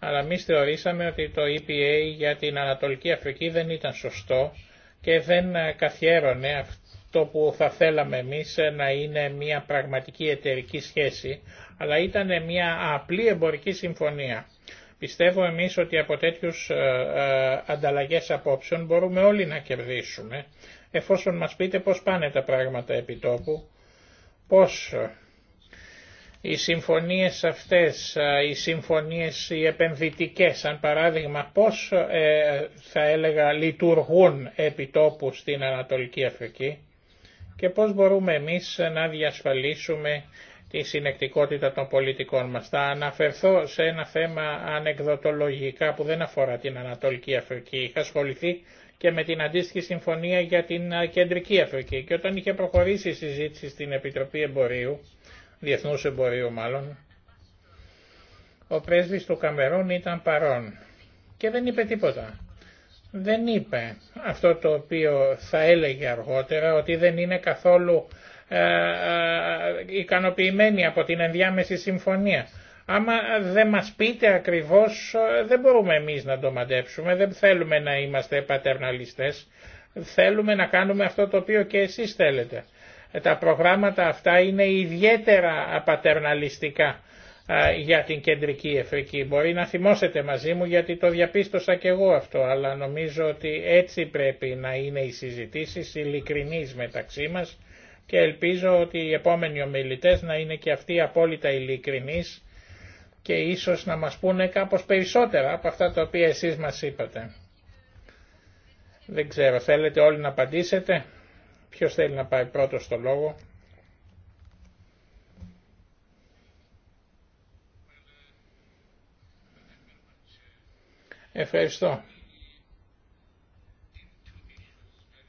Αλλά εμεί θεωρήσαμε ότι το EPA για την Ανατολική Αφρική δεν ήταν σωστό και δεν καθιέρωνε αυτό που θα θέλαμε εμείς να είναι μια πραγματική εταιρική σχέση αλλά ήταν μια απλή εμπορική συμφωνία. Πιστεύω εμείς ότι από τέτοιους ε, ε, ανταλλαγές απόψεων μπορούμε όλοι να κερδίσουμε, εφόσον μας πείτε πώς πάνε τα πράγματα επί τόπου, πώς ε, οι συμφωνίες αυτές, οι συμφωνίες οι επενδυτικές, σαν παράδειγμα, πώς θα έλεγα λειτουργούν επί στην Ανατολική Αφρική και πώς μπορούμε εμείς να διασφαλίσουμε τη συνεκτικότητα των πολιτικών μας. Θα αναφερθώ σε ένα θέμα ανεκδοτολογικά που δεν αφορά την Ανατολική Αφρική. Είχα ασχοληθεί και με την αντίστοιχη συμφωνία για την ε, Κεντρική Αφρική και όταν είχε προχωρήσει η συζήτηση στην Επιτροπή Εμπορίου, Διεθνούς Εμπορίου μάλλον, ο πρέσβης του Καμερούν ήταν παρόν και δεν είπε τίποτα. Δεν είπε αυτό το οποίο θα έλεγε αργότερα ότι δεν είναι καθόλου ε, ε, ικανοποιημένοι από την ενδιάμεση συμφωνία. Άμα δεν μας πείτε ακριβώς, ε, δεν μπορούμε εμείς να το μαντέψουμε, δεν θέλουμε να είμαστε πατερναλιστές, θέλουμε να κάνουμε αυτό το οποίο και εσείς θέλετε. Τα προγράμματα αυτά είναι ιδιαίτερα πατερναλιστικά για την κεντρική Αφρική. Μπορεί να θυμώσετε μαζί μου γιατί το διαπίστωσα και εγώ αυτό, αλλά νομίζω ότι έτσι πρέπει να είναι οι συζητήσεις ειλικρινείς μεταξύ μας και ελπίζω ότι οι επόμενοι ομιλητές να είναι και αυτοί απόλυτα ειλικρινείς και ίσως να μας πούνε κάπως περισσότερα από αυτά τα οποία εσείς μας είπατε. Δεν ξέρω, θέλετε όλοι να απαντήσετε. Ποιος θέλει να πάει πρώτος στο λόγο. Ευχαριστώ.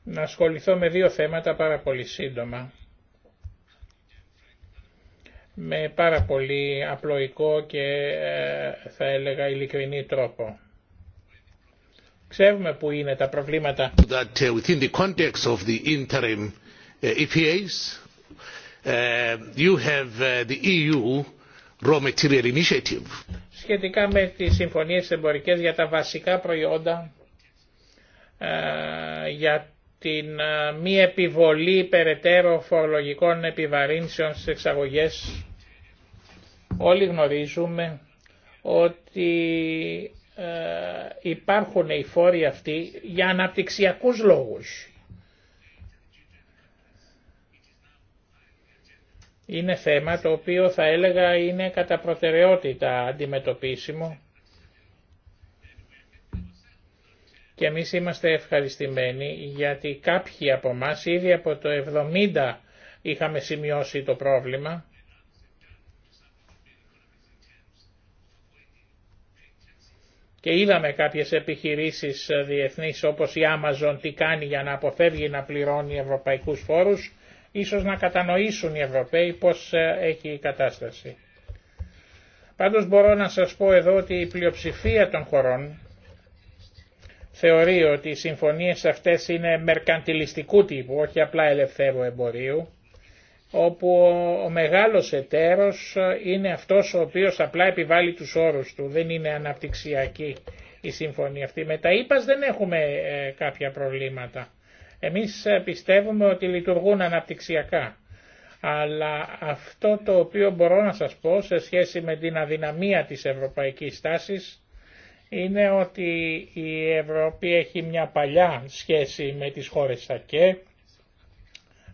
να ασχοληθώ με δύο θέματα πάρα πολύ σύντομα με πάρα πολύ απλοϊκό και ε, θα έλεγα ειλικρινή τρόπο. Ξέρουμε που είναι τα προβλήματα. That uh, within the context of the interim uh, EPAs, uh, you have the EU raw material initiative. Σχετικά με τις συμφωνίες εμπορικές για τα βασικά προϊόντα, ε, για την ε, μη επιβολή περαιτέρω φορολογικών επιβαρύνσεων στις εξαγωγές. Όλοι γνωρίζουμε ότι ε, υπάρχουν οι φόροι αυτοί για αναπτυξιακούς λόγους. Είναι θέμα το οποίο θα έλεγα είναι κατά προτεραιότητα αντιμετωπίσιμο και εμείς είμαστε ευχαριστημένοι γιατί κάποιοι από εμά ήδη από το 70 είχαμε σημειώσει το πρόβλημα και είδαμε κάποιες επιχειρήσεις διεθνείς όπως η Amazon τι κάνει για να αποφεύγει να πληρώνει ευρωπαϊκούς φόρους, ίσως να κατανοήσουν οι Ευρωπαίοι πώς ε, έχει η κατάσταση. Πάντως μπορώ να σας πω εδώ ότι η πλειοψηφία των χωρών θεωρεί ότι οι συμφωνίες αυτές είναι μερκαντιλιστικού τύπου, όχι απλά ελευθέρου εμπορίου, όπου ο μεγάλος εταίρος είναι αυτός ο οποίος απλά επιβάλλει τους όρους του, δεν είναι αναπτυξιακή η συμφωνία αυτή. Με τα δεν έχουμε ε, κάποια προβλήματα. Εμείς ε, πιστεύουμε ότι λειτουργούν αναπτυξιακά. Αλλά αυτό το οποίο μπορώ να σας πω σε σχέση με την αδυναμία της ευρωπαϊκής τάσης είναι ότι η Ευρώπη έχει μια παλιά σχέση με τις χώρες ΑΚΕ,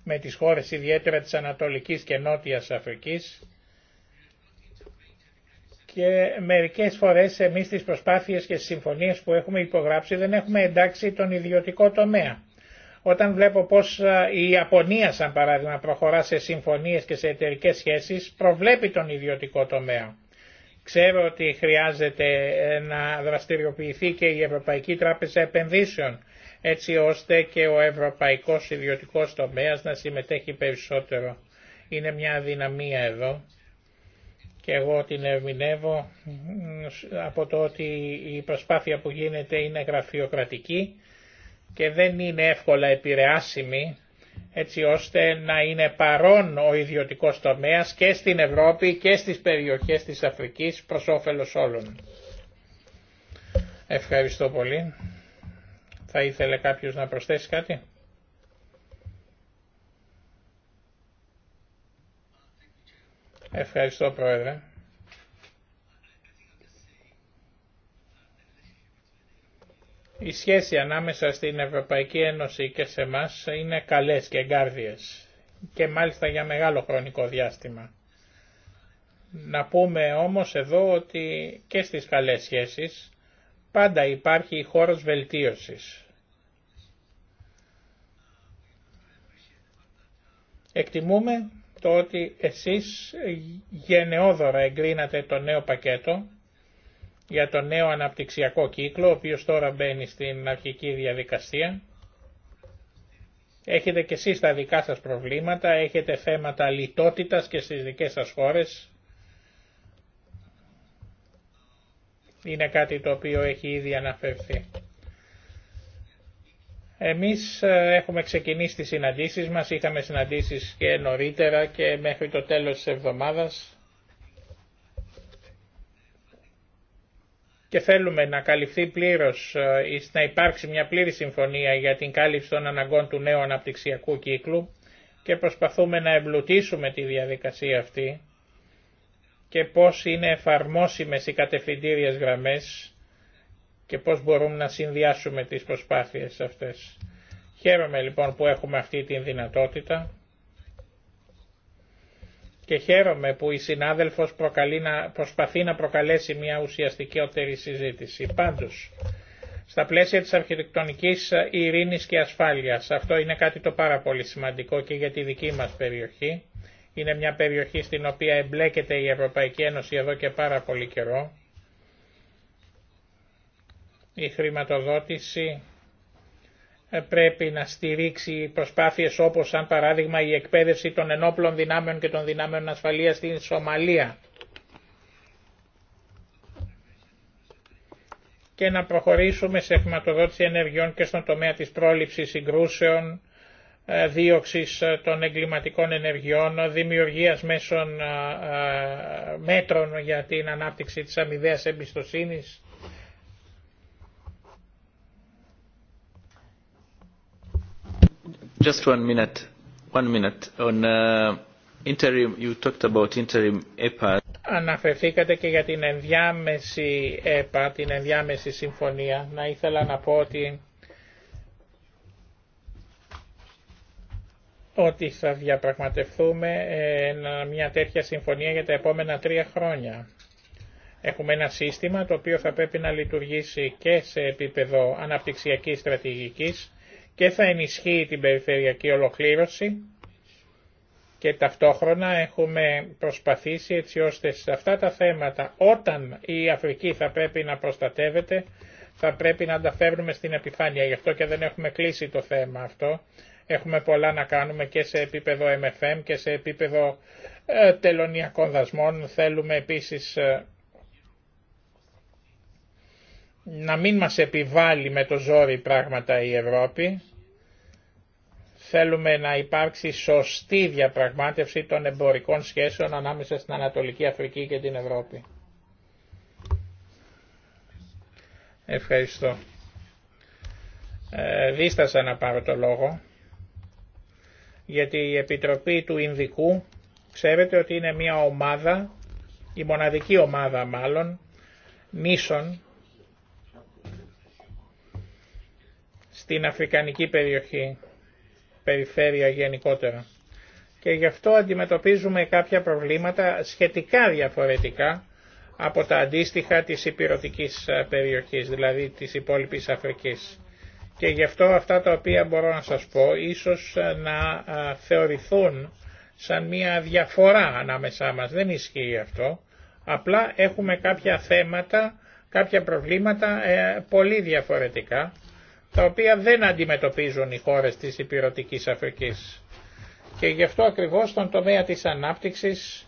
με τις χώρες ιδιαίτερα της Ανατολικής και Νότιας Αφρικής και μερικές φορές εμείς τις προσπάθειες και συμφωνίες που έχουμε υπογράψει δεν έχουμε εντάξει τον ιδιωτικό τομέα. Όταν βλέπω πως η Ιαπωνία σαν παράδειγμα προχωρά σε συμφωνίες και σε εταιρικές σχέσεις προβλέπει τον ιδιωτικό τομέα. Ξέρω ότι χρειάζεται ε, να δραστηριοποιηθεί και η Ευρωπαϊκή Τράπεζα Επενδύσεων έτσι ώστε και ο ευρωπαϊκός ιδιωτικός τομέας να συμμετέχει περισσότερο. Είναι μια αδυναμία εδώ και εγώ την ερμηνεύω από το ότι η προσπάθεια που γίνεται είναι γραφειοκρατική και δεν είναι εύκολα επηρεάσιμη έτσι ώστε να είναι παρόν ο ιδιωτικός τομέας και στην Ευρώπη και στις περιοχές της Αφρικής προς όφελος όλων. Ευχαριστώ πολύ. Θα ήθελε κάποιος να προσθέσει κάτι. Ευχαριστώ Πρόεδρε. Η σχέση ανάμεσα στην Ευρωπαϊκή Ένωση και σε εμά είναι καλές και εγκάρδιες και μάλιστα για μεγάλο χρονικό διάστημα. Να πούμε όμως εδώ ότι και στις καλές σχέσεις πάντα υπάρχει χώρος βελτίωσης. Εκτιμούμε το ότι εσείς γενναιόδωρα εγκρίνατε το νέο πακέτο για το νέο αναπτυξιακό κύκλο, ο οποίος τώρα μπαίνει στην αρχική διαδικασία. Έχετε και εσείς τα δικά σας προβλήματα, έχετε θέματα λιτότητας και στις δικές σας χώρες. Είναι κάτι το οποίο έχει ήδη αναφερθεί. Εμείς ε, έχουμε ξεκινήσει τις συναντήσεις μας, είχαμε συναντήσεις και νωρίτερα και μέχρι το τέλος της εβδομάδας και θέλουμε να καλυφθεί πλήρως, ε, να υπάρξει μια πλήρη συμφωνία για την κάλυψη των αναγκών του νέου αναπτυξιακού κύκλου και προσπαθούμε να εμπλουτίσουμε τη διαδικασία αυτή και πώς είναι εφαρμόσιμες οι κατευθυντήριες γραμμές και πώς μπορούμε να συνδυάσουμε τις προσπάθειες αυτές. Χαίρομαι λοιπόν που έχουμε αυτή τη δυνατότητα και χαίρομαι που η συνάδελφος να, προσπαθεί να προκαλέσει μια ουσιαστικότερη συζήτηση. Πάντως, στα πλαίσια της αρχιτεκτονικής ειρήνης και ασφάλειας, αυτό είναι κάτι το πάρα πολύ σημαντικό και για τη δική μας περιοχή. Είναι μια περιοχή στην οποία εμπλέκεται η Ευρωπαϊκή Ένωση εδώ και πάρα πολύ καιρό. Η χρηματοδότηση πρέπει να στηρίξει προσπάθειες όπως σαν παράδειγμα η εκπαίδευση των ενόπλων δυνάμεων και των δυνάμεων ασφαλείας στην Σομαλία. και να προχωρήσουμε σε χρηματοδότηση ενεργειών και στον τομέα της πρόληψης συγκρούσεων, ε, δίωξης ε, των εγκληματικών ενεργειών, δημιουργίας μέσων ε, μέτρων για την ανάπτυξη της αμοιβαίας εμπιστοσύνης Just one Αναφερθήκατε και για την ενδιάμεση ΕΠΑ, e την ενδιάμεση συμφωνία. Να ήθελα να πω ότι ότι θα διαπραγματευτούμε ε, μια τέτοια συμφωνία για τα επόμενα τρία χρόνια. Έχουμε ένα σύστημα το οποίο θα πρέπει να λειτουργήσει και σε επίπεδο αναπτυξιακής στρατηγικής και θα ενισχύει την περιφερειακή ολοκλήρωση και ταυτόχρονα έχουμε προσπαθήσει έτσι ώστε σε αυτά τα θέματα όταν η Αφρική θα πρέπει να προστατεύεται θα πρέπει να τα φέρνουμε στην επιφάνεια. Γι' αυτό και δεν έχουμε κλείσει το θέμα αυτό. Έχουμε πολλά να κάνουμε και σε επίπεδο MFM και σε επίπεδο ε, τελωνιακών δασμών. Θέλουμε επίσης ε, να μην μας επιβάλλει με το ζόρι πράγματα η Ευρώπη. Θέλουμε να υπάρξει σωστή διαπραγμάτευση των εμπορικών σχέσεων ανάμεσα στην Ανατολική Αφρική και την Ευρώπη. Ευχαριστώ. Ε, δίστασα να πάρω το λόγο, γιατί η Επιτροπή του Ινδικού ξέρετε ότι είναι μια ομάδα, η μοναδική ομάδα μάλλον, νήσων, ...την Αφρικανική περιοχή, περιφέρεια γενικότερα. Και γι' αυτό αντιμετωπίζουμε κάποια προβλήματα σχετικά διαφορετικά από τα αντίστοιχα της υπηρετικής ε, περιοχής, δηλαδή της υπόλοιπης Αφρικής. Και γι' αυτό αυτά τα οποία μπορώ να σας πω ίσως ε, να ε, θεωρηθούν σαν μια διαφορά ανάμεσά μας. Δεν ισχύει αυτό. Απλά έχουμε κάποια θέματα, κάποια προβλήματα πολύ διαφορετικά τα οποία δεν αντιμετωπίζουν οι χώρες της Υπηρετικής Αφρικής. Και γι' αυτό ακριβώς στον τομέα της ανάπτυξης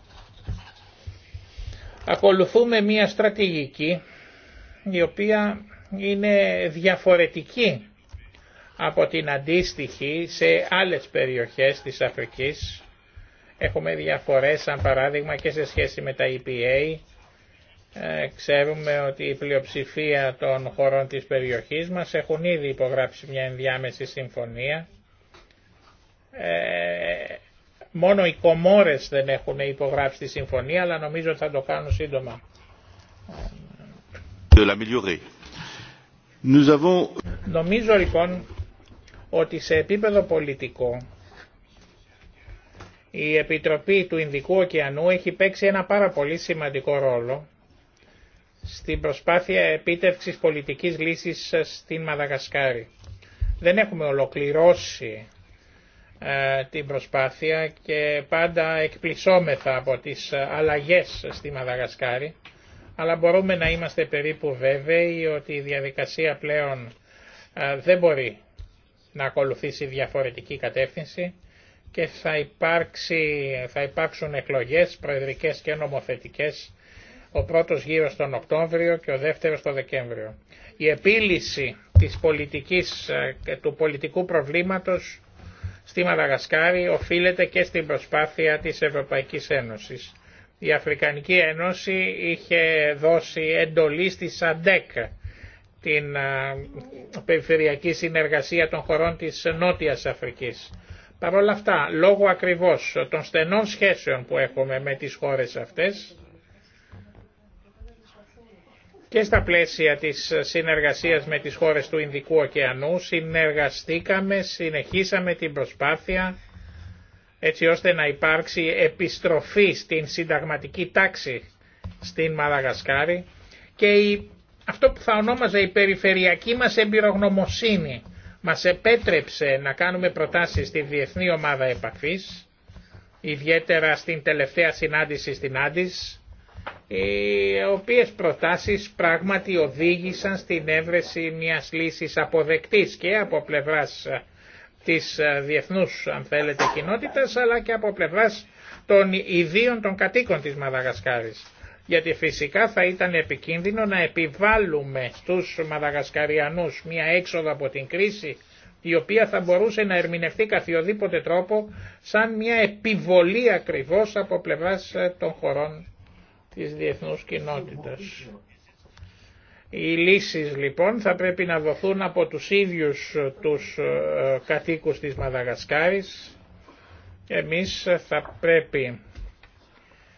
ακολουθούμε μία στρατηγική η οποία είναι διαφορετική από την αντίστοιχη σε άλλες περιοχές της Αφρικής. Έχουμε διαφορές σαν παράδειγμα και σε σχέση με τα EPA ε, ξέρουμε ότι η πλειοψηφία των χωρών της περιοχής μας έχουν ήδη υπογράψει μια ενδιάμεση συμφωνία. Ε, μόνο οι κομόρες δεν έχουν υπογράψει τη συμφωνία, αλλά νομίζω ότι θα το κάνουν σύντομα. Νομίζω λοιπόν ότι σε επίπεδο πολιτικό η Επιτροπή του Ινδικού Ωκεανού έχει παίξει ένα πάρα πολύ σημαντικό ρόλο στην προσπάθεια επίτευξης πολιτικής λύσης στην Μαδαγασκάρη. Δεν έχουμε ολοκληρώσει ε, την προσπάθεια και πάντα εκπλησόμεθα από τις αλλαγές στη Μαδαγασκάρη, αλλά μπορούμε να είμαστε περίπου βέβαιοι ότι η διαδικασία πλέον ε, δεν μπορεί να ακολουθήσει διαφορετική κατεύθυνση και θα, υπάρξει, θα υπάρξουν εκλογές προεδρικές και νομοθετικές ο πρώτος γύρος τον Οκτώβριο και ο δεύτερος τον Δεκέμβριο. Η επίλυση της πολιτικής, ε, του πολιτικού προβλήματος στη Μαδαγασκάρη οφείλεται και στην προσπάθεια της Ευρωπαϊκής Ένωσης. Η Αφρικανική Ένωση είχε δώσει εντολή στη ΣΑΝΤΕΚ, την ε, Περιφερειακή Συνεργασία των χωρών της Νότιας Αφρικής. Παρ' όλα αυτά, λόγω ακριβώς των στενών σχέσεων που έχουμε με τις χώρες αυτές, και στα πλαίσια της συνεργασίας με τις χώρες του Ινδικού ωκεανού συνεργαστήκαμε, συνεχίσαμε την προσπάθεια έτσι ώστε να υπάρξει επιστροφή στην συνταγματική τάξη στην Μαδαγασκάρη και η, αυτό που θα ονόμαζε η περιφερειακή μας εμπειρογνωμοσύνη μας επέτρεψε να κάνουμε προτάσεις στη Διεθνή Ομάδα Επαφής ιδιαίτερα στην τελευταία συνάντηση στην Άντις ε, οι οποίες προτάσεις πράγματι οδήγησαν στην έβρεση μιας λύσης αποδεκτής και από πλευράς ε, της ε, διεθνούς αν θέλετε κοινότητας αλλά και από πλευράς των ιδίων των κατοίκων της Μαδαγασκάρης. Γιατί φυσικά θα ήταν επικίνδυνο να επιβάλλουμε στους Μαδαγασκαριανούς μια έξοδο από την κρίση η οποία θα μπορούσε να ερμηνευτεί καθιοδήποτε τρόπο σαν μια επιβολή ακριβώς από πλευράς των χωρών της διεθνούς κοινότητας. Οι λύσεις λοιπόν θα πρέπει να δοθούν από τους ίδιους τους ε, κατοίκους της Μαδαγασκάρης. Εμείς θα πρέπει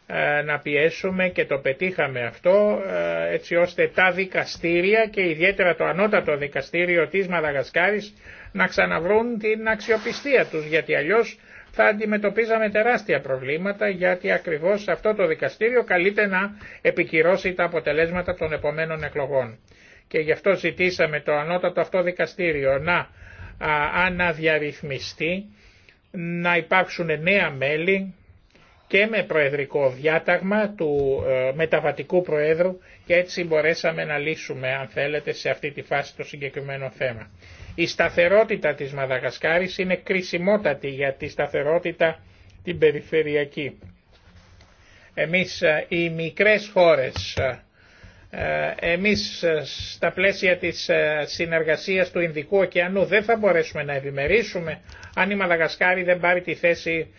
ε, να πιέσουμε και το πετύχαμε αυτό ε, έτσι ώστε τα δικαστήρια και ιδιαίτερα το ανώτατο δικαστήριο της Μαδαγασκάρης να ξαναβρούν την αξιοπιστία τους γιατί αλλιώς θα αντιμετωπίζαμε τεράστια προβλήματα γιατί ακριβώς αυτό το δικαστήριο καλείται να επικυρώσει τα αποτελέσματα των επομένων εκλογών. Και γι' αυτό ζητήσαμε το ανώτατο αυτό δικαστήριο να αναδιαρρυθμιστεί, να υπάρξουν νέα μέλη και με προεδρικό διάταγμα του ε, μεταβατικού προέδρου και έτσι μπορέσαμε να λύσουμε αν θέλετε σε αυτή τη φάση το συγκεκριμένο θέμα. Η σταθερότητα της Μαδαγασκάρης είναι κρισιμότατη για τη σταθερότητα την περιφερειακή. Εμείς ε, οι μικρές χώρες, ε, ε, εμείς στα πλαίσια της συνεργασίας του Ινδικού ωκεανού δεν θα μπορέσουμε να ευημερίσουμε αν η Μαδαγασκάρη δεν πάρει τη θέση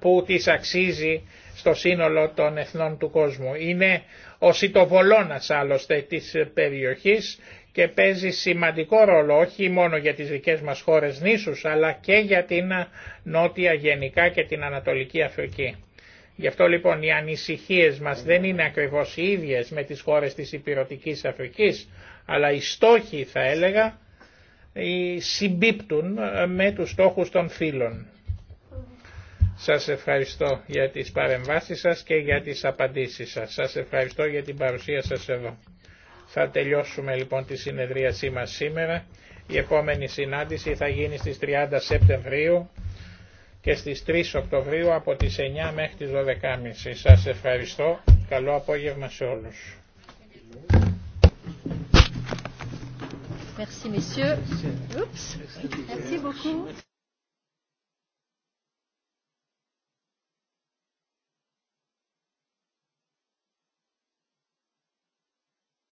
που της αξίζει στο σύνολο των εθνών του κόσμου. Είναι ο σιτοβολώνας άλλωστε της περιοχής και παίζει σημαντικό ρόλο όχι μόνο για τις δικές μας χώρες νήσους αλλά και για την Νότια γενικά και την Ανατολική Αφρική. Γι' αυτό λοιπόν οι ανησυχίες μας δεν είναι ακριβώς οι ίδιες με τις χώρες της Υπηρετικής Αφρικής αλλά οι στόχοι θα έλεγα συμπίπτουν με τους στόχους των φίλων. Σας ευχαριστώ για τις παρεμβάσεις σας και για τις απαντήσεις σας. Σας ευχαριστώ για την παρουσία σας εδώ. Θα τελειώσουμε λοιπόν τη συνεδρίασή μας σήμερα. Η επόμενη συνάντηση θα γίνει στις 30 Σεπτεμβρίου και στις 3 Οκτωβρίου από τις 9 μέχρι τις 12.30. Σας ευχαριστώ. Καλό απόγευμα σε όλους. Merci messieurs. Oups. Merci beaucoup.